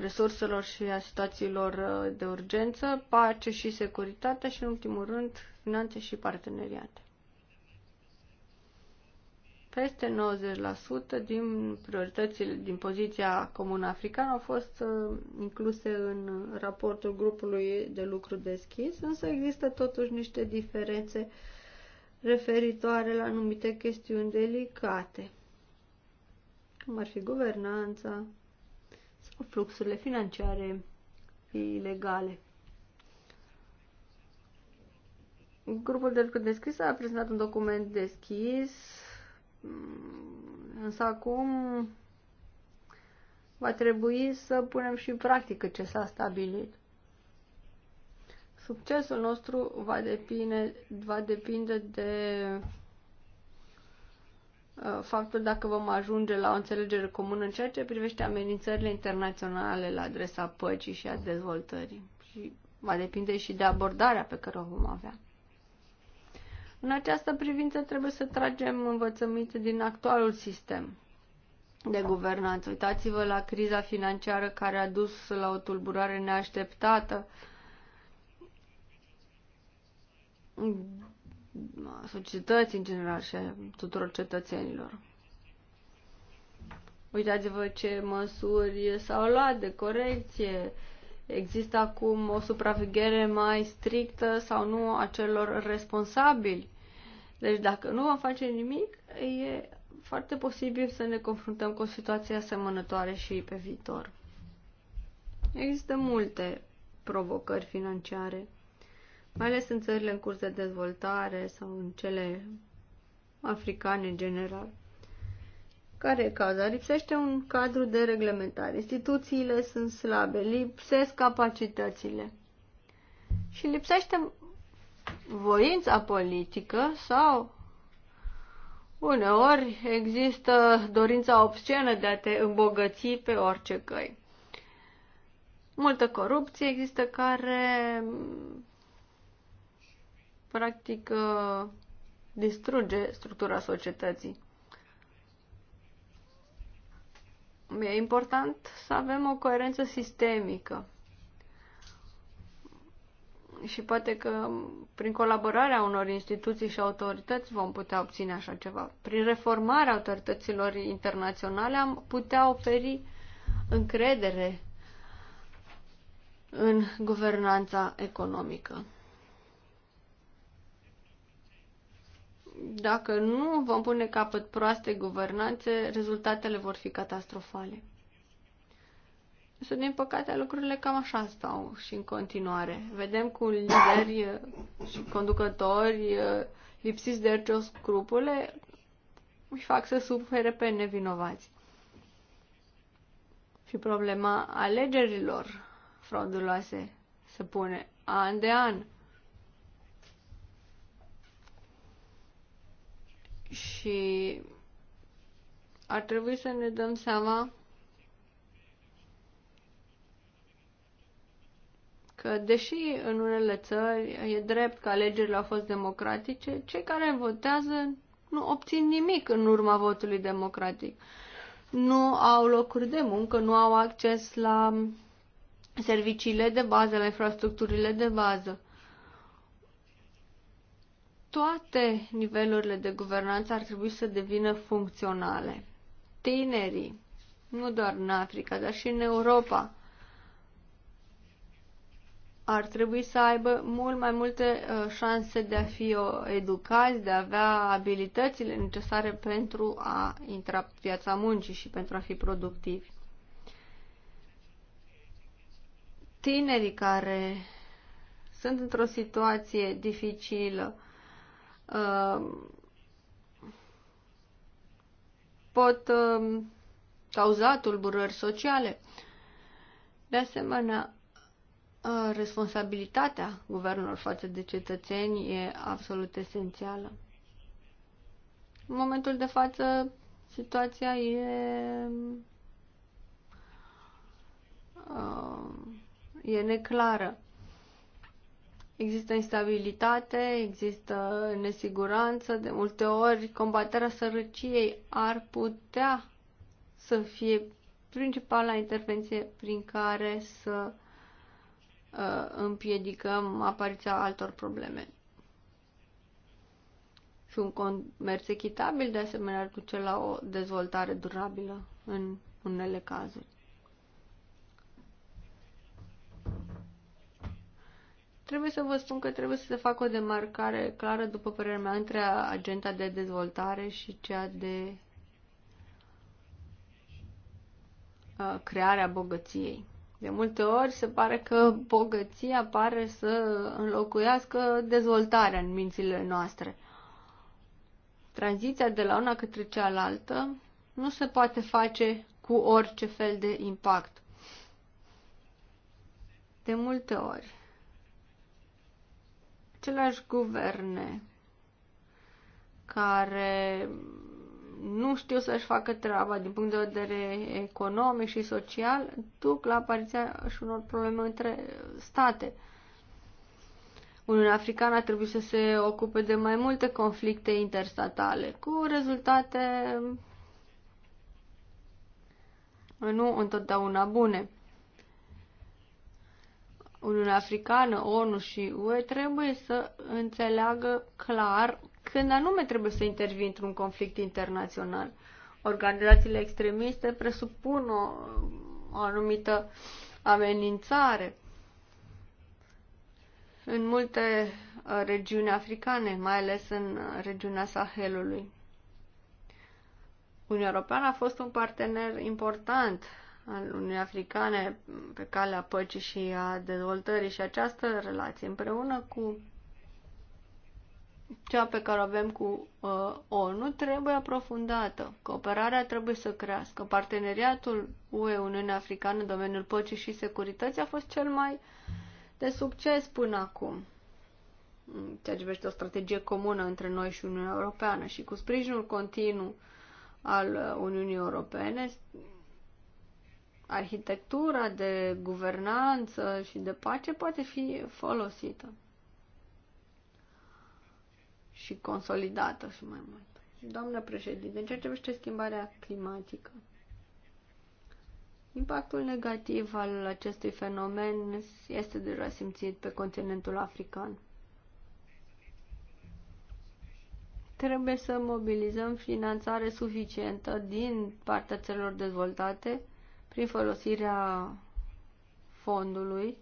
resurselor și a situațiilor uh, de urgență, pace și securitate și, în ultimul rând, finanțe și parteneriate. Peste 90% din prioritățile din poziția comună africană au fost uh, incluse în raportul grupului de lucru deschis, însă există totuși niște diferențe referitoare la anumite chestiuni delicate, cum ar fi guvernanța sau fluxurile financiare ilegale. Grupul de lucru deschis a prezentat un document deschis Mm, însă acum va trebui să punem și practică ce s-a stabilit. Succesul nostru va depinde, va depinde de uh, faptul dacă vom ajunge la o înțelegere comună în ceea ce privește amenințările internaționale la adresa păcii și a dezvoltării. Și va depinde și de abordarea pe care o vom avea. În această privință trebuie să tragem învățăminte din actualul sistem de guvernanță. Uitați-vă la criza financiară care a dus la o tulburare neașteptată a societății în general și a tuturor cetățenilor. Uitați-vă ce măsuri s-au luat de corecție, Există acum o supraveghere mai strictă sau nu a celor responsabili. Deci dacă nu vom face nimic, e foarte posibil să ne confruntăm cu o situație asemănătoare și pe viitor. Există multe provocări financiare, mai ales în țările în curs de dezvoltare sau în cele africane în general. Care e cauza? Lipsește un cadru de reglementare. Instituțiile sunt slabe, lipsesc capacitățile și lipsește voința politică sau uneori există dorința obscenă de a te îmbogăți pe orice căi. Multă corupție există care practic distruge structura societății. E important să avem o coerență sistemică. Și poate că prin colaborarea unor instituții și autorități vom putea obține așa ceva. Prin reformarea autorităților internaționale am putea oferi încredere în guvernanța economică. Dacă nu vom pune capăt proaste guvernanțe, rezultatele vor fi catastrofale. Însă, din păcate, lucrurile cam așa stau și în continuare. Vedem cu lideri eh, și conducători eh, lipsiți de orice scrupule îi fac să sufere pe nevinovați. Și problema alegerilor frauduloase se pune an de an. Și ar trebui să ne dăm seama că, deși în unele țări e drept că alegerile au fost democratice, cei care votează nu obțin nimic în urma votului democratic. Nu au locuri de muncă, nu au acces la serviciile de bază, la infrastructurile de bază toate nivelurile de guvernanță ar trebui să devină funcționale. Tinerii, nu doar în Africa, dar și în Europa, ar trebui să aibă mult mai multe uh, șanse de a fi uh, educați, de a avea abilitățile necesare pentru a intra pe piața muncii și pentru a fi productivi. Tinerii care sunt într-o situație dificilă, Uh, pot uh, cauza tulburări sociale. De asemenea, uh, responsabilitatea guvernelor față de cetățeni e absolut esențială. În momentul de față, situația e e neclară. Există instabilitate, există nesiguranță, de multe ori combaterea sărăciei ar putea să fie principala intervenție prin care să uh, împiedicăm apariția altor probleme. Și un comerț echitabil, de asemenea, ar duce la o dezvoltare durabilă în unele cazuri. Trebuie să vă spun că trebuie să se facă o demarcare clară, după părerea mea, între agenda de dezvoltare și cea de uh, crearea bogăției. De multe ori se pare că bogăția pare să înlocuiască dezvoltarea în mințile noastre. Tranziția de la una către cealaltă nu se poate face cu orice fel de impact. De multe ori aceleași guverne care nu știu să-și facă treaba din punct de vedere economic și social, duc la apariția și unor probleme între state. Uniunea Africană a trebuit să se ocupe de mai multe conflicte interstatale, cu rezultate nu întotdeauna bune. Uniunea Africană, ONU și UE trebuie să înțeleagă clar când anume trebuie să intervii într-un conflict internațional. Organizațiile extremiste presupun o, o anumită amenințare în multe uh, regiuni africane, mai ales în uh, regiunea Sahelului. Uniunea Europeană a fost un partener important al Uniunii Africane pe calea păcii și a dezvoltării și această relație împreună cu cea pe care o avem cu uh, ONU trebuie aprofundată. Cooperarea trebuie să crească. Parteneriatul UE-Uniunea Africană în domeniul păcii și securității a fost cel mai de succes până acum. Ceea ce privește o strategie comună între noi și Uniunea Europeană și cu sprijinul continuu al uh, Uniunii Europene, arhitectura de guvernanță și de pace poate fi folosită și consolidată și mai mult. Doamnă președinte, în ceea ce privește schimbarea climatică, impactul negativ al acestui fenomen este deja simțit pe continentul african. Trebuie să mobilizăm finanțare suficientă din partea țărilor dezvoltate – prin folosirea fondului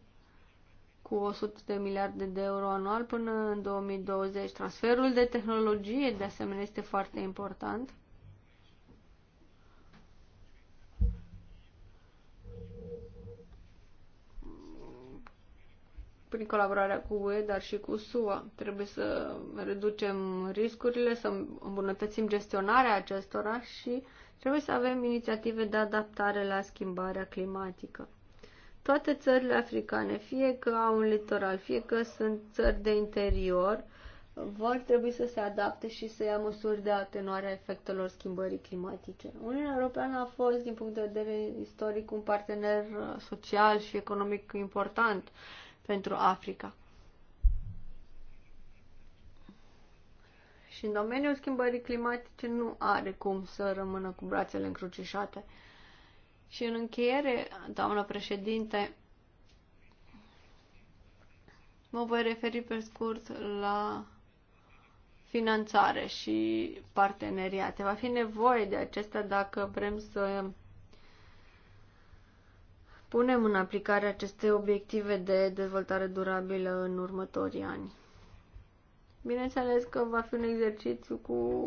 cu 100 de miliarde de euro anual până în 2020. Transferul de tehnologie, de asemenea, este foarte important. prin colaborarea cu UE, dar și cu SUA. Trebuie să reducem riscurile, să îmbunătățim gestionarea acestora și uh, Trebuie să avem inițiative de adaptare la schimbarea climatică. Toate țările africane, fie că au un litoral, fie că sunt țări de interior, vor trebui să se adapte și să ia măsuri de atenuare a efectelor schimbării climatice. Uniunea Europeană a fost, din punct de vedere istoric, un partener uh, social și economic important pentru Africa. Și în domeniul schimbării climatice nu are cum să rămână cu brațele încrucișate. Și în încheiere, doamnă președinte, mă voi referi pe scurt la finanțare și parteneriate. Va fi nevoie de acestea dacă vrem să punem în aplicare aceste obiective de dezvoltare durabilă în următorii ani. Bineînțeles că va fi un exercițiu cu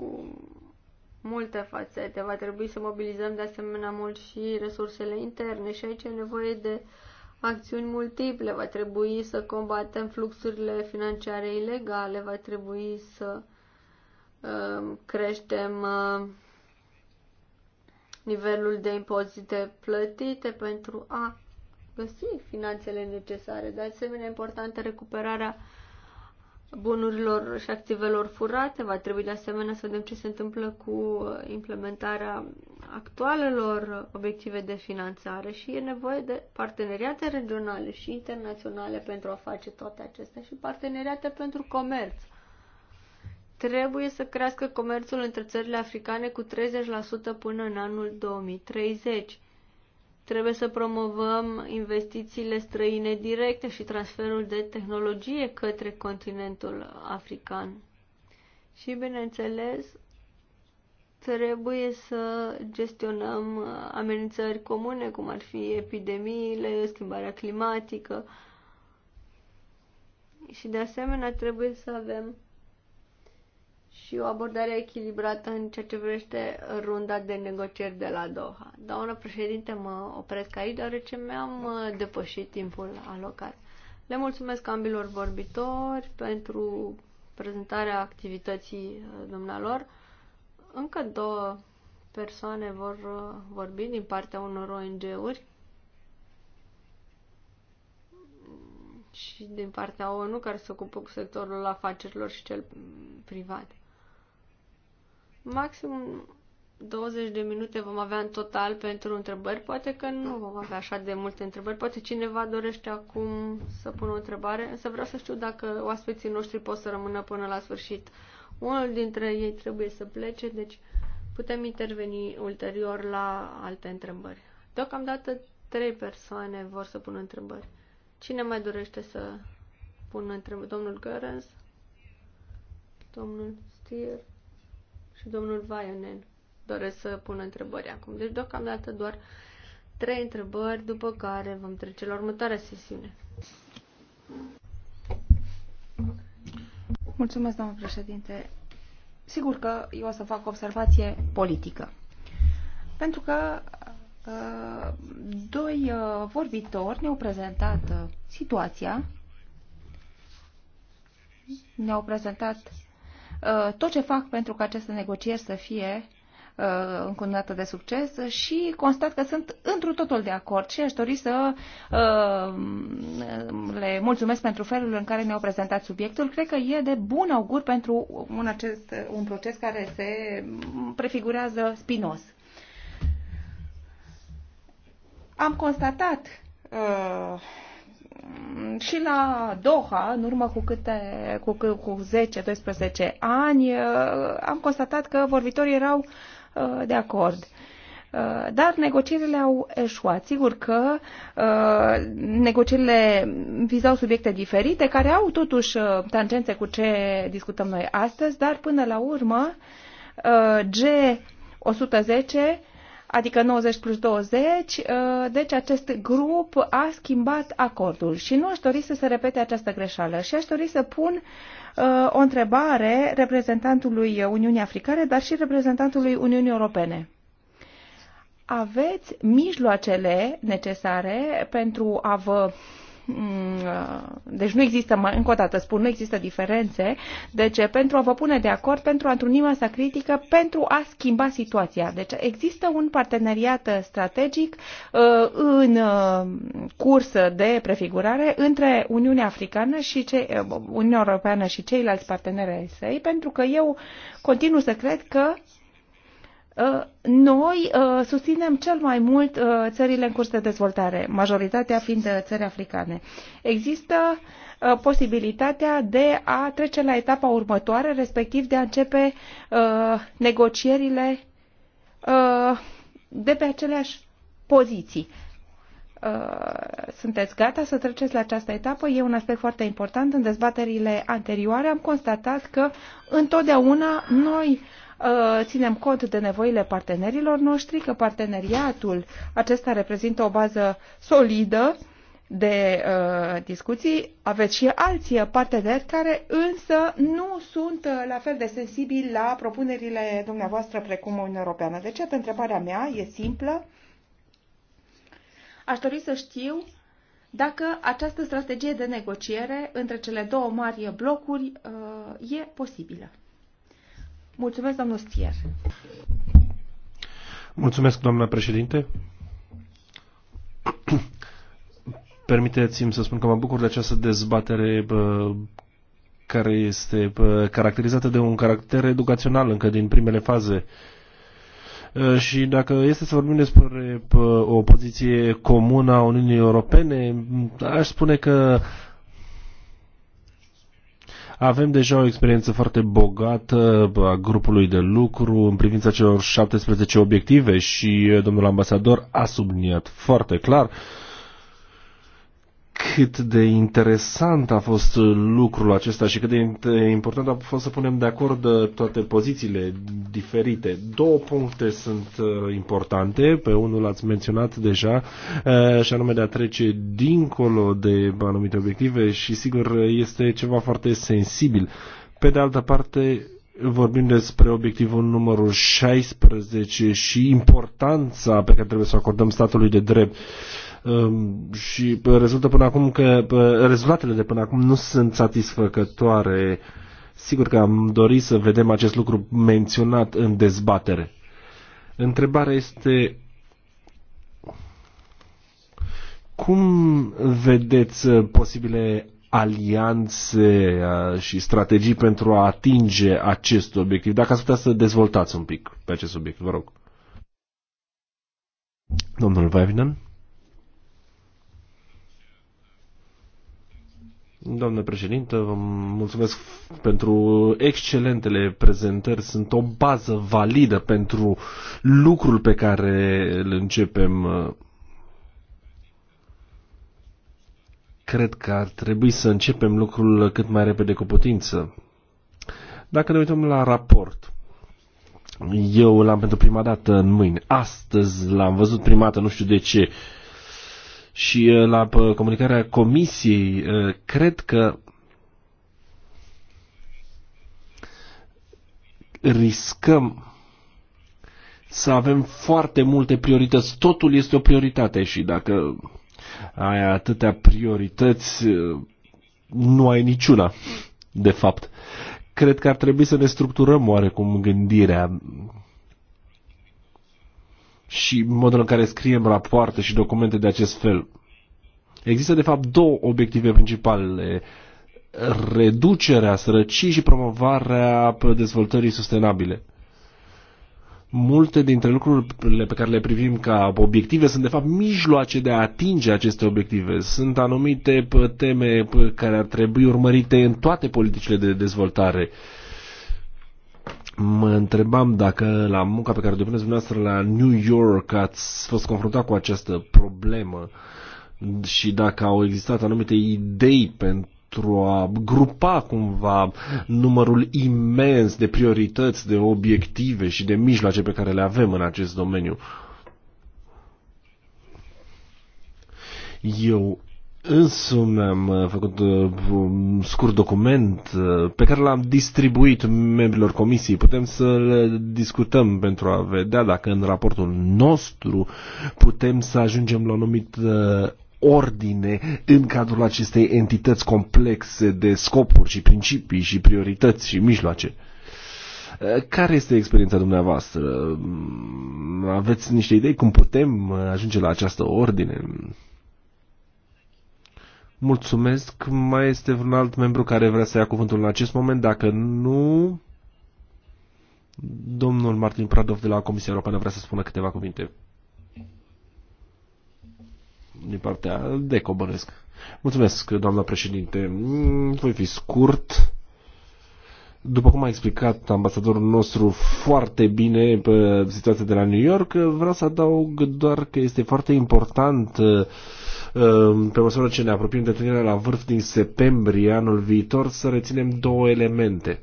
multe fațete. Va trebui să mobilizăm de asemenea mult și resursele interne și aici e nevoie de acțiuni multiple. Va trebui să combatem fluxurile financiare ilegale, va trebui să uh, creștem uh, nivelul de impozite plătite pentru a găsi finanțele necesare. De asemenea, importantă recuperarea uh, bunurilor și activelor furate. Va trebui de asemenea să vedem ce se întâmplă cu implementarea actualelor obiective de finanțare și e nevoie de parteneriate regionale și internaționale pentru a face toate acestea și parteneriate pentru comerț. Trebuie să crească comerțul între țările africane cu 30% până în anul 2030 Trebuie să promovăm investițiile străine directe și transferul de tehnologie către continentul african. Și, bineînțeles, trebuie să gestionăm amenințări comune, cum ar fi epidemiile, schimbarea climatică. Și, de asemenea, trebuie să avem și o abordare echilibrată în ceea ce privește runda de negocieri de la Doha. Doamna președinte, mă opresc aici deoarece mi-am uh, depășit timpul alocat. Le mulțumesc ambilor vorbitori pentru prezentarea activității uh, dumnealor. Încă două persoane vor uh, vorbi din partea unor ONG-uri și din partea ONU care se ocupă cu sectorul afacerilor și cel privat. Maximum 20 de minute vom avea în total pentru întrebări. Poate că nu vom avea așa de multe întrebări. Poate cineva dorește acum să pună o întrebare, însă vreau să știu dacă oaspeții noștri pot să rămână până la sfârșit. Unul dintre ei trebuie să plece, deci putem interveni ulterior la alte întrebări. Deocamdată trei persoane vor să pună întrebări. Cine mai dorește să pună întrebări? Domnul Gărens? Domnul Stier? și domnul Vaianen doresc să pună întrebări acum. Deci, deocamdată, doar trei întrebări, după care vom trece la următoarea sesiune. Mulțumesc, doamnă președinte. Sigur că eu o să fac observație politică. Pentru că uh, doi uh, vorbitori ne-au prezentat uh, situația, ne-au prezentat Uh, tot ce fac pentru ca aceste negocieri să fie uh, încununată de succes și constat că sunt întru totul de acord și aș dori să uh, le mulțumesc pentru felul în care ne-au prezentat subiectul. Cred că e de bun augur pentru un, acest, un proces care se prefigurează spinos. Am constatat uh, și la Doha, în urmă cu câte, cu, cu 10-12 ani, uh, am constatat că vorbitorii erau uh, de acord. Uh, dar negocierile au eșuat. Sigur că negocierile vizau subiecte diferite, care au totuși tangențe cu ce discutăm noi astăzi, dar până la urmă G110 adică 90 plus 20, uh, deci acest grup a schimbat acordul și nu aș dori să se repete această greșeală și aș dori să pun uh, o întrebare reprezentantului Uniunii Africane, dar și reprezentantului Uniunii Europene aveți mijloacele necesare pentru a vă Mm, uh, deci nu există, încă o dată spun, nu există diferențe, deci pentru a vă pune de acord, pentru a întruni masa critică, pentru a schimba situația. Deci există un parteneriat strategic uh, în uh, curs de prefigurare între Uniunea Africană și ce, Uniunea Europeană și ceilalți parteneri ai săi, pentru că eu continu să cred că Uh, noi uh, susținem cel mai mult uh, țările în curs de dezvoltare, majoritatea fiind țări africane. Există posibilitatea de a trece la etapa următoare, respectiv de a începe negocierile de pe aceleași poziții sunteți gata să treceți la această etapă. E un aspect foarte important. În dezbaterile anterioare am constatat că întotdeauna noi Uh, ținem cont de nevoile partenerilor noștri, că parteneriatul acesta reprezintă o bază solidă de uh, discuții. Aveți și alții parteneri care însă nu sunt uh, la fel de sensibili la propunerile dumneavoastră precum Uniunea Europeană. Deci, atât întrebarea mea e simplă. Aș dori să știu dacă această strategie de negociere între cele două mari blocuri uh, e posibilă. Mulțumesc, domnul Stier. Mulțumesc, doamna președinte. <clears throat> Permiteți-mi să spun că mă bucur de această dezbatere care este caracterizată de un caracter educațional încă din primele faze. Și dacă este să vorbim despre o poziție comună a Uniunii Europene, aș spune că avem deja o experiență foarte bogată a grupului de lucru în privința celor 17 obiective și domnul ambasador a subliniat foarte clar uh, cât de interesant a fost lucrul acesta și cât de important a fost să punem de acord uh, toate pozițiile diferite. Două puncte sunt uh, importante, pe unul l-ați menționat deja, uh, și anume de a trece dincolo de anumite obiective și sigur este ceva foarte sensibil. Pe de altă parte, vorbim despre obiectivul numărul 16 și importanța pe care trebuie să o acordăm statului de drept. Uh, Ehm, și rezultă până acum că rezultatele de până acum nu sunt satisfăcătoare. Sigur că am dorit să vedem acest lucru menționat în dezbatere. Întrebarea este cum vedeți uh, posibile alianțe uh, și strategii pentru a atinge acest obiectiv? Dacă ați putea să dezvoltați un pic pe acest subiect, vă rog. Domnul Vavinan? Domnule președinte, vă mulțumesc pentru excelentele prezentări. Sunt o bază validă pentru lucrul pe care îl începem. Cred că ar trebui să începem lucrul cât mai repede cu putință. Dacă ne uităm la raport, eu l-am pentru prima dată în mâini. Astăzi l-am văzut prima dată, nu știu de ce. Uh, și uh, la uh, comunicarea Comisiei, uh, cred că riscăm să avem foarte multe priorități. Totul este o prioritate și dacă ai atâtea priorități, nu ai niciuna, de fapt. Cred că ar trebui să ne structurăm oarecum gândirea și modul în care scriem rapoarte și documente de acest fel. Există, de fapt, două obiective principale. Reducerea sărăciei și promovarea dezvoltării sustenabile. Multe dintre lucrurile pe care le privim ca obiective sunt, de fapt, mijloace de a atinge aceste obiective. Sunt anumite teme care ar trebui urmărite în toate politicile de dezvoltare. Uh, Mă întrebam dacă la munca pe care o depuneți dumneavoastră la New York ați fost confruntat cu această problemă și dacă au existat anumite idei pentru pentru a grupa cumva numărul imens de priorități, de obiective și de mijloace pe care le avem în acest domeniu. Eu însumi am uh, făcut uh, un scurt document uh, pe care l-am distribuit membrilor comisiei. Putem să-l discutăm pentru a vedea dacă în raportul nostru putem să ajungem la o anumită ordine în cadrul acestei entități complexe de scopuri și principii și priorități și mijloace. Care este experiența dumneavoastră? Mm, aveți niște idei cum putem ajunge la această ordine? Mulțumesc. Mai este vreun alt membru care vrea să ia cuvântul în acest moment? Dacă nu, domnul Martin Pradov de la Comisia Europeană vrea să spună câteva cuvinte. Din partea de cobăresc. Mulțumesc, doamna președinte. Mm, voi fi scurt. După cum a explicat ambasadorul nostru foarte bine pe situația de la New York, vreau să adaug doar că este foarte important uh, Ehm, pe măsură ce ne apropiem de întâlnirea la vârf din septembrie anul viitor, să reținem două elemente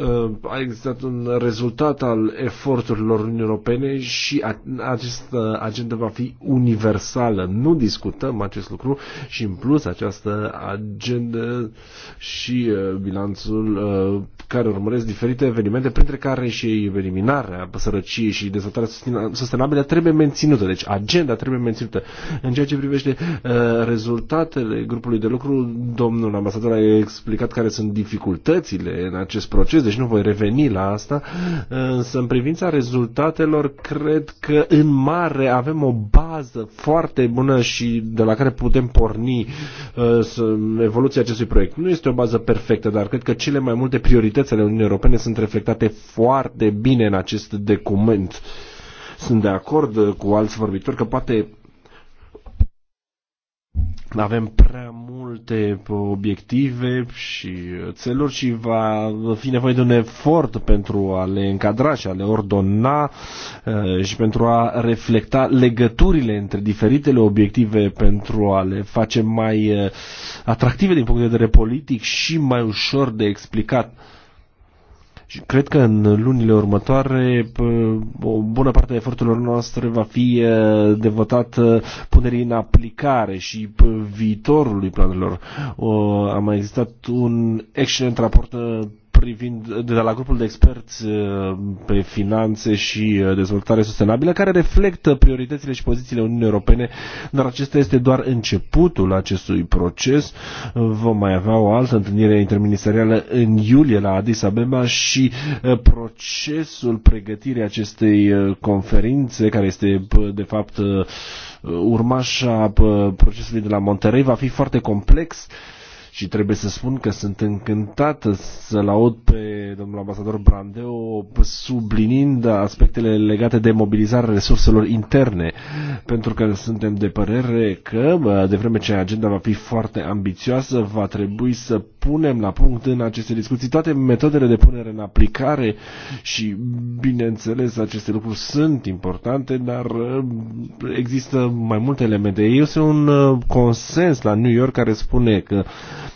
ehm, a existat un rezultat al eforturilor Uniunii Europene și această agendă va fi universală. Nu discutăm acest lucru și în plus această agendă și eh, bilanțul eh, care urmăresc diferite evenimente, printre care și eliminarea sărăciei și dezvoltarea sustenabilă, trebuie menținută. Deci agenda trebuie menținută. În ceea ce privește uh, rezultatele grupului de lucru, domnul ambasador a explicat care sunt dificultățile în acest proces, deci nu voi reveni la asta, uh, însă în privința rezultatelor, cred că în mare avem o bază foarte bună și de la care putem porni uh, evoluția acestui proiect. Nu este o bază perfectă, dar cred că cele mai multe priorități prioritățile Uniunii Europene sunt reflectate foarte bine în acest document. Sunt de acord cu alți vorbitori că poate avem prea multe obiective și țeluri și va fi nevoie de un efort pentru a le încadra și a le ordona eh, și pentru a reflecta legăturile între diferitele obiective pentru a le face mai eh, atractive din punct de vedere politic și mai ușor de explicat și cred că în lunile următoare o bună parte a eforturilor noastre va fi devotată punerii în aplicare și viitorului planurilor. a mai existat un excelent raport privind de la grupul de experți uh, pe finanțe și uh, dezvoltare sustenabilă care reflectă prioritățile și pozițiile Uniunii Europene, dar acesta este doar începutul acestui proces. Vom mai avea o altă întâlnire interministerială în iulie la Addis Abeba și uh, procesul pregătirii acestei conferințe, care este de fapt urmașa procesului de la Monterey, va fi foarte complex și trebuie să spun că sunt încântată să-l aud pe domnul ambasador Brandeu sublinind aspectele legate de mobilizarea resurselor interne, pentru că suntem de părere că, de vreme ce agenda va fi foarte ambițioasă, va trebui să punem la punct în aceste discuții toate metodele de punere în aplicare și, bineînțeles, aceste lucruri sunt importante, dar există mai multe elemente. Este un uh, consens la New York care spune că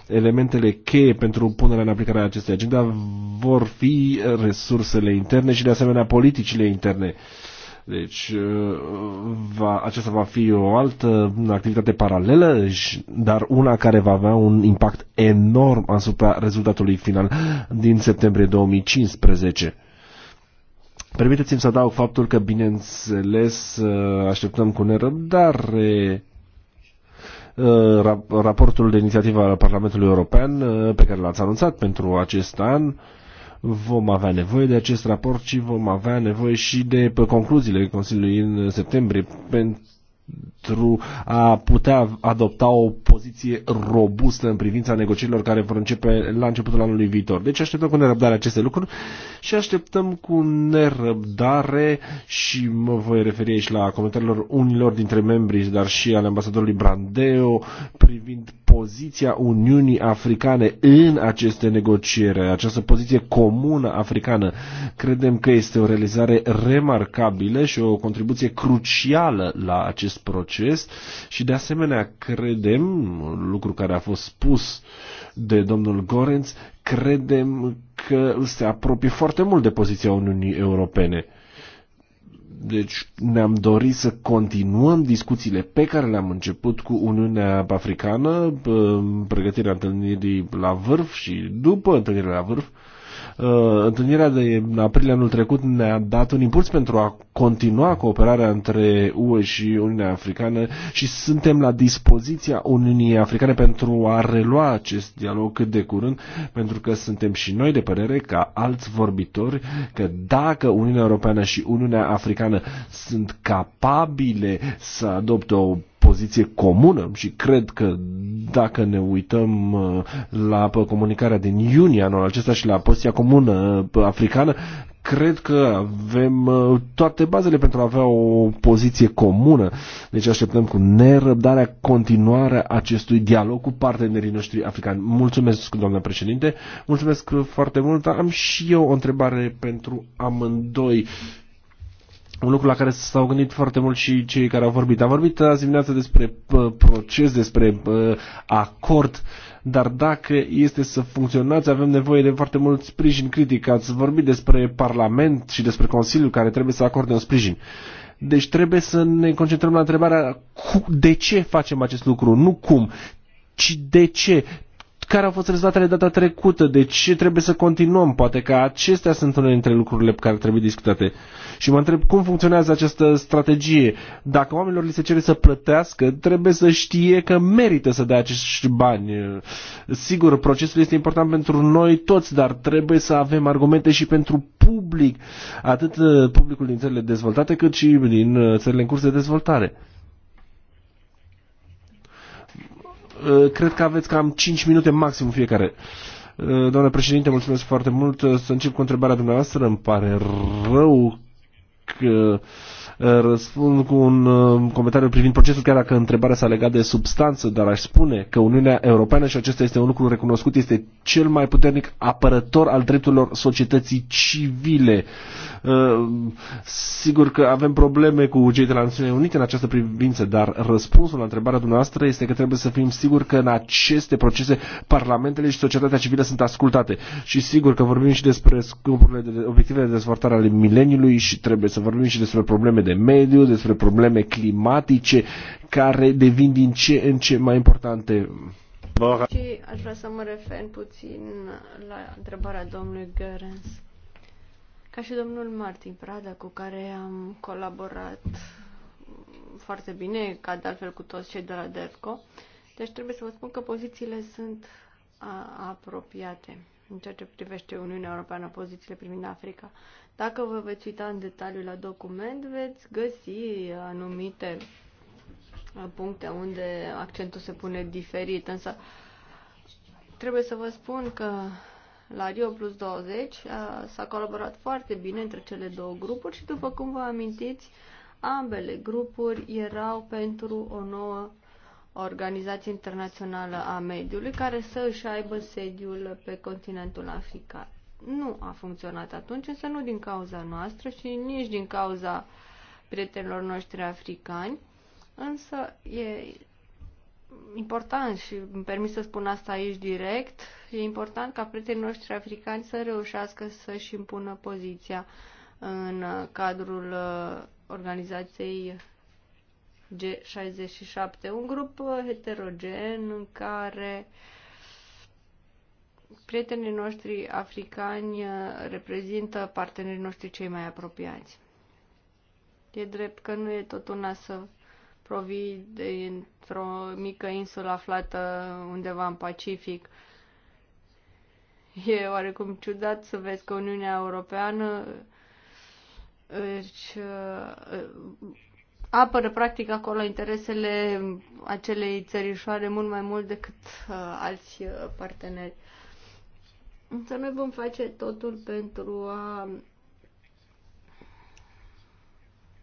elementele cheie pentru punerea în aplicare a acestei agenda vor fi resursele interne și de asemenea politicile interne. Deci uh, va, aceasta va fi o altă activitate paralelă, dar una care va avea un impact enorm asupra rezultatului final din septembrie 2015. Permiteți-mi să adaug faptul că, bineînțeles, uh, așteptăm cu nerăbdare Uh, raportul de inițiativă al Parlamentului European uh, pe care l-ați anunțat pentru acest an. Vom avea nevoie de acest raport și vom avea nevoie și de concluziile Consiliului în septembrie pentru pentru a putea adopta o poziție robustă în privința negocierilor care vor începe la începutul anului viitor. Deci așteptăm cu nerăbdare aceste lucruri și așteptăm cu nerăbdare și mă voi referi aici la comentariilor unilor dintre membrii, dar și ale ambasadorului Brandeo privind poziția Uniunii Africane în aceste negocieri, această poziție comună africană. Credem că este o realizare remarcabilă și o contribuție crucială la acest proces și de asemenea credem, lucru care a fost spus de domnul Gorenț, credem că se apropie foarte mult de poziția Uniunii Europene. Deci ne-am dorit să continuăm discuțiile pe care le-am început cu Uniunea Africană, pregătirea întâlnirii la vârf și după întâlnirea la vârf, Uh, întâlnirea de aprilie anul trecut ne-a dat un impuls pentru a continua cooperarea între UE și Uniunea Africană și suntem la dispoziția Uniunii Africane pentru a relua acest dialog cât de curând, pentru că suntem și noi de părere, ca alți vorbitori, că dacă Uniunea Europeană și Uniunea Africană sunt capabile să adopte o poziție comună și cred că dacă ne uităm uh, la uh, comunicarea din iunie anul acesta și la poziția comună uh, africană, cred că avem toate bazele pentru a avea o poziție comună. Deci așteptăm cu nerăbdarea continuarea acestui dialog cu partenerii noștri africani. Mulțumesc, doamna președinte, mulțumesc foarte mult. Am și eu o întrebare pentru amândoi un lucru la care s-au gândit foarte mult și cei care au vorbit. Am vorbit azi dimineață despre proces, despre acord, dar dacă este să funcționați, avem nevoie de foarte mult sprijin critic. Ați vorbit despre Parlament și despre Consiliu care trebuie să acorde un sprijin. Deci trebuie să ne concentrăm la întrebarea de ce facem acest lucru, nu cum, ci de ce, care au fost rezultatele data trecută, de deci ce trebuie să continuăm, poate că acestea sunt unele dintre lucrurile pe care trebuie discutate. Și mă întreb cum funcționează această strategie. Dacă oamenilor li se cere să plătească, trebuie să știe că merită să dea acești bani. Sigur, procesul este important pentru noi toți, dar trebuie să avem argumente și pentru public, atât publicul din țările dezvoltate, cât și din țările în curs de dezvoltare. Uh, cred că aveți cam 5 minute maxim fiecare. Uh, doamnă președinte, mulțumesc foarte mult. Uh, să încep cu întrebarea dumneavoastră. Îmi pare rău că Eh, răspund cu un eh, comentariu privind procesul, chiar dacă întrebarea s-a legat de substanță, dar aș spune că Uniunea Europeană, și acesta este un lucru recunoscut, este cel mai puternic apărător al drepturilor societății civile. Eh, sigur că avem probleme cu cei de la Națiunile Unite în această privință, dar răspunsul la întrebarea dumneavoastră este că trebuie să fim siguri că în aceste procese parlamentele și societatea civilă sunt ascultate. Și sigur că vorbim și despre scopurile de obiectivele de dezvoltare ale mileniului și trebuie să vorbim și despre probleme de mediu, despre probleme climatice care devin din ce în ce mai importante. Și aș vrea să mă refer puțin la întrebarea domnului Gerens. Ca și domnul Martin Prada, cu care am colaborat foarte bine, ca de altfel cu toți cei de la DERCO, deci trebuie să vă spun că pozițiile sunt apropiate în ceea ce privește Uniunea Europeană, pozițiile privind Africa. Dacă vă veți uita în detaliu la document, veți găsi anumite uh, puncte unde accentul se pune diferit, însă trebuie să vă spun că la Rio Plus 20 uh, s-a colaborat foarte bine între cele două grupuri și după cum vă amintiți, ambele grupuri erau pentru o nouă organizație internațională a mediului care să își aibă sediul pe continentul african nu a funcționat atunci, însă nu din cauza noastră și nici din cauza prietenilor noștri africani, însă e important și îmi permis să spun asta aici direct, e important ca prietenii noștri africani să reușească să-și impună poziția în cadrul uh, organizației G67, un grup uh, heterogen în care uh, prietenii noștri africani uh, reprezintă partenerii noștri cei mai apropiați. E drept că nu e tot una să provii dintr-o mică insulă aflată undeva în Pacific. E oarecum ciudat să vezi că Uniunea Europeană își uh, apără practic acolo interesele acelei țărișoare mult mai mult decât uh, alți parteneri. Însă noi vom face totul pentru a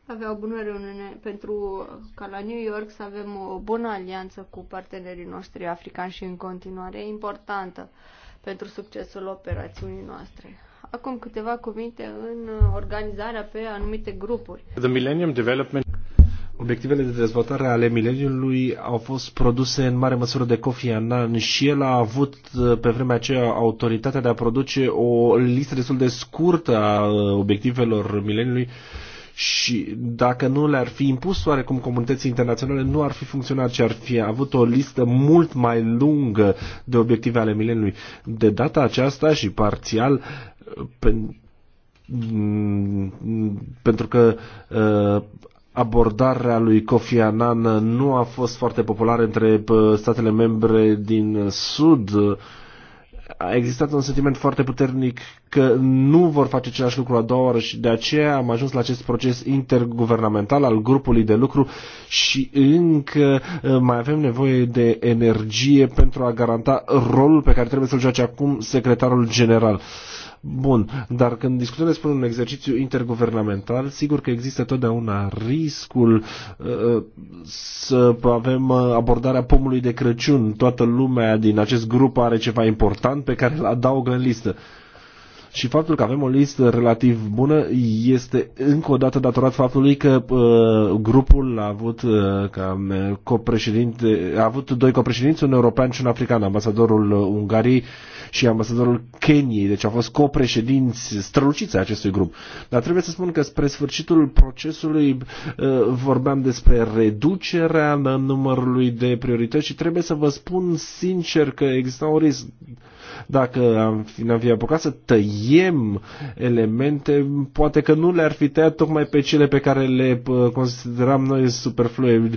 avea o bună reuniune pentru ca la New York să avem o bună alianță cu partenerii noștri africani și în continuare importantă pentru succesul operațiunii noastre. Acum câteva cuvinte în organizarea pe anumite grupuri. The Millennium Development obiectivele de dezvoltare ale mileniului au fost produse în mare măsură de Kofi Annan și el a avut uh, pe vremea aceea autoritatea de a produce o listă destul de scurtă a uh, obiectivelor mileniului și dacă nu le-ar fi impus oarecum comunității internaționale, nu ar fi funcționat și ar fi avut o listă mult mai lungă de obiective ale mileniului. De data aceasta și parțial, uh, mm, pentru că uh, abordarea lui Kofi Annan nu a fost foarte populară între statele membre din Sud. A existat un sentiment foarte puternic că nu vor face același lucru a doua oară și de aceea am ajuns la acest proces interguvernamental al grupului de lucru și încă ă, mai avem nevoie de energie pentru a garanta rolul pe care trebuie să-l joace acum secretarul general. Uh, Bun, dar când discutăm despre un exercițiu interguvernamental, sigur că există totdeauna riscul uh, uh să avem uh, abordarea pomului de Crăciun. Toată lumea din acest grup are ceva important pe care îl adaugă în listă. Uh, și faptul că avem o listă relativ bună este încă o dată datorat faptului că uh, grupul a avut uh, ca copreședinte, a avut doi copreședinți, un european și un african, ambasadorul uh, Ungariei și ambasadorul Keniei, deci au fost copreședinți străluciți a acestui grup. Dar trebuie să spun că spre sfârșitul procesului uh, vorbeam despre reducerea numărului de priorități și trebuie să vă spun sincer că exista un risc dacă ne am fi apucat să tăiem tăiem elemente, poate că nu le-ar fi tăiat tocmai pe cele pe care le consideram noi superflue.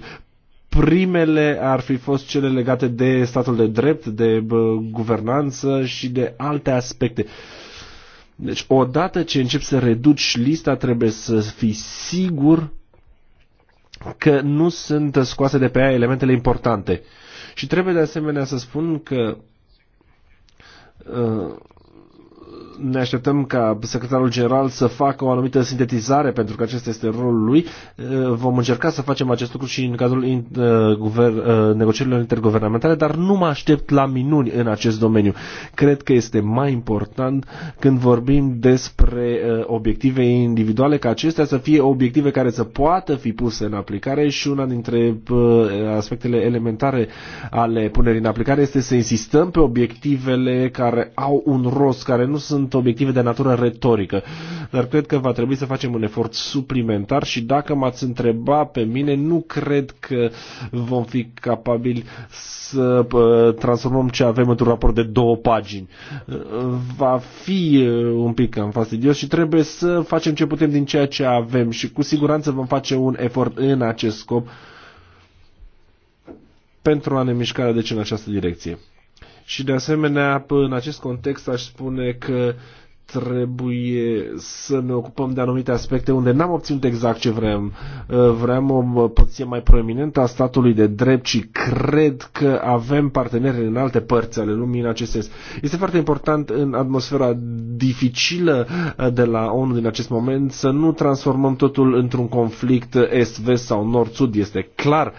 Primele ar fi fost cele legate de statul de drept, de guvernanță și de alte aspecte. Deci, odată ce începi să reduci lista, trebuie să fii sigur că nu sunt scoase de pe ea elementele importante. Și trebuie de asemenea să spun că ă, ne așteptăm ca secretarul general să facă o anumită sintetizare, pentru că acesta este rolul lui. Eh, vom încerca să facem acest lucru și în cadrul eh, eh, negocierilor interguvernamentale, dar nu mă aștept la minuni în acest domeniu. Cred că este mai important când vorbim despre obiective individuale, ca acestea să fie obiective care să poată fi puse în aplicare și una dintre aspectele elementare ale punerii în aplicare este să insistăm pe obiectivele care au un rost, care nu sunt sunt obiective de natură retorică, dar cred că va trebui să facem un efort suplimentar și dacă m-ați întreba pe mine, nu cred că vom fi capabili să transformăm ce avem într-un raport de două pagini. Va fi un pic cam fastidios și trebuie să facem ce putem din ceea ce avem și cu siguranță vom face un efort în acest scop pentru a ne mișca deci în această direcție. Și de asemenea, în acest context aș spune că trebuie să ne ocupăm de anumite aspecte unde n-am obținut exact ce vrem. Uh, vrem o uh, poziție mai proeminentă a statului de drept și cred că avem parteneri în alte părți ale lumii în acest sens. Este foarte important în atmosfera dificilă uh, de la ONU din acest moment să nu transformăm totul într-un conflict est-vest sau nord-sud. Este clar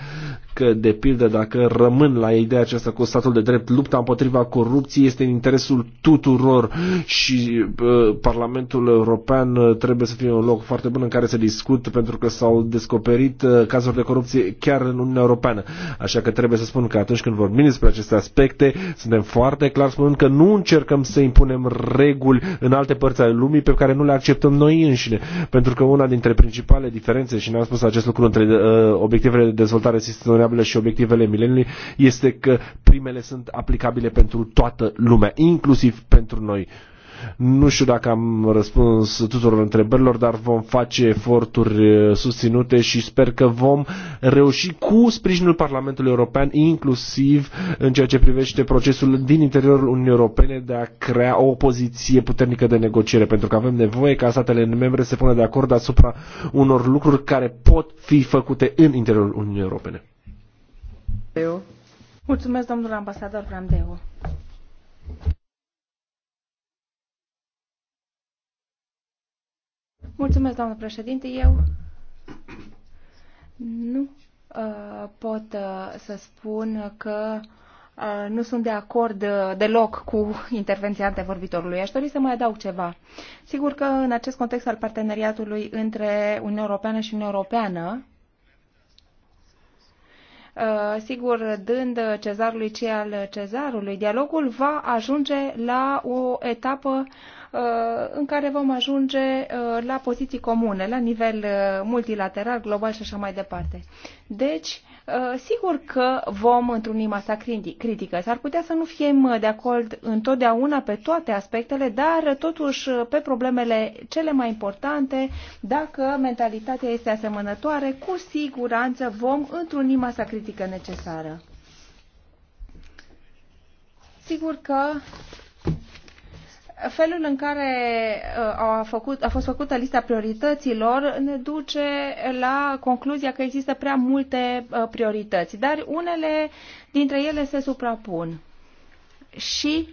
că, de pildă, dacă rămân la ideea aceasta cu statul de drept, lupta împotriva corupției este în interesul tuturor și uh, Parlamentul European uh, trebuie să fie un loc foarte bun în care să discut, pentru că s-au descoperit uh, cazuri de corupție chiar în Uniunea Europeană. Așa că trebuie să spun că atunci când vorbim despre aceste aspecte, suntem foarte clar spunând că nu încercăm să impunem reguli în alte părți ale lumii pe care nu le acceptăm noi înșine. Pentru că una dintre principalele diferențe, și ne-am spus acest lucru între uh, obiectivele de dezvoltare sistemului sustenabilă și obiectivele mileniului este că primele sunt aplicabile pentru toată lumea, inclusiv pentru noi. Nu știu dacă am răspuns tuturor întrebărilor, dar vom face eforturi uh, susținute și sper că vom reuși cu sprijinul Parlamentului European, inclusiv în ceea ce privește procesul din interiorul Uniunii Europene de a crea o poziție puternică de negociere, pentru că avem nevoie ca statele membre să se pună de acord asupra unor lucruri care pot fi făcute în interiorul Uniunii Europene. Eu. Mulțumesc, domnul ambasador Brandeu. Mulțumesc, doamnă președinte. Eu nu uh, pot uh, să spun că uh, nu sunt de acord uh, deloc cu intervenția antevorbitorului. Aș dori să mai adaug ceva. Sigur că în acest context al parteneriatului între Uniunea Europeană și Uniunea Europeană, Uh, sigur, dând cezarului ce al cezarului, dialogul va ajunge la o etapă Uh, în care vom ajunge uh, la poziții comune, la nivel uh, multilateral, global și așa mai departe. Deci, sigur că vom întruni masa critică. S-ar putea să nu fim de acord întotdeauna pe toate aspectele, dar totuși pe problemele cele mai importante, dacă mentalitatea este asemănătoare, cu siguranță vom întruni masa critică necesară. Sigur că felul în care uh, a, făcut, a fost făcută lista priorităților ne duce la concluzia că există prea multe uh, priorități, dar unele dintre ele se suprapun. Și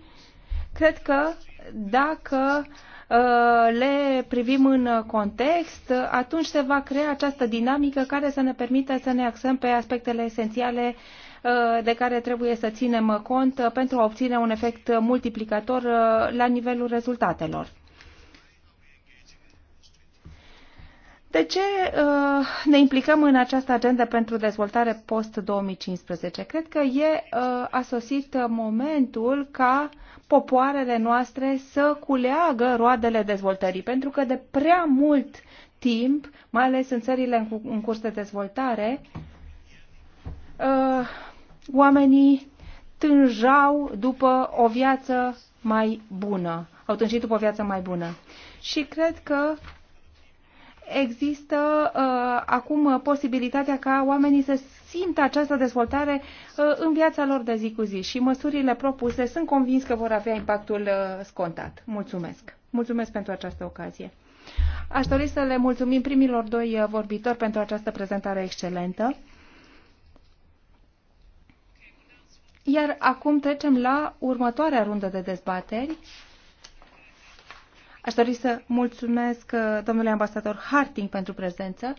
cred că dacă uh, le privim în context, atunci se va crea această dinamică care să ne permită să ne axăm pe aspectele esențiale uh, Uh, de care trebuie să ținem cont uh, pentru a obține un efect multiplicator uh, la nivelul rezultatelor. De ce ne implicăm în această agendă pentru dezvoltare post-2015? Cred că e asosit momentul ca popoarele noastre să culeagă roadele dezvoltării, pentru că de prea mult timp, mai ales în țările în curs de dezvoltare, Oamenii tânjau după o viață mai bună, au tânjit după o viață mai bună. Și cred că există uh, acum posibilitatea ca oamenii să simtă această dezvoltare uh, în viața lor de zi cu zi și măsurile propuse sunt convins că vor avea impactul uh, scontat. Mulțumesc! Mulțumesc pentru această ocazie! Aș dori să le mulțumim primilor doi uh, vorbitori pentru această prezentare excelentă. Iar acum trecem la următoarea rundă de dezbateri. Aș dori să mulțumesc uh, domnului ambasador Harting pentru prezență.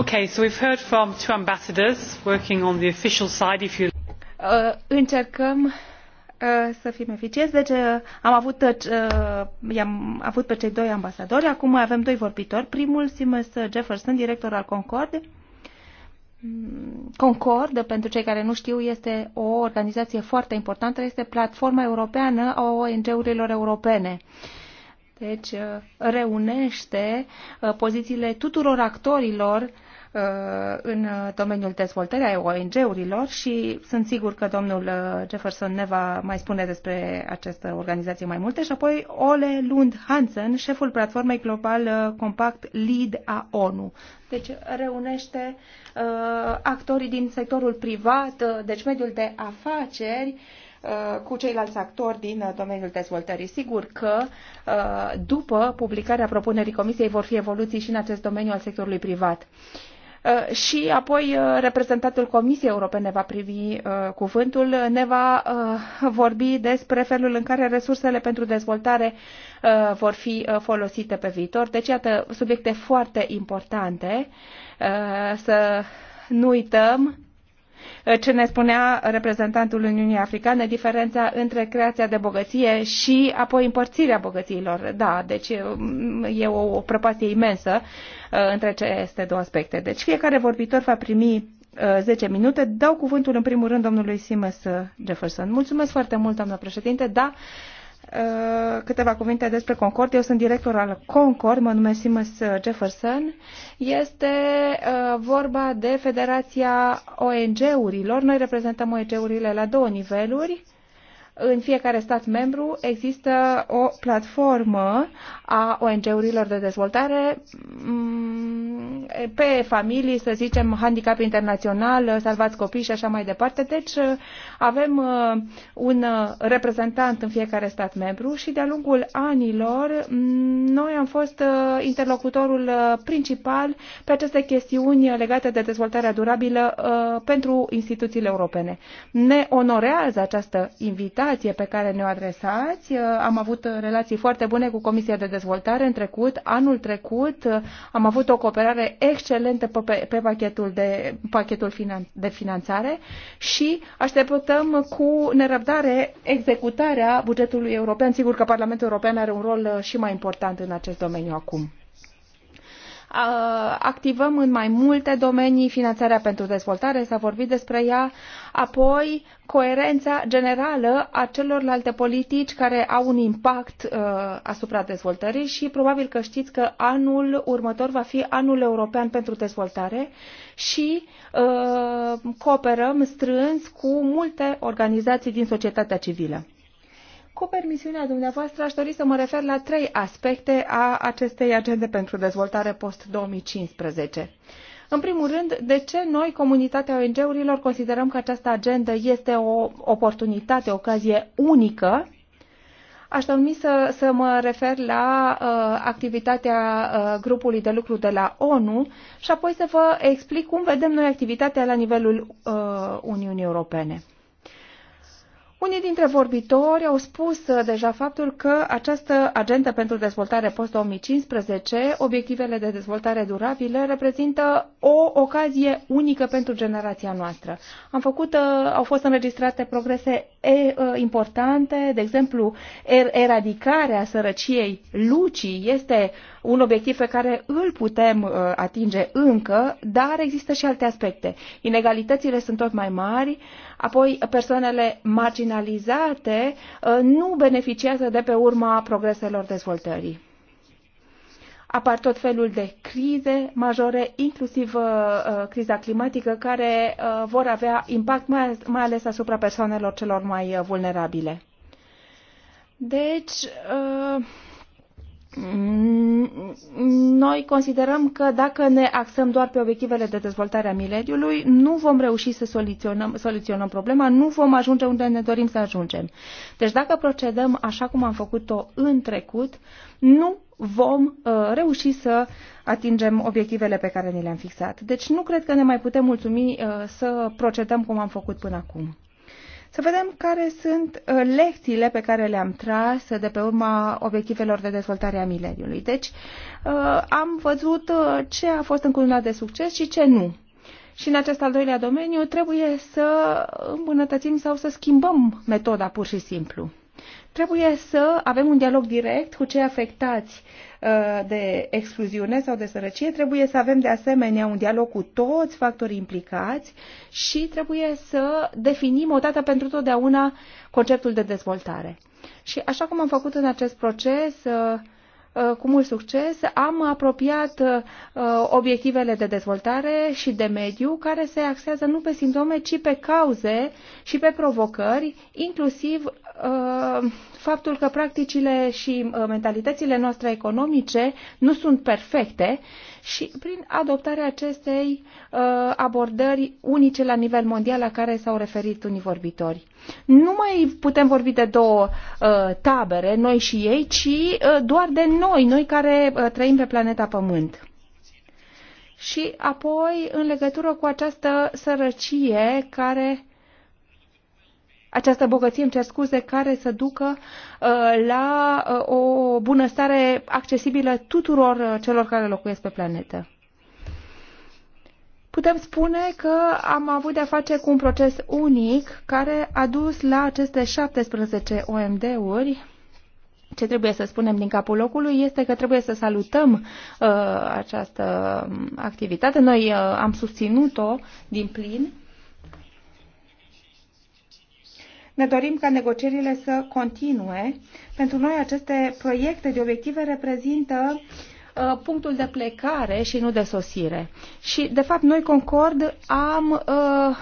Okay, so we've heard from two ambassadors working on the official side, if you. Uh, încercăm uh, să fim eficienți. Deci uh, am avut, uh, i-am avut pe cei doi ambasadori. Acum mai avem doi vorbitori. Primul, Simmons Jefferson, director al Concord. Concord, pentru cei care nu știu, este o organizație foarte importantă, este platforma europeană a ONG-urilor europene. Uh, deci uh, reunește uh, pozițiile tuturor actorilor uh, în domeniul dezvoltării a ONG-urilor și sunt sigur că domnul Jefferson ne va mai spune despre această organizație mai multe și apoi Ole Lund Hansen, șeful platformei global compact LEAD a ONU. Deci reunește uh, actorii din sectorul privat, uh, deci mediul de afaceri, Uh, cu ceilalți actori din uh, domeniul dezvoltării. Sigur că uh, după publicarea propunerii Comisiei vor fi evoluții și în acest domeniu al sectorului privat. Și apoi reprezentantul Comisiei Europene va primi cuvântul, ne va vorbi despre felul în care resursele pentru dezvoltare vor fi folosite pe viitor. Deci, iată, subiecte foarte importante să nu uităm Eh, ce ne spunea reprezentantul Uniunii Africane, diferența între creația de bogăție și apoi împărțirea bogățiilor. Da, deci eh, mm, e o, o prăpastie imensă eh, între aceste două aspecte. Deci fiecare vorbitor va primi 10 minute. Dau cuvântul în primul rând domnului Simes Jefferson. Mulțumesc foarte mult, doamnă președinte. Da, Uh, câteva cuvinte despre Concord. Eu sunt director al Concord, mă numesc Simus uh, Jefferson. Este uh, vorba de Federația ONG-urilor. Noi reprezentăm ONG-urile la două niveluri în fiecare stat membru există o platformă a ONG-urilor de dezvoltare mm, pe familii, să zicem, handicap internațional, salvați copii și așa mai departe. Deci avem uh, un reprezentant în fiecare stat membru și de-a lungul anilor mm, noi am fost uh, interlocutorul uh, principal pe aceste chestiuni legate de dezvoltarea durabilă pentru instituțiile europene. Ne onorează această invitație invitație pe care ne-o adresați. Uh, am avut relații foarte bune cu Comisia de Dezvoltare în trecut. Anul trecut uh, am avut o cooperare excelentă pe, pe pachetul, de, pachetul finan, de finanțare și așteptăm cu nerăbdare executarea bugetului european. Sigur că Parlamentul European are un rol uh, și mai important în acest domeniu acum. Uh, activăm în mai multe domenii finanțarea pentru dezvoltare, s-a vorbit despre ea, apoi coerența generală a celorlalte politici care au un impact uh, asupra dezvoltării și probabil că știți că anul următor va fi anul european pentru dezvoltare și uh, cooperăm strâns cu multe organizații din societatea civilă. Cu permisiunea dumneavoastră, aș dori să mă refer la trei aspecte a acestei agende pentru dezvoltare post-2015. În primul rând, de ce noi, comunitatea ONG-urilor, considerăm că această agendă este o oportunitate, o ocazie unică Aș dori să, să mă refer la uh, activitatea uh, grupului de lucru de la ONU și apoi să vă explic cum vedem noi activitatea la nivelul uh, Uniunii Europene. Unii dintre vorbitori au spus uh, deja faptul că această agendă pentru dezvoltare post-2015, obiectivele de dezvoltare durabilă, reprezintă o ocazie unică pentru generația noastră. Am făcut, uh, au fost înregistrate progrese uh, importante, de exemplu, er, eradicarea sărăciei lucii este un obiectiv pe care îl putem atinge încă, dar există și alte aspecte. Inegalitățile sunt tot mai mari, Apoi, persoanele marginalizate uh, nu beneficiază de pe urma progreselor dezvoltării apar tot felul de crize majore, inclusiv uh, uh criza climatică, care uh, vor avea impact mai, mai ales asupra persoanelor celor mai uh, vulnerabile. Deci, uh, noi considerăm că dacă ne axăm doar pe obiectivele de dezvoltare a mileniului, nu vom reuși să soluționăm, soluționăm problema, nu vom ajunge unde ne dorim să ajungem. Deci dacă procedăm așa cum am făcut-o în trecut, nu vom uh, reuși să atingem obiectivele pe care ni le-am fixat. Deci nu cred că ne mai putem mulțumi uh, să procedăm cum am făcut până acum. Să vedem care sunt uh, lecțiile pe care le-am tras de pe urma obiectivelor de dezvoltare a mileniului. Deci uh, am văzut uh, ce a fost încununat de succes și ce nu. Și în acest al doilea domeniu trebuie să îmbunătățim sau să schimbăm metoda pur și simplu. Trebuie să avem un dialog direct cu cei afectați Uh, de excluziune sau de sărăcie, trebuie să avem de asemenea un dialog cu toți factorii implicați și trebuie să definim odată pentru totdeauna conceptul de dezvoltare. Și așa cum am făcut în acest proces, uh, uh, cu mult succes, am apropiat obiectivele de dezvoltare și de mediu, care se axează nu pe simptome, ci pe cauze și pe provocări, inclusiv faptul că practicile și uh, mentalitățile noastre economice nu sunt perfecte și prin adoptarea acestei uh, abordări unice la nivel mondial la care s-au referit unii vorbitori. Nu mai putem vorbi de două uh, tabere, noi și ei, ci doar de noi, noi care trăim pe planeta Pământ. Și apoi, în legătură cu această sărăcie care această bogăție, îmi cer scuze, care să ducă uh, la uh, o bunăstare accesibilă tuturor uh, celor care locuiesc pe planetă. Putem spune că am avut de-a face cu un proces unic care a dus la aceste 17 OMD-uri. Ce trebuie să spunem din capul locului este că trebuie să salutăm uh, această activitate. Noi uh, am susținut-o din plin Ne dorim ca negocierile să continue. Pentru noi aceste proiecte de obiective reprezintă uh, punctul de plecare și nu de sosire. Și, de fapt, noi, Concord, am uh,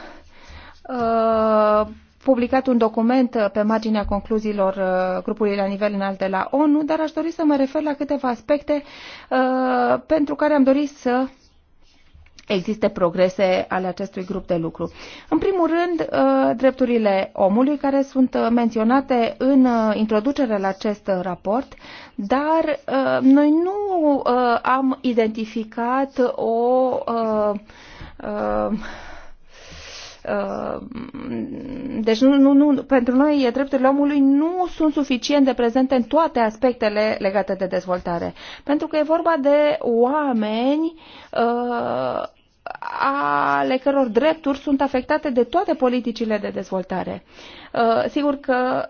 uh, publicat un document pe marginea concluziilor uh, grupului la nivel înalt de la ONU, dar aș dori să mă refer la câteva aspecte uh, pentru care am dorit să existe progrese ale acestui grup de lucru. În primul rând, uh, drepturile omului care sunt uh, menționate în uh, introducere la acest raport, dar noi nu am identificat o deci nu, nu, nu, pentru noi drepturile omului nu sunt suficient de prezente în toate aspectele legate de dezvoltare. Pentru că e vorba de oameni uh, ale căror drepturi sunt afectate de toate politicile de dezvoltare. Uh, sigur că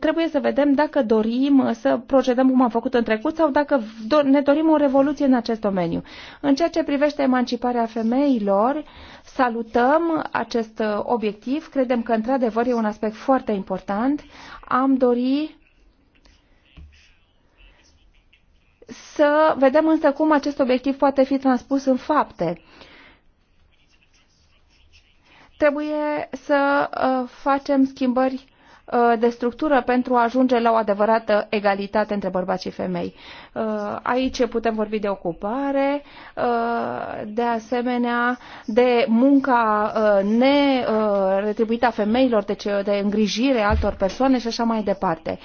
trebuie să vedem dacă dorim să procedăm cum am făcut în trecut sau dacă ne dorim o revoluție în acest domeniu. În ceea ce privește emanciparea femeilor, salutăm acest uh, obiectiv, credem că într-adevăr e un aspect foarte important. Am dorit Să vedem însă cum acest obiectiv poate fi transpus în fapte. Trebuie să uh, facem schimbări Uh, de structură pentru a ajunge la o adevărată egalitate între bărbați și femei. Uh, aici putem vorbi de ocupare, uh, de asemenea de munca neretribuită a femeilor, deci de îngrijire altor persoane și așa mai departe.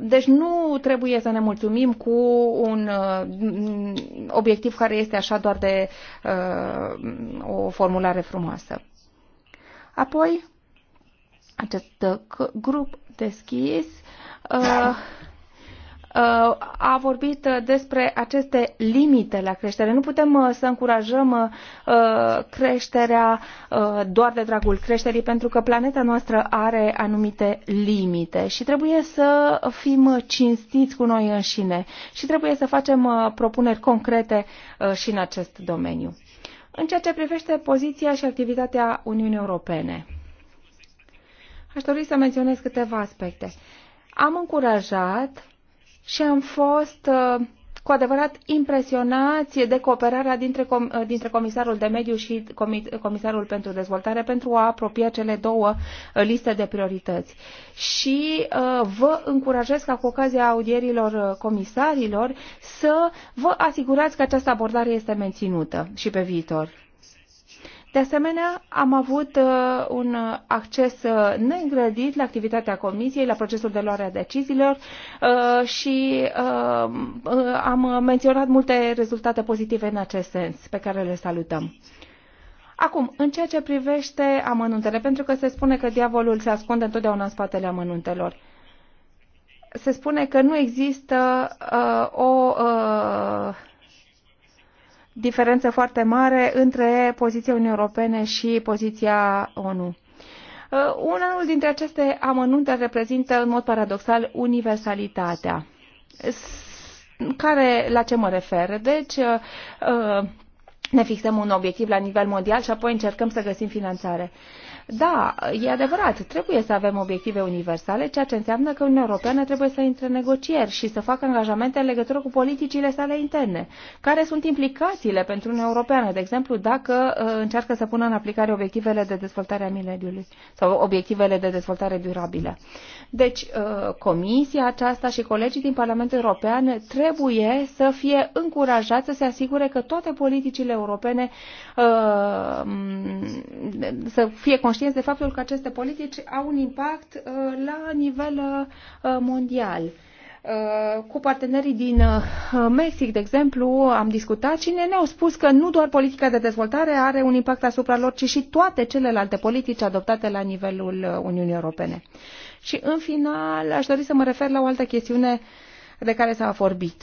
Deci nu trebuie să ne mulțumim cu un obiectiv care este așa doar de o formulare frumoasă. Apoi, acest uh, grup deschis uh, uh, a vorbit despre aceste limite la creștere. Nu putem să încurajăm creșterea doar de dragul creșterii, pentru că planeta noastră are anumite limite și trebuie să fim cinstiți cu noi înșine și trebuie să facem propuneri concrete și în acest domeniu. În ceea ce privește poziția și activitatea Uniunii Europene, aș dori să menționez câteva aspecte. Am încurajat și am fost uh, cu adevărat impresionați de cooperarea dintre, com, uh, dintre Comisarul de Mediu și Comisarul pentru Dezvoltare pentru a apropia cele două uh, liste de priorități. Și uh, vă încurajez ca cu ocazia audierilor comisarilor să vă asigurați că această abordare este menținută și pe viitor. De asemenea, am avut uh, un uh, acces uh, neîngrădit la activitatea Comisiei, la procesul de luare a deciziilor și am menționat multe rezultate pozitive în acest sens, pe care le salutăm. Acum, în ceea ce privește amănuntele, pentru că se spune că diavolul se ascunde întotdeauna în spatele amănuntelor se spune că nu există uh, o uh, diferență foarte mare între poziția Uniunii Europene și poziția ONU. Uh, unul dintre aceste amănunte reprezintă în mod paradoxal universalitatea. Care, la ce mă refer? Deci, uh, uh, ne fixăm un obiectiv la nivel mondial și apoi încercăm să găsim finanțare. Da, e adevărat, trebuie să avem obiective universale, ceea ce înseamnă că Uniunea Europeană trebuie să intre în negocieri și să facă angajamente în legătură cu politicile sale interne. Care sunt implicațiile pentru Uniunea Europeană, de exemplu, dacă uh, încearcă să pună în aplicare obiectivele de dezvoltare a mileniului sau obiectivele de dezvoltare durabilă? Deci, uh, comisia aceasta și colegii din Parlamentul European trebuie să fie încurajați să se asigure că toate politicile europene uh, să fie conștiente conștienți de faptul că aceste politici au un impact uh, la nivel uh, mondial uh, cu partenerii din Mexic, de exemplu, am discutat și ne-au spus că nu doar politica de dezvoltare are un impact asupra lor, ci și toate celelalte politici adoptate la nivelul Uniunii Europene. Și în final, aș dori să mă refer la o altă chestiune de care s-a vorbit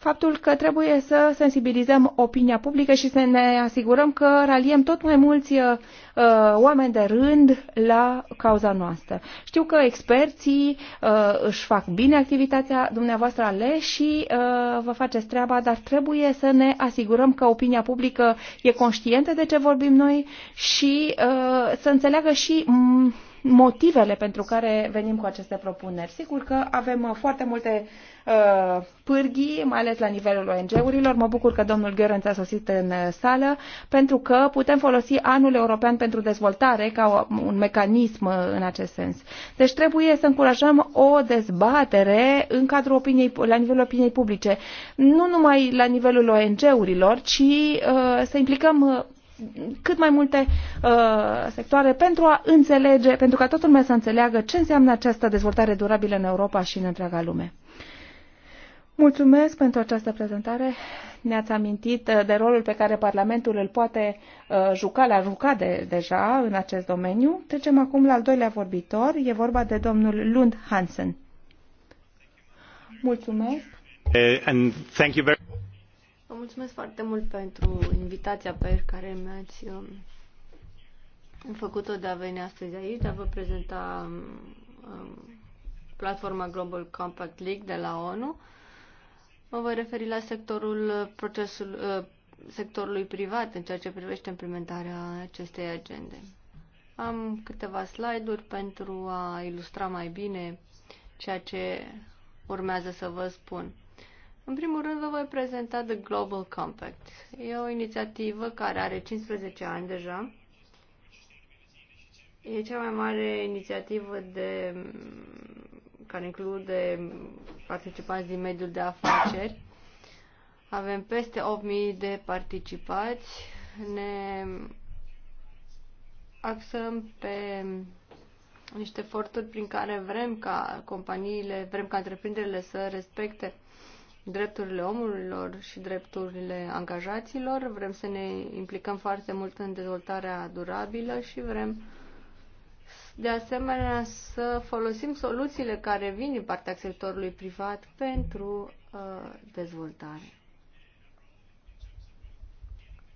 faptul că trebuie să sensibilizăm opinia publică și să ne asigurăm că raliem tot mai mulți uh, uh oameni de rând la cauza noastră. Știu că experții uh, își fac bine activitatea dumneavoastră ale și uh, vă faceți treaba, dar trebuie să ne asigurăm că opinia publică e conștientă de ce vorbim noi și uh, să înțeleagă și um, motivele pentru care venim cu aceste propuneri. Sigur că avem uh, foarte multe uh, pârghii, mai ales la nivelul ONG-urilor. Mă bucur că domnul Gheorenț a sosit în uh, sală, pentru că putem folosi anul european pentru dezvoltare ca un mecanism în acest sens. Deci trebuie să încurajăm o dezbatere în cadrul opiniei, la nivelul opiniei publice, nu numai la nivelul ONG-urilor, ci să implicăm cât mai multe uh, sectoare pentru a înțelege, pentru ca toată lumea să înțeleagă ce înseamnă această dezvoltare durabilă în Europa și în întreaga lume. Mulțumesc pentru această prezentare. Ne-ați amintit uh, de rolul pe care Parlamentul îl poate uh, juca, l-a jucat de, deja în acest domeniu. Trecem acum la al doilea vorbitor. E vorba de domnul Lund Hansen. Mulțumesc. Uh, and thank you very Vă mulțumesc foarte mult pentru invitația pe care mi-ați um, făcut-o de a veni astăzi aici, de a vă prezenta um, um platforma Global Compact League de la ONU. Mă voi referi la sectorul uh, procesul, uh, sectorului privat în ceea ce privește implementarea acestei agende. Am câteva slide-uri pentru a ilustra mai bine ceea ce urmează să vă spun. În primul rând vă voi prezenta The Global Compact. E o inițiativă care are 15 ani deja. E cea mai mare inițiativă de, care include participanți din mediul de afaceri. Avem peste 8.000 de participați. Ne axăm pe niște eforturi prin care vrem ca companiile, vrem ca întreprinderile să respecte drepturile omurilor și drepturile angajaților, vrem să ne implicăm foarte mult în dezvoltarea durabilă și vrem de asemenea să folosim soluțiile care vin din partea sectorului privat pentru uh, dezvoltare.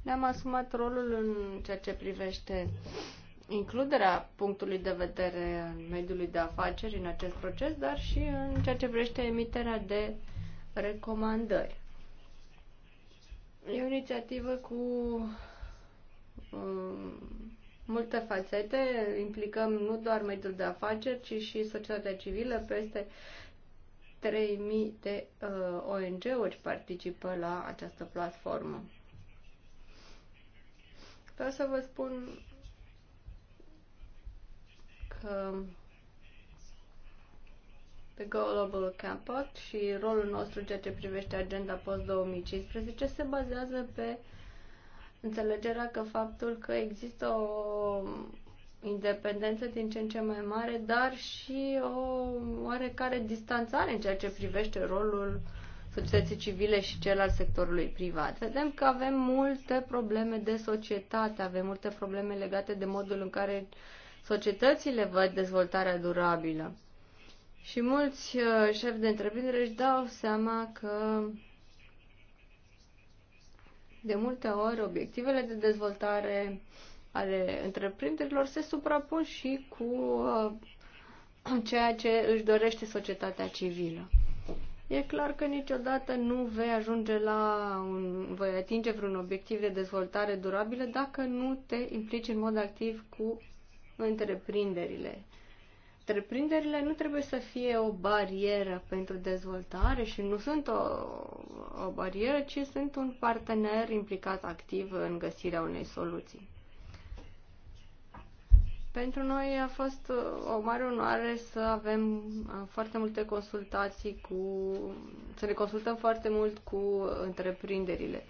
Ne-am asumat rolul în ceea ce privește includerea punctului de vedere al mediului de afaceri în acest proces, dar și în ceea ce privește emiterea de recomandări. E o inițiativă cu um, multe fațete, implicăm nu doar mediul de afaceri, ci și societatea civilă, peste 3000 de uh, ONG-uri participă la această platformă. Vreau să vă spun că The Global Compact și rolul nostru ceea ce privește agenda post-2015 se bazează pe înțelegerea că faptul că există o independență din ce în ce mai mare, dar și o oarecare distanțare în ceea ce privește rolul societății civile și cel al sectorului privat. Vedem că avem multe probleme de societate, avem multe probleme legate de modul în care societățile văd dezvoltarea durabilă. Și mulți uh, șefi de întreprindere își dau seama că de multe ori obiectivele de dezvoltare ale întreprinderilor se suprapun și cu uh, <clears throat> ceea ce își dorește societatea civilă. E clar că niciodată nu vei ajunge la un, vei atinge vreun obiectiv de dezvoltare durabilă dacă nu te implici în mod activ cu întreprinderile Întreprinderile nu trebuie să fie o barieră pentru dezvoltare și nu sunt o, o barieră, ci sunt un partener implicat activ în găsirea unei soluții. Pentru noi a fost uh, o mare onoare să avem uh, foarte multe consultații cu. să ne consultăm foarte mult cu întreprinderile.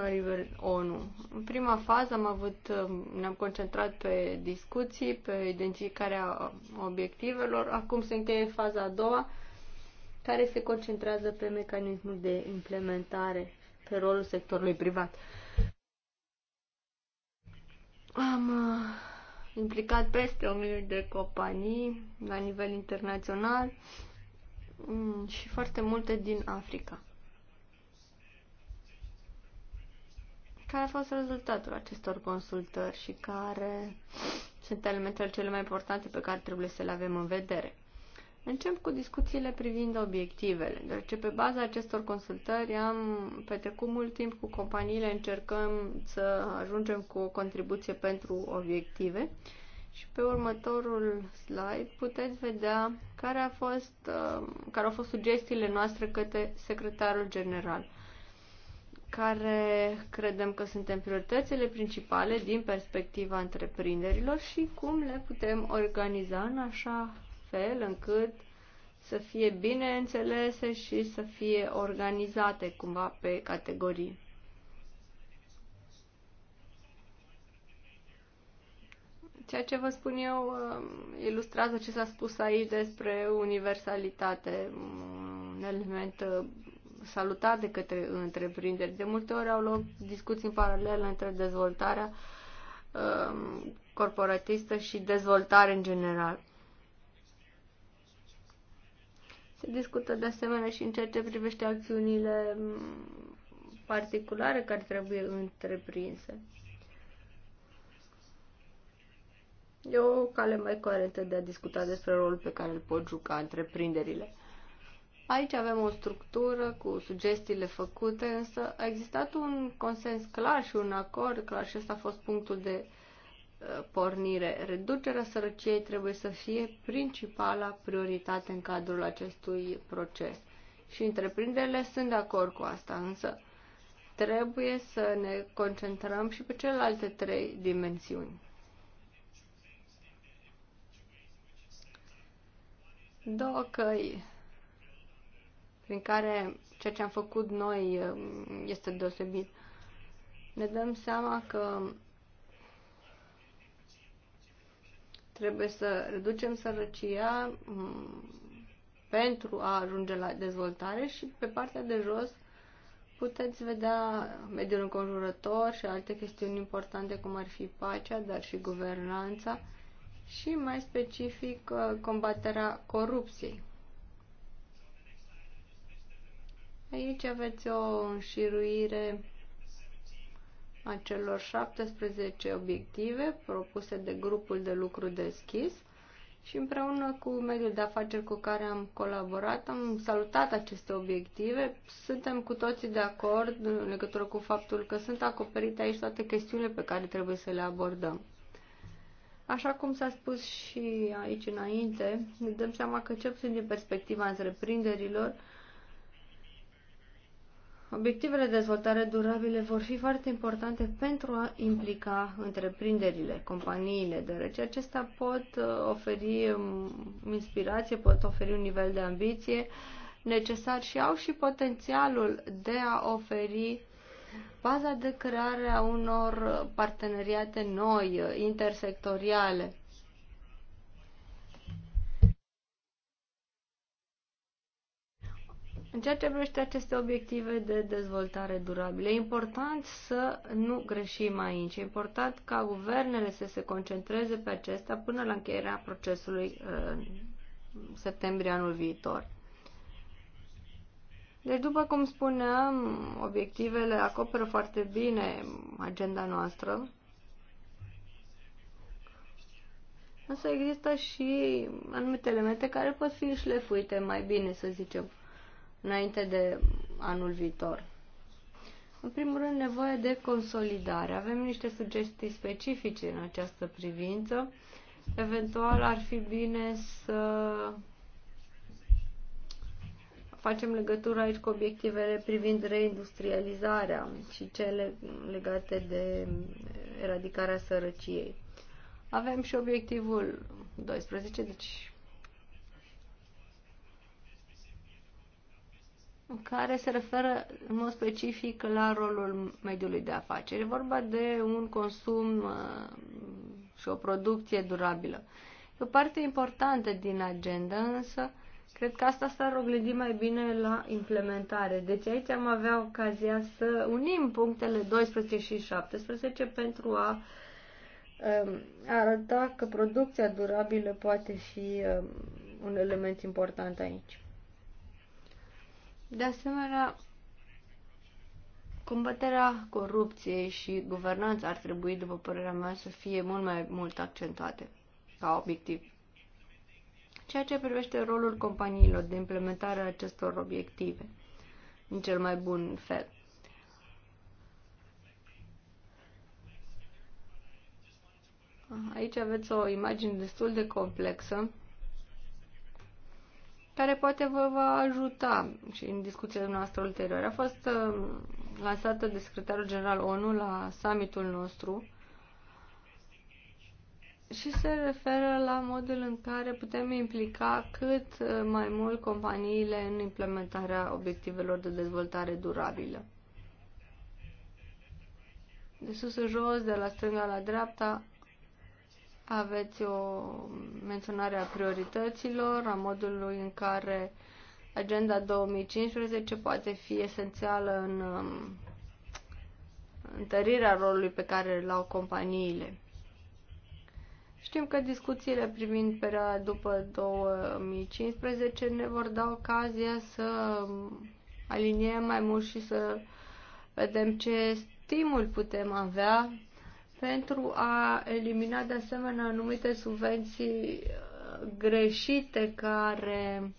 la nivel ONU. În prima fază am avut, um, ne-am concentrat pe discuții, pe identificarea obiectivelor. Acum se încheie faza a doua, care se concentrează pe mecanismul de implementare, pe rolul sectorului privat. Am uh, implicat peste 1000 de companii la nivel internațional mm, și foarte multe din Africa. Care a fost rezultatul acestor consultări și care sunt elementele cele mai importante pe care trebuie să le avem în vedere? Încep cu discuțiile privind obiectivele, deoarece pe baza acestor consultări am petrecut mult timp cu companiile, încercăm să ajungem cu o contribuție pentru obiective și pe următorul slide puteți vedea care, a fost, uh, care au fost sugestiile noastre către secretarul general care credem că suntem prioritățile principale din perspectiva întreprinderilor și cum le putem organiza în așa fel încât să fie bine înțelese și să fie organizate cumva pe categorii. Ceea ce vă spun eu um, ilustrează ce s-a spus aici despre universalitate, un element uh, salutat de către întreprinderi. De multe ori au loc discuții în paralel între dezvoltarea um, corporatistă și dezvoltare în general. Se discută de asemenea și în ceea ce privește acțiunile um, particulare care trebuie întreprinse. E o cale mai coerentă de a discuta despre rolul pe care îl pot juca întreprinderile. Aici avem o structură cu sugestiile făcute, însă a existat un consens clar și un acord clar și ăsta a fost punctul de uh, pornire. Reducerea sărăciei trebuie să fie principala prioritate în cadrul acestui proces. Și întreprinderile sunt de acord cu asta, însă trebuie să ne concentrăm și pe celelalte trei dimensiuni. Două căi prin care ceea ce am făcut noi um, este deosebit. Ne dăm seama că trebuie să reducem sărăcia um, pentru a ajunge la dezvoltare și pe partea de jos puteți vedea mediul înconjurător și alte chestiuni importante cum ar fi pacea, dar și guvernanța și mai specific uh, combaterea corupției. Aici aveți o înșiruire a celor 17 obiective propuse de grupul de lucru deschis și împreună cu mediul de afaceri cu care am colaborat, am salutat aceste obiective. Suntem cu toții de acord în legătură cu faptul că sunt acoperite aici toate chestiunile pe care trebuie să le abordăm. Așa cum s-a spus și aici înainte, ne dăm seama că cel puțin din perspectiva întreprinderilor, Obiectivele de dezvoltare durabile vor fi foarte importante pentru a implica întreprinderile, companiile, deoarece acestea pot uh, oferi um, inspirație, pot oferi un nivel de ambiție necesar și au și potențialul de a oferi baza de creare a unor uh, parteneriate noi, uh, intersectoriale, În ceea ce privește aceste obiective de dezvoltare durabilă, e important să nu greșim aici. E important ca guvernele să se concentreze pe acestea până la încheierea procesului uh, în septembrie anul viitor. Deci, după cum spuneam, obiectivele acoperă foarte bine agenda noastră, însă există și anumite elemente care pot fi șlefuite mai bine, să zicem înainte de anul viitor. În primul rând, nevoie de consolidare. Avem niște sugestii specifice în această privință. Eventual ar fi bine să facem legătura aici cu obiectivele privind reindustrializarea și cele legate de eradicarea sărăciei. Avem și obiectivul 12, deci care se referă în mod specific la rolul mediului de afaceri. E vorba de un consum uh, și o producție durabilă. E o parte importantă din agenda, însă cred că asta s-ar oglindi mai bine la implementare. Deci aici am avea ocazia să unim punctele 12 și 17 pentru a um, arăta că producția durabilă poate fi um, un element important aici. De asemenea, combaterea corupției și guvernanța ar trebui, după părerea mea, să fie mult mai mult accentuate ca obiectiv. Ceea ce privește rolul companiilor de implementare a acestor obiective, în cel mai bun fel. Aici aveți o imagine destul de complexă care poate vă va ajuta și în discuțiile noastre ulterioare. A fost uh, lansată de secretarul general ONU la summitul nostru și se referă la modul în care putem implica cât uh, mai mult companiile în implementarea obiectivelor de dezvoltare durabilă. De sus în jos, de la stânga la dreapta, aveți o menționare a priorităților, a modului în care agenda 2015 poate fi esențială în um, întărirea rolului pe care îl au companiile. Știm că discuțiile privind perioada după 2015 ne vor da ocazia să um, aliniem mai mult și să vedem ce stimul putem avea pentru a elimina de asemenea anumite subvenții uh, greșite care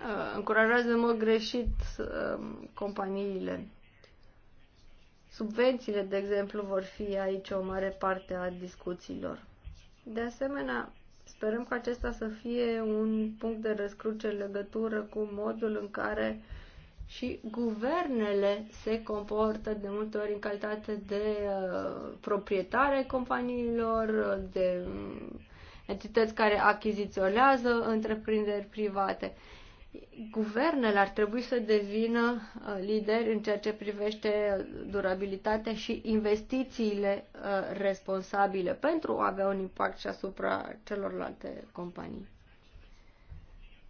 uh, încurajează în mod greșit uh, companiile. Subvențiile, de exemplu, vor fi aici o mare parte a discuțiilor. De asemenea, sperăm că acesta să fie un punct de răscruce în legătură cu modul în care uh, și guvernele se comportă de multe ori în calitate de uh, proprietare companiilor, de um, entități care achiziționează întreprinderi private. Guvernele ar trebui să devină uh, lideri în ceea ce privește durabilitatea și investițiile uh, responsabile pentru a avea un impact și asupra celorlalte companii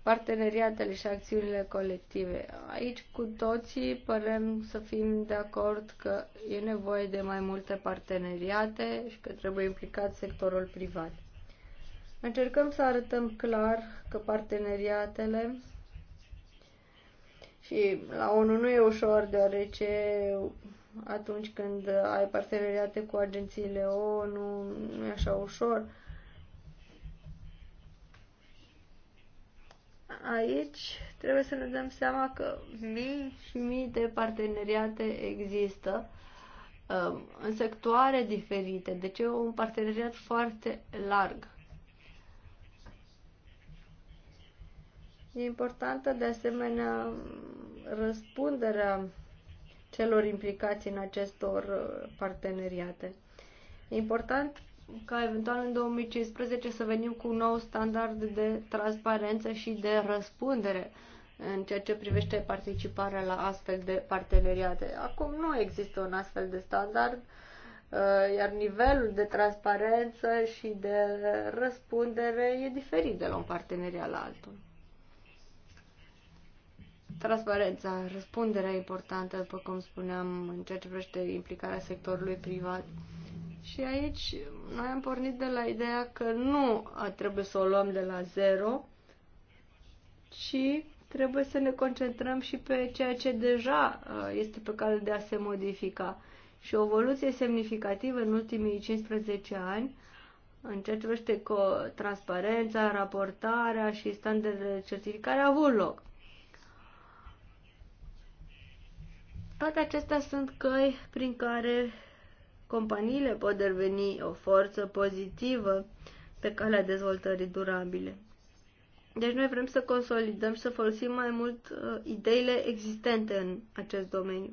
parteneriatele și acțiunile colective. Aici cu toții părem să fim de acord că e nevoie de mai multe parteneriate și că trebuie implicat sectorul privat. Încercăm să arătăm clar că parteneriatele și la ONU nu e ușor deoarece atunci când ai parteneriate cu agențiile ONU nu e așa ușor, aici trebuie să ne dăm seama că mii și mii de parteneriate există um, în sectoare diferite, deci e un parteneriat foarte larg. E importantă de asemenea răspunderea celor implicați în acestor uh, parteneriate. E important ca eventual în 2015 să venim cu un nou standard de transparență și de răspundere în ceea ce privește participarea la astfel de parteneriate. Acum nu există un astfel de standard, uh, iar nivelul de transparență și de răspundere e diferit de la un parteneriat la altul. Transparența, răspunderea importantă, după cum spuneam, în ceea ce privește implicarea sectorului privat. Și aici noi am pornit de la ideea că nu trebuie să o luăm de la zero, ci trebuie să ne concentrăm și pe ceea ce deja este pe cale de a se modifica. Și o evoluție semnificativă în ultimii 15 ani în ceea ce privește transparența, raportarea și standardele de certificare a avut loc. Toate acestea sunt căi prin care companiile pot deveni o forță pozitivă pe calea dezvoltării durabile. Deci noi vrem să consolidăm și să folosim mai mult uh, ideile existente în acest domeniu.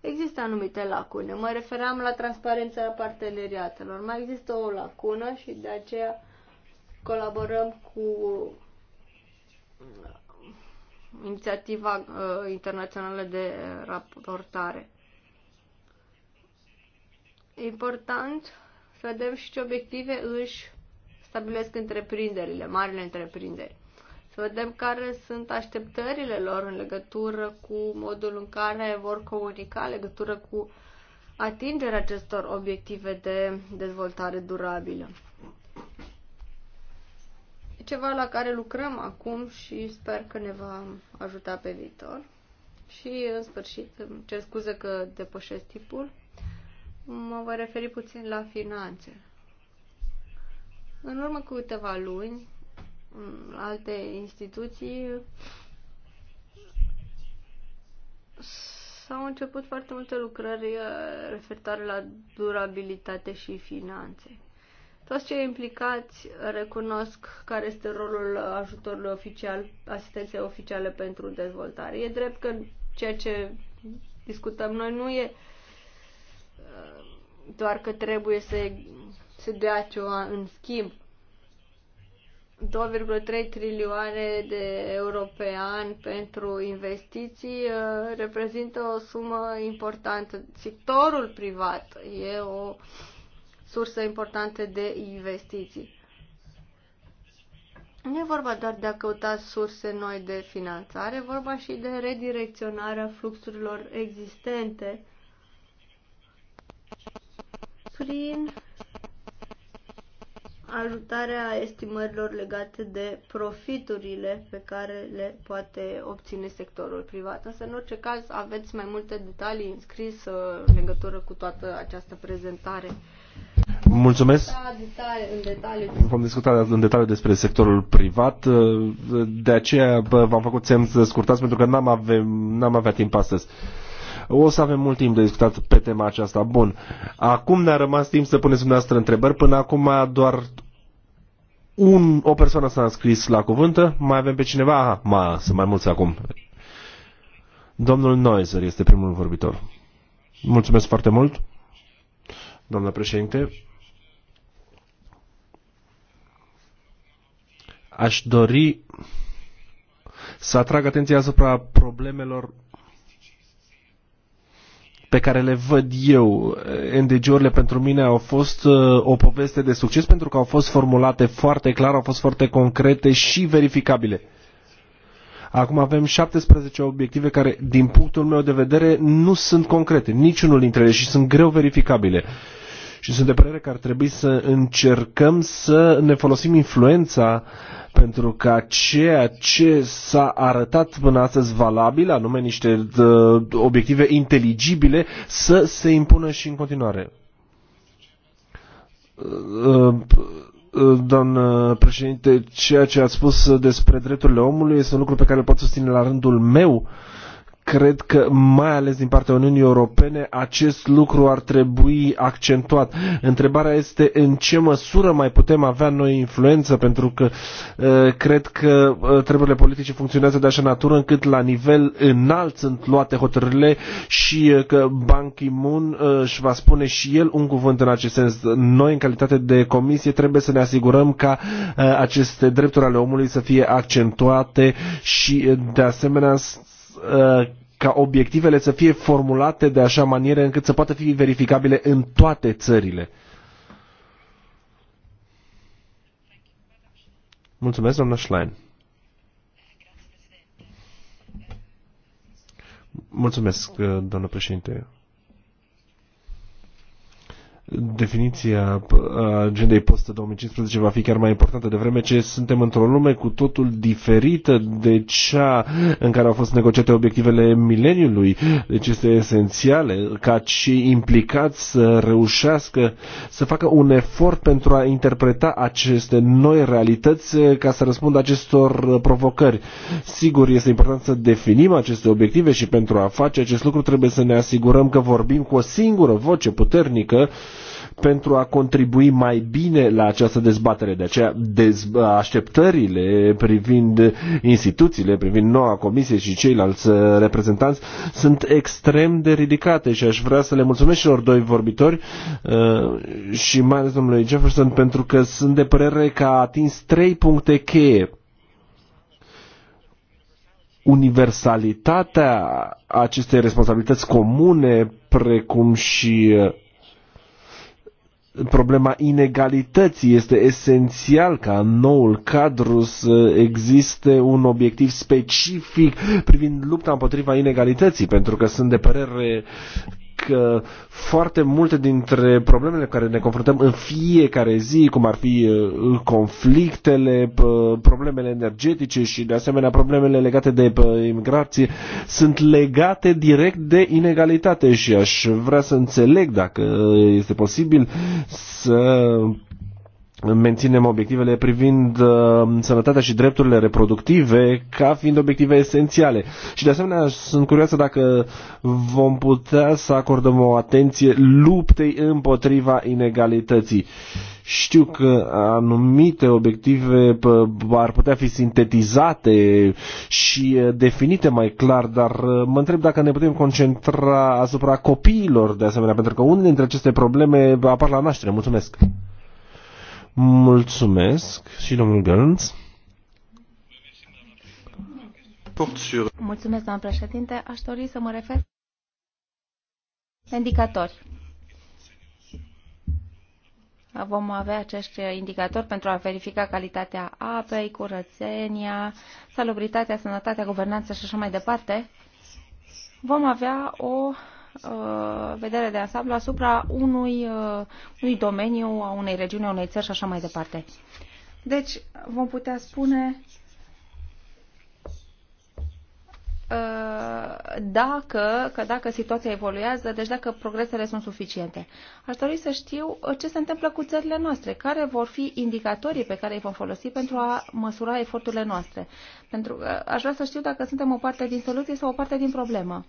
Există anumite lacune. Mă referam la transparența parteneriatelor. Mai există o lacună și de aceea colaborăm cu uh, inițiativa uh, internațională de raportare. E important să vedem și ce obiective își stabilesc întreprinderile, marile întreprinderi. Să vedem care sunt așteptările lor în legătură cu modul în care vor comunica, în legătură cu atingerea acestor obiective de dezvoltare durabilă. E ceva la care lucrăm acum și sper că ne va ajuta pe viitor. Și, în sfârșit, îmi cer scuze că depășesc tipul mă voi referi puțin la finanțe. În urmă cu câteva luni, alte instituții s-au început foarte multe lucrări uh, referitoare la durabilitate și finanțe. Toți cei implicați recunosc care este rolul ajutorului oficial, asistenței oficiale pentru dezvoltare. E drept că ceea ce discutăm noi nu e uh, doar că trebuie să se dea ceva în schimb. 2,3 trilioane de europeani pentru investiții uh, reprezintă o sumă importantă. Sectorul privat e o sursă importantă de investiții. Nu e vorba doar de a căuta surse noi de finanțare, e vorba și de redirecționarea fluxurilor existente prin ajutarea estimărilor legate de profiturile pe care le poate obține sectorul privat. Însă, în orice caz, aveți mai multe detalii înscris uh, în legătură cu toată această prezentare. Mulțumesc. Vom discuta în detaliu despre sectorul privat. Uh, de aceea v-am făcut semn să scurtați pentru că am n-am avea timp astăzi. O să avem mult timp de discutat pe tema aceasta. Bun. Acum ne-a rămas timp să puneți dumneavoastră întrebări. Până acum doar un, o persoană s-a înscris la cuvântă. Mai avem pe cineva? Aha, ma, sunt mai mulți acum. Domnul Noizer este primul vorbitor. Mulțumesc foarte mult, doamna președinte. Aș dori să atrag atenția asupra problemelor pe care le văd eu. Eh, NDG-urile pentru mine au fost eh, o poveste de succes pentru că au fost formulate foarte clar, au fost foarte concrete și verificabile. Acum avem 17 obiective care, din punctul meu de vedere, nu sunt concrete, niciunul dintre ele și sunt greu verificabile. Uh, și sunt de părere că ar trebui să încercăm să ne folosim influența pentru ca ceea ce s-a arătat până astăzi valabil, anume niște uh, obiective inteligibile, să se impună și în continuare. Uh, uh, doamnă președinte, ceea ce ați spus despre drepturile omului este un lucru pe care îl pot susține la rândul meu. Uh, cred că, mai ales din partea Uniunii Europene, acest lucru ar trebui accentuat. Întrebarea este în ce măsură mai putem avea noi influență, pentru că uh, cred că uh, treburile politice funcționează de așa natură încât la nivel înalt sunt luate hotărârile și uh, că Ban Ki-moon își va spune și el un cuvânt în acest sens. Noi, în calitate de comisie, trebuie să ne asigurăm ca aceste drepturi ale omului să fie accentuate și, de asemenea, Uh, ca obiectivele să fie formulate de așa manieră încât să poată fi verificabile în toate țările. Mulțumesc, doamna Schlein. Mulțumesc, uh, doamnă președinte definiția uh, agendei post-2015 va fi chiar mai importantă de vreme ce suntem într-o lume cu totul diferită de cea în care au fost negociate obiectivele mileniului. Deci este esențial ca cei implicați să reușească să facă un efort pentru a interpreta aceste noi realități uh, ca să răspundă acestor provocări. Sigur, este important să definim aceste obiective și pentru a face acest lucru trebuie să ne asigurăm că vorbim cu o singură voce puternică pentru a contribui mai bine la această dezbatere. De aceea dez- așteptările privind instituțiile, privind noua comisie și ceilalți reprezentanți sunt extrem de ridicate și aș vrea să le mulțumesc celor doi vorbitori uh, și mai ales domnului Jefferson pentru că sunt de părere că a atins trei puncte cheie universalitatea acestei responsabilități comune, precum și uh, problema inegalității. Este esențial ca în noul cadru să existe un obiectiv specific privind lupta împotriva inegalității, pentru că sunt de părere că foarte multe dintre problemele care ne confruntăm în fiecare zi, cum ar fi uh, conflictele, problemele energetice și de asemenea problemele legate de imigrație, sunt legate direct de inegalitate și aș vrea să înțeleg dacă uh, este posibil să menținem obiectivele privind uh, sănătatea și drepturile reproductive ca fiind obiective esențiale. Și de asemenea sunt curioasă dacă vom putea să acordăm o atenție luptei împotriva inegalității. Știu că anumite obiective ar putea fi sintetizate și uh, definite mai clar, dar uh, mă întreb dacă ne putem concentra asupra copiilor de asemenea, pentru că unele dintre aceste probleme apar la naștere. Mulțumesc! Mulțumesc și domnul Gărânț. Mulțumesc, doamnă președinte. Aș dori să mă refer la indicatori. Vom avea acești indicatori pentru a verifica calitatea apei, curățenia, salubritatea, sănătatea, guvernanța și așa mai departe. Vom avea o Uh, vedere de ansamblu asupra unui, uh, unui domeniu, a unei regiuni, a unei țări și așa mai departe. Deci vom putea spune uh, dacă, că dacă situația evoluează, deci dacă progresele sunt suficiente. Aș dori să știu uh, ce se întâmplă cu țările noastre, care vor fi indicatorii pe care îi vom folosi pentru a măsura eforturile noastre. Pentru, aș vrea să știu dacă suntem o parte din soluție sau o parte din problemă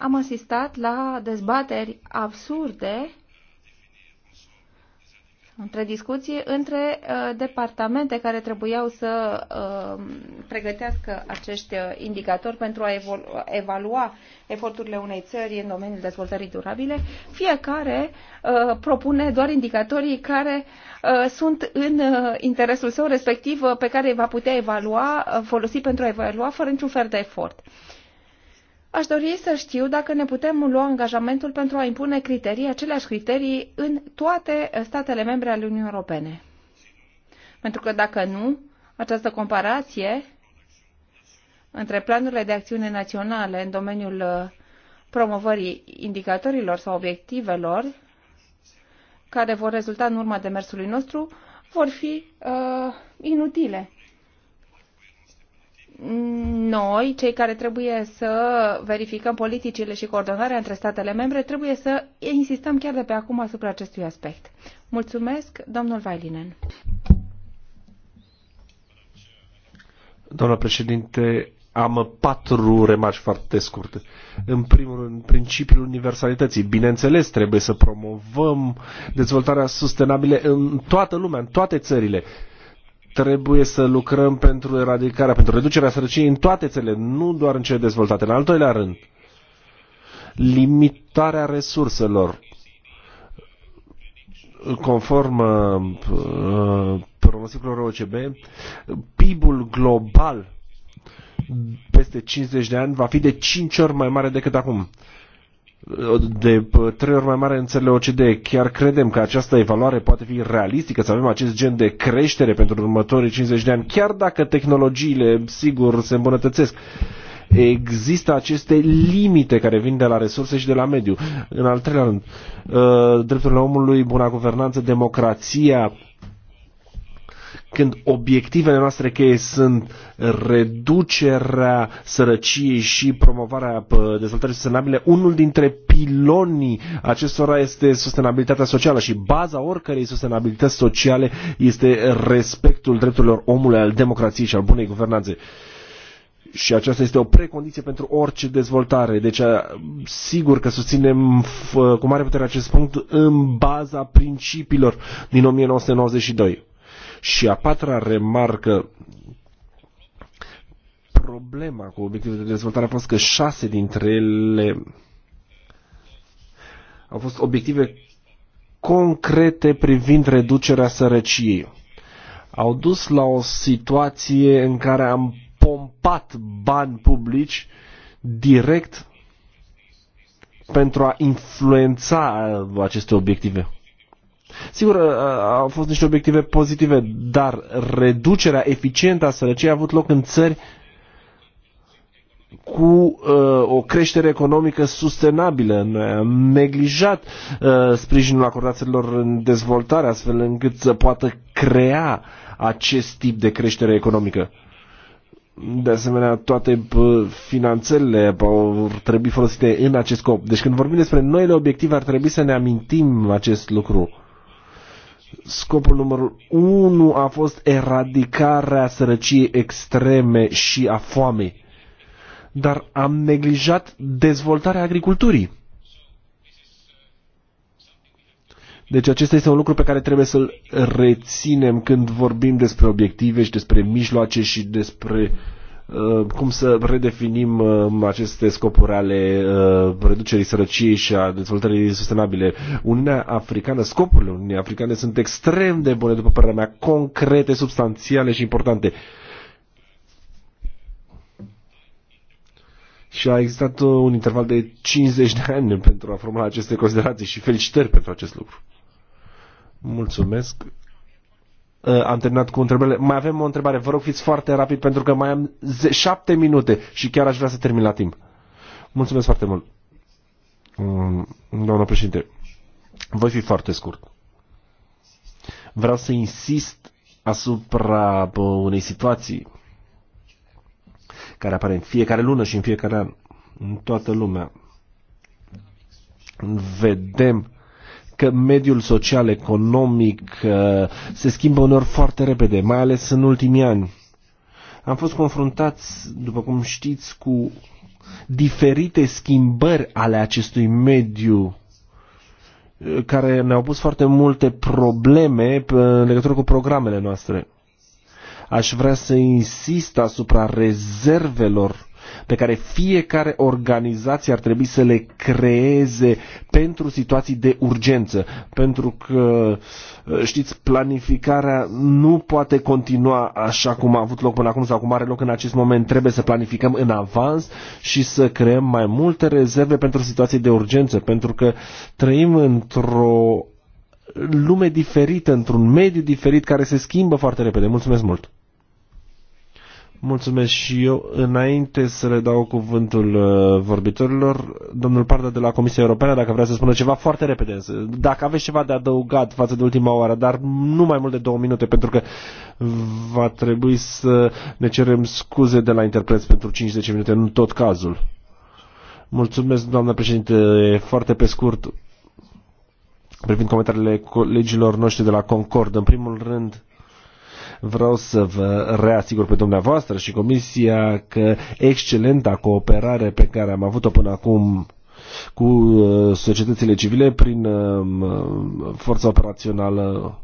am asistat la dezbateri absurde între discuții între uh, departamente care trebuiau să uh, pregătească acești uh, indicatori pentru a evalua eforturile unei țări în domeniul dezvoltării durabile. Fiecare uh, propune doar indicatorii care uh, sunt în uh, interesul său respectiv uh, pe care îi va putea evalua, uh, folosi pentru a evalua fără niciun fel de efort. Uh, Aș dori să știu dacă ne putem lua angajamentul pentru a impune criterii, aceleași criterii, în toate statele membre ale Uniunii Europene. Pentru că dacă nu, această comparație între planurile de acțiune naționale în domeniul uh, promovării indicatorilor sau obiectivelor care vor rezulta în urma demersului nostru vor fi uh, inutile noi, cei care trebuie să verificăm politicile și coordonarea între statele membre, trebuie să insistăm chiar de pe acum asupra acestui aspect. Mulțumesc, domnul Vailinen. Doamna președinte, am patru remarci foarte scurte. În primul rând, principiul universalității. Bineînțeles, trebuie să promovăm dezvoltarea sustenabilă în toată lumea, în toate țările. Uh, trebuie să lucrăm pentru eradicarea, pentru reducerea sărăciei în toate țele, nu doar în cele dezvoltate. În al doilea rând, limitarea resurselor conform uh, uh pronosticilor OCB, PIB-ul global peste 50 de ani va fi de 5 ori mai mare decât acum. Uh, de uh, trei ori mai mare în țările OCDE. Chiar credem că această evaluare poate fi realistică, să avem acest gen de creștere pentru următorii 50 de ani, chiar dacă tehnologiile, sigur, se îmbunătățesc există aceste limite care vin de la resurse și de la mediu. În al treilea rând, uh, drepturile omului, buna guvernanță, democrația, când obiectivele noastre cheie sunt reducerea sărăciei și promovarea dezvoltării sustenabile, unul dintre pilonii acestora este sustenabilitatea socială și baza oricărei sustenabilități sociale este respectul drepturilor omului, al democrației și al bunei guvernanțe și aceasta este o precondiție pentru orice dezvoltare. Deci, sigur că susținem cu mare putere acest punct în baza principiilor din 1992. Și a patra remarcă, problema cu obiectivele de dezvoltare a fost că șase dintre ele au fost obiective concrete privind reducerea sărăciei. Au dus la o situație în care am pompat bani publici direct pentru a influența aceste obiective. Sigur, uh, au fost niște obiective pozitive, dar reducerea eficientă a sărăciei a avut loc în țări cu uh, o creștere economică sustenabilă. Noi am uh, neglijat uh, sprijinul acordațelor în dezvoltare, astfel încât să poată crea acest tip de creștere economică. De asemenea, toate uh, finanțele au trebui folosite în acest scop. Deci când vorbim despre noile obiective, ar trebui să ne amintim acest lucru. Scopul numărul 1 a fost eradicarea sărăciei extreme și a foamei. Dar am neglijat dezvoltarea agriculturii. Deci acesta este un lucru pe care trebuie să-l reținem când vorbim despre obiective și despre mijloace și despre uh, Uh, cum să redefinim uh, aceste scopuri ale uh, reducerii sărăciei și a dezvoltării sustenabile. Uniunea Africană, scopurile Uniunii Africane sunt extrem de bune, după părerea mea, concrete, substanțiale și importante. și a existat un interval de 50 de ani pentru a formula aceste considerații și felicitări pentru acest lucru. Mulțumesc. Uh, am terminat cu întrebările. Mai avem o întrebare. Vă rog, fiți foarte rapid pentru că mai am șapte minute și chiar aș vrea să termin la timp. Mulțumesc foarte mult. Mm, Doamna președinte, voi fi foarte scurt. Vreau să insist asupra unei situații care apare în fiecare lună și în fiecare an, în toată lumea. Vedem că mediul social, economic uh, se schimbă uneori foarte repede, mai ales în ultimii ani. Am fost confruntați, după cum știți, cu diferite schimbări ale acestui mediu uh, care ne-au pus foarte multe probleme uh, în legătură cu programele noastre. Aș vrea să insist asupra rezervelor pe care fiecare organizație ar trebui să le creeze pentru situații de urgență. Pentru că, uh, știți, planificarea nu poate continua așa cum a avut loc până acum sau cum are loc în acest moment. Trebuie să planificăm în avans și să creăm mai multe rezerve pentru situații de urgență, pentru că trăim într-o lume diferită, într-un mediu diferit care se schimbă foarte repede. Mulțumesc mult! Mulțumesc și eu. Înainte să le dau cuvântul uh, vorbitorilor, domnul Parda de la Comisia Europeană, dacă vrea să spună ceva foarte repede, dacă aveți ceva de adăugat față de ultima oară, dar nu mai mult de două minute, pentru că va trebui să ne cerem scuze de la interpreți pentru 5-10 minute, în tot cazul. Mulțumesc, doamna președinte, foarte pe scurt, privind comentariile colegilor noștri de la Concord. În primul rând, Vreau să vă reasigur pe dumneavoastră și Comisia că excelenta cooperare pe care am avut-o până acum cu uh, societățile civile prin um, uh, forța operațională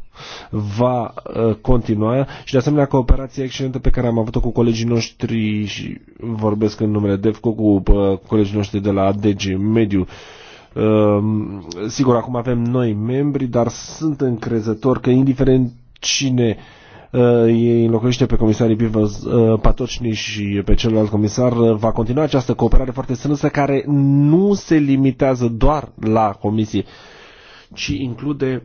va uh, continua și de asemenea cooperația excelentă pe care am avut-o cu colegii noștri și vorbesc în numele DEFCO cu colegii noștri de la ADG Mediu um, sigur acum avem noi membri dar sunt încrezător că indiferent cine uh, Uh, ei înlocuiește pe comisarii Bivas uh, Patocni și pe celălalt comisar, uh, va continua această cooperare foarte strânsă care nu se limitează doar la comisie, ci include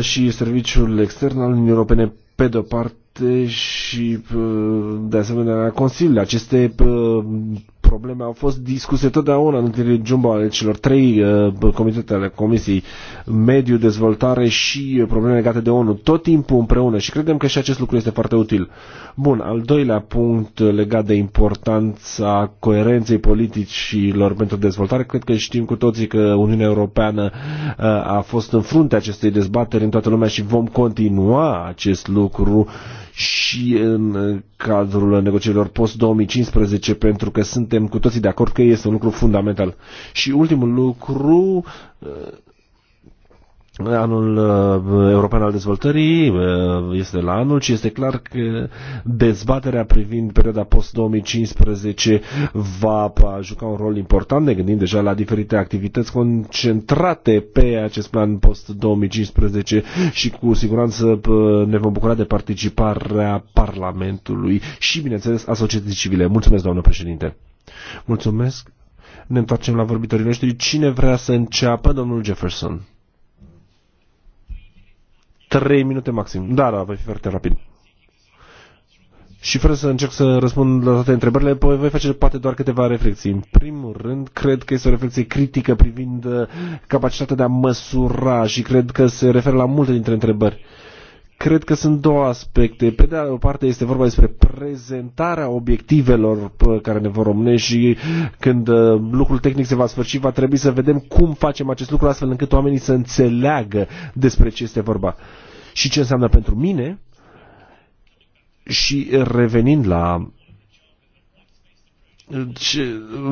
și serviciul extern al Uniunii Europene pe de-o parte și de asemenea Consiliul. Aceste probleme au fost discuse totdeauna în întâlnirile jumbo ale celor trei uh, comitete ale Comisiei Mediu, Dezvoltare și uh, probleme legate de ONU, tot timpul împreună și credem că și acest lucru este foarte util. Bun, al doilea punct uh, legat de importanța coerenței politicilor pentru dezvoltare, cred că știm cu toții că Uniunea Europeană uh, a fost în frunte acestei dezbateri în toată lumea și vom continua acest lucru și în cadrul negocierilor post-2015, pentru că suntem cu toții de acord că este un lucru fundamental. Și ultimul lucru, Anul uh, European al Dezvoltării uh, este la anul și este clar că dezbaterea privind perioada post-2015 va juca un rol important, ne gândim deja la diferite activități concentrate pe acest plan post-2015 și cu siguranță uh, ne vom bucura de participarea Parlamentului și, bineînțeles, a societății civile. Mulțumesc, doamnă președinte! Mulțumesc! Ne întoarcem la vorbitorii noștri. Cine vrea să înceapă? Domnul Jefferson. 3 minute maxim. Da, da, voi fi foarte rapid. Și fără să încerc să răspund la toate întrebările, voi face poate doar câteva reflexii. În primul rând, cred că este o reflexie critică privind uh, capacitatea de a măsura și cred că se referă la multe dintre întrebări. Uh, Cred că sunt două aspecte. Pe de o parte este vorba despre prezentarea obiectivelor pe care ne vor rămâne și când ă, lucrul tehnic se va sfârși va trebui să vedem cum facem acest lucru astfel încât oamenii să înțeleagă despre ce este vorba și ce înseamnă pentru mine și revenind la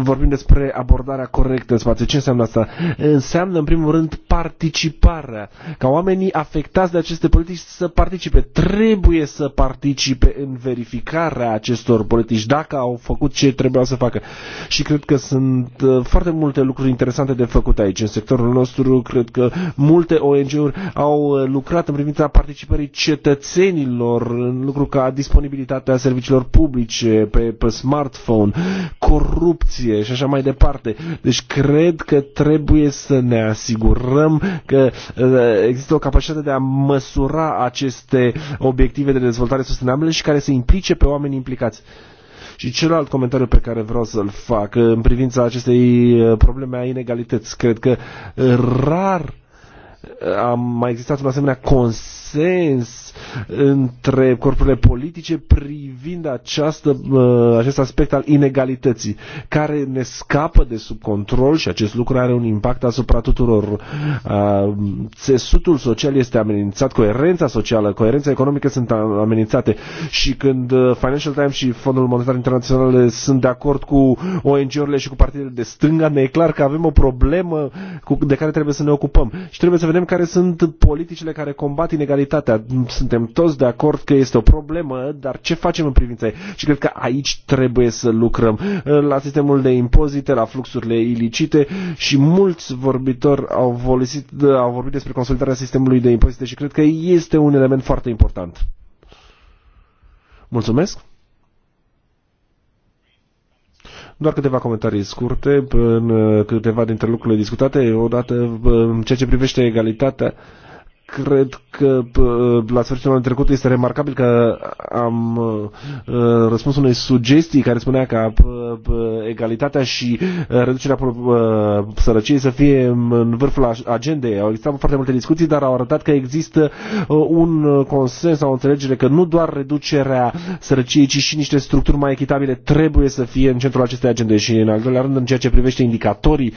vorbim despre abordarea corectă în spațiu. Ce înseamnă asta? Înseamnă, în primul rând, participarea. Ca oamenii afectați de aceste politici să participe. Trebuie să participe în verificarea acestor politici, dacă au făcut ce trebuia să facă. Și cred că sunt uh, foarte multe lucruri interesante de făcut aici. În sectorul nostru, cred că multe ONG-uri au uh, lucrat în privința participării cetățenilor în lucru ca disponibilitatea serviciilor publice pe, pe smartphone corupție și așa mai departe. Deci cred că trebuie să ne asigurăm că uh, există o capacitate de a măsura aceste obiective de dezvoltare sustenabilă și care să implice pe oameni implicați. Și celălalt comentariu pe care vreau să-l fac uh, în privința acestei uh, probleme a inegalități, cred că rar a mai existat un asemenea consens între corpurile politice privind această, acest aspect al inegalității, care ne scapă de sub control și acest lucru are un impact asupra tuturor. Țesutul social este amenințat, coerența socială, coerența economică sunt amenințate și când uh, Financial Times și Fondul Monetar Internațional sunt de acord cu ONG-urile și cu partidele de stânga, ne e clar că avem o problemă de care trebuie să ne ocupăm și trebuie să vedem care sunt politicile care combat inegalitatea suntem toți de acord că este o problemă, dar ce facem în privința ei? Și cred că aici trebuie să lucrăm la sistemul de impozite, la fluxurile ilicite și mulți vorbitori au, volisit, au vorbit despre consolidarea sistemului de impozite și cred că este un element foarte important. Mulțumesc! Doar câteva comentarii scurte în câteva dintre lucrurile discutate. Odată, în ceea ce privește egalitatea, Cred că uh, la sfârșitul anului trecut este remarcabil că am uh, răspuns unei sugestii care spunea că uh, egalitatea și reducerea sărăciei să fie în vârful agendei. Au existat foarte multe discuții, dar au arătat că există un consens sau o înțelegere că nu doar reducerea sărăciei, ci și niște structuri mai echitabile trebuie să fie în centrul acestei agende. Și în al doilea rând, în ceea ce privește indicatorii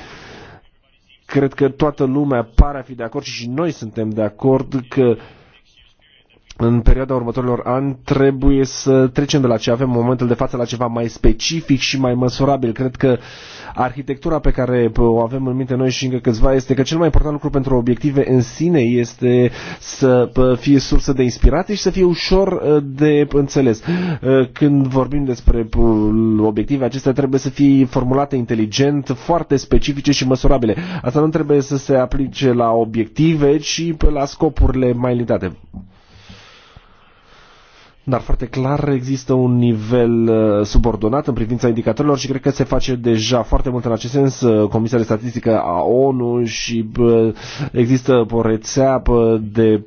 Cred că toată lumea pare a fi de acord și, și noi suntem de acord că uh, în perioada următorilor ani trebuie să trecem de la ce avem în momentul de față la ceva mai specific și mai măsurabil. Cred că arhitectura pe care o avem în minte noi și încă câțiva este că cel mai important lucru pentru obiective în sine este să fie sursă de inspirație și să fie ușor ă, de înțeles. Ă, când vorbim despre obiective, acestea trebuie să fie formulate inteligent, foarte specifice și măsurabile. Asta nu trebuie să se aplice la obiective, ci la scopurile mai limitate dar foarte clar există un nivel uh, subordonat în privința indicatorilor și cred că se face deja foarte mult în acest sens. Uh, Comisia de Statistică a ONU și uh, există o rețea de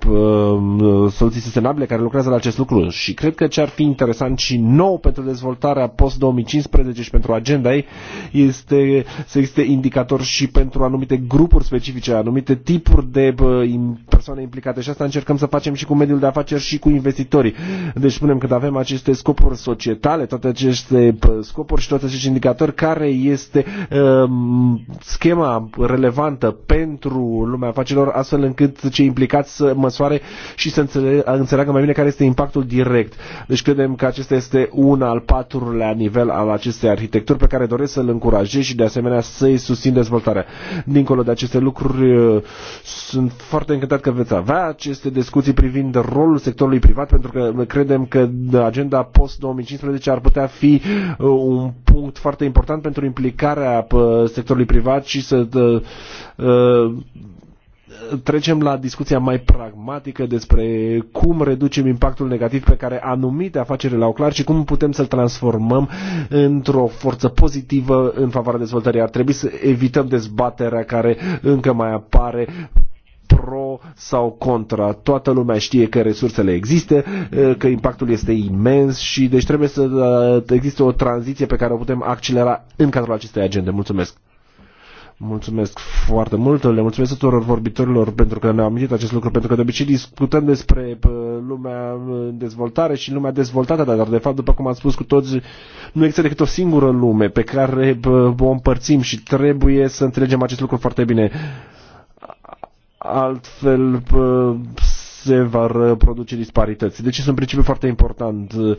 soluții sustenabile care lucrează la acest lucru și cred că ce ar fi interesant și nou pentru dezvoltarea post-2015 și pentru agenda ei este să existe indicatori și pentru anumite grupuri specifice, anumite tipuri de persoane implicate și asta încercăm să facem și cu mediul de afaceri și cu investitorii. Deci deci spunem când avem aceste scopuri societale, toate aceste scopuri și toate acești indicatori, care este uh, schema relevantă pentru lumea afacerilor, astfel încât cei implicați să măsoare și să înțeleagă mai bine care este impactul direct. Deci credem că acesta este un al patrulea nivel al acestei arhitecturi pe care doresc să-l încurajez și de asemenea să-i susțin dezvoltarea. Dincolo de aceste lucruri, sunt foarte încântat că veți avea aceste discuții privind rolul sectorului privat, pentru că credem credem că da, agenda post-2015 ar putea fi uh, un punct foarte important pentru implicarea uh, sectorului privat și să uh, trecem la discuția mai pragmatică despre cum reducem impactul negativ pe care anumite afaceri l-au clar și cum putem să-l transformăm într-o forță pozitivă în favoarea dezvoltării. Ar trebui să evităm dezbaterea care încă mai apare sau contra. Toată lumea știe că resursele există, eh, că impactul este imens și deci trebuie să eh, există o tranziție pe care o putem accelera în cadrul acestei agende. Mulțumesc! Mulțumesc foarte mult, le mulțumesc tuturor vorbitorilor pentru că ne-au amintit acest lucru, pentru că de obicei discutăm despre eh, lumea în dezvoltare și lumea dezvoltată, dar de fapt, după cum am spus cu toți, nu există decât o singură lume pe care o împărțim și trebuie să înțelegem acest lucru foarte bine altfel se va produce disparități. Deci este un principiu foarte important uh,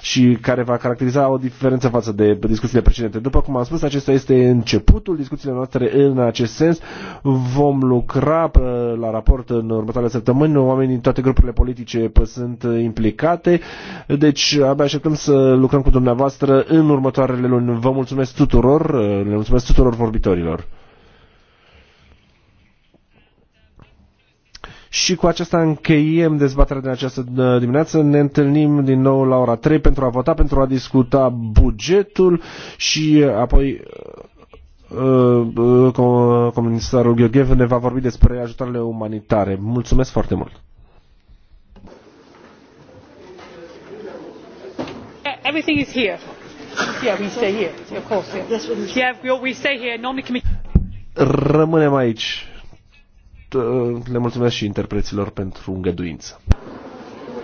și care va caracteriza o diferență față de discuțiile precedente. După cum am spus, acesta este începutul discuțiilor noastre în acest sens. Vom lucra la raport în următoarele săptămâni. Oamenii din toate grupurile politice sunt implicate. Deci abia așteptăm să lucrăm cu dumneavoastră în următoarele luni. Vă mulțumesc tuturor, uh, le mulțumesc tuturor vorbitorilor. Și cu aceasta încheiem dezbaterea din această uh, dimineață. Ne întâlnim din nou la ora 3 pentru a vota, pentru a discuta bugetul și uh, apoi uh, comunistarul Gheorghev ne va vorbi despre ajutoarele umanitare. Mulțumesc foarte mult! Everything is here. Yeah, we stay here. Of course. Yeah, yeah we we stay here. Normally, Rămânem aici. Uh, le mulțumesc și interpreților pentru îngăduință.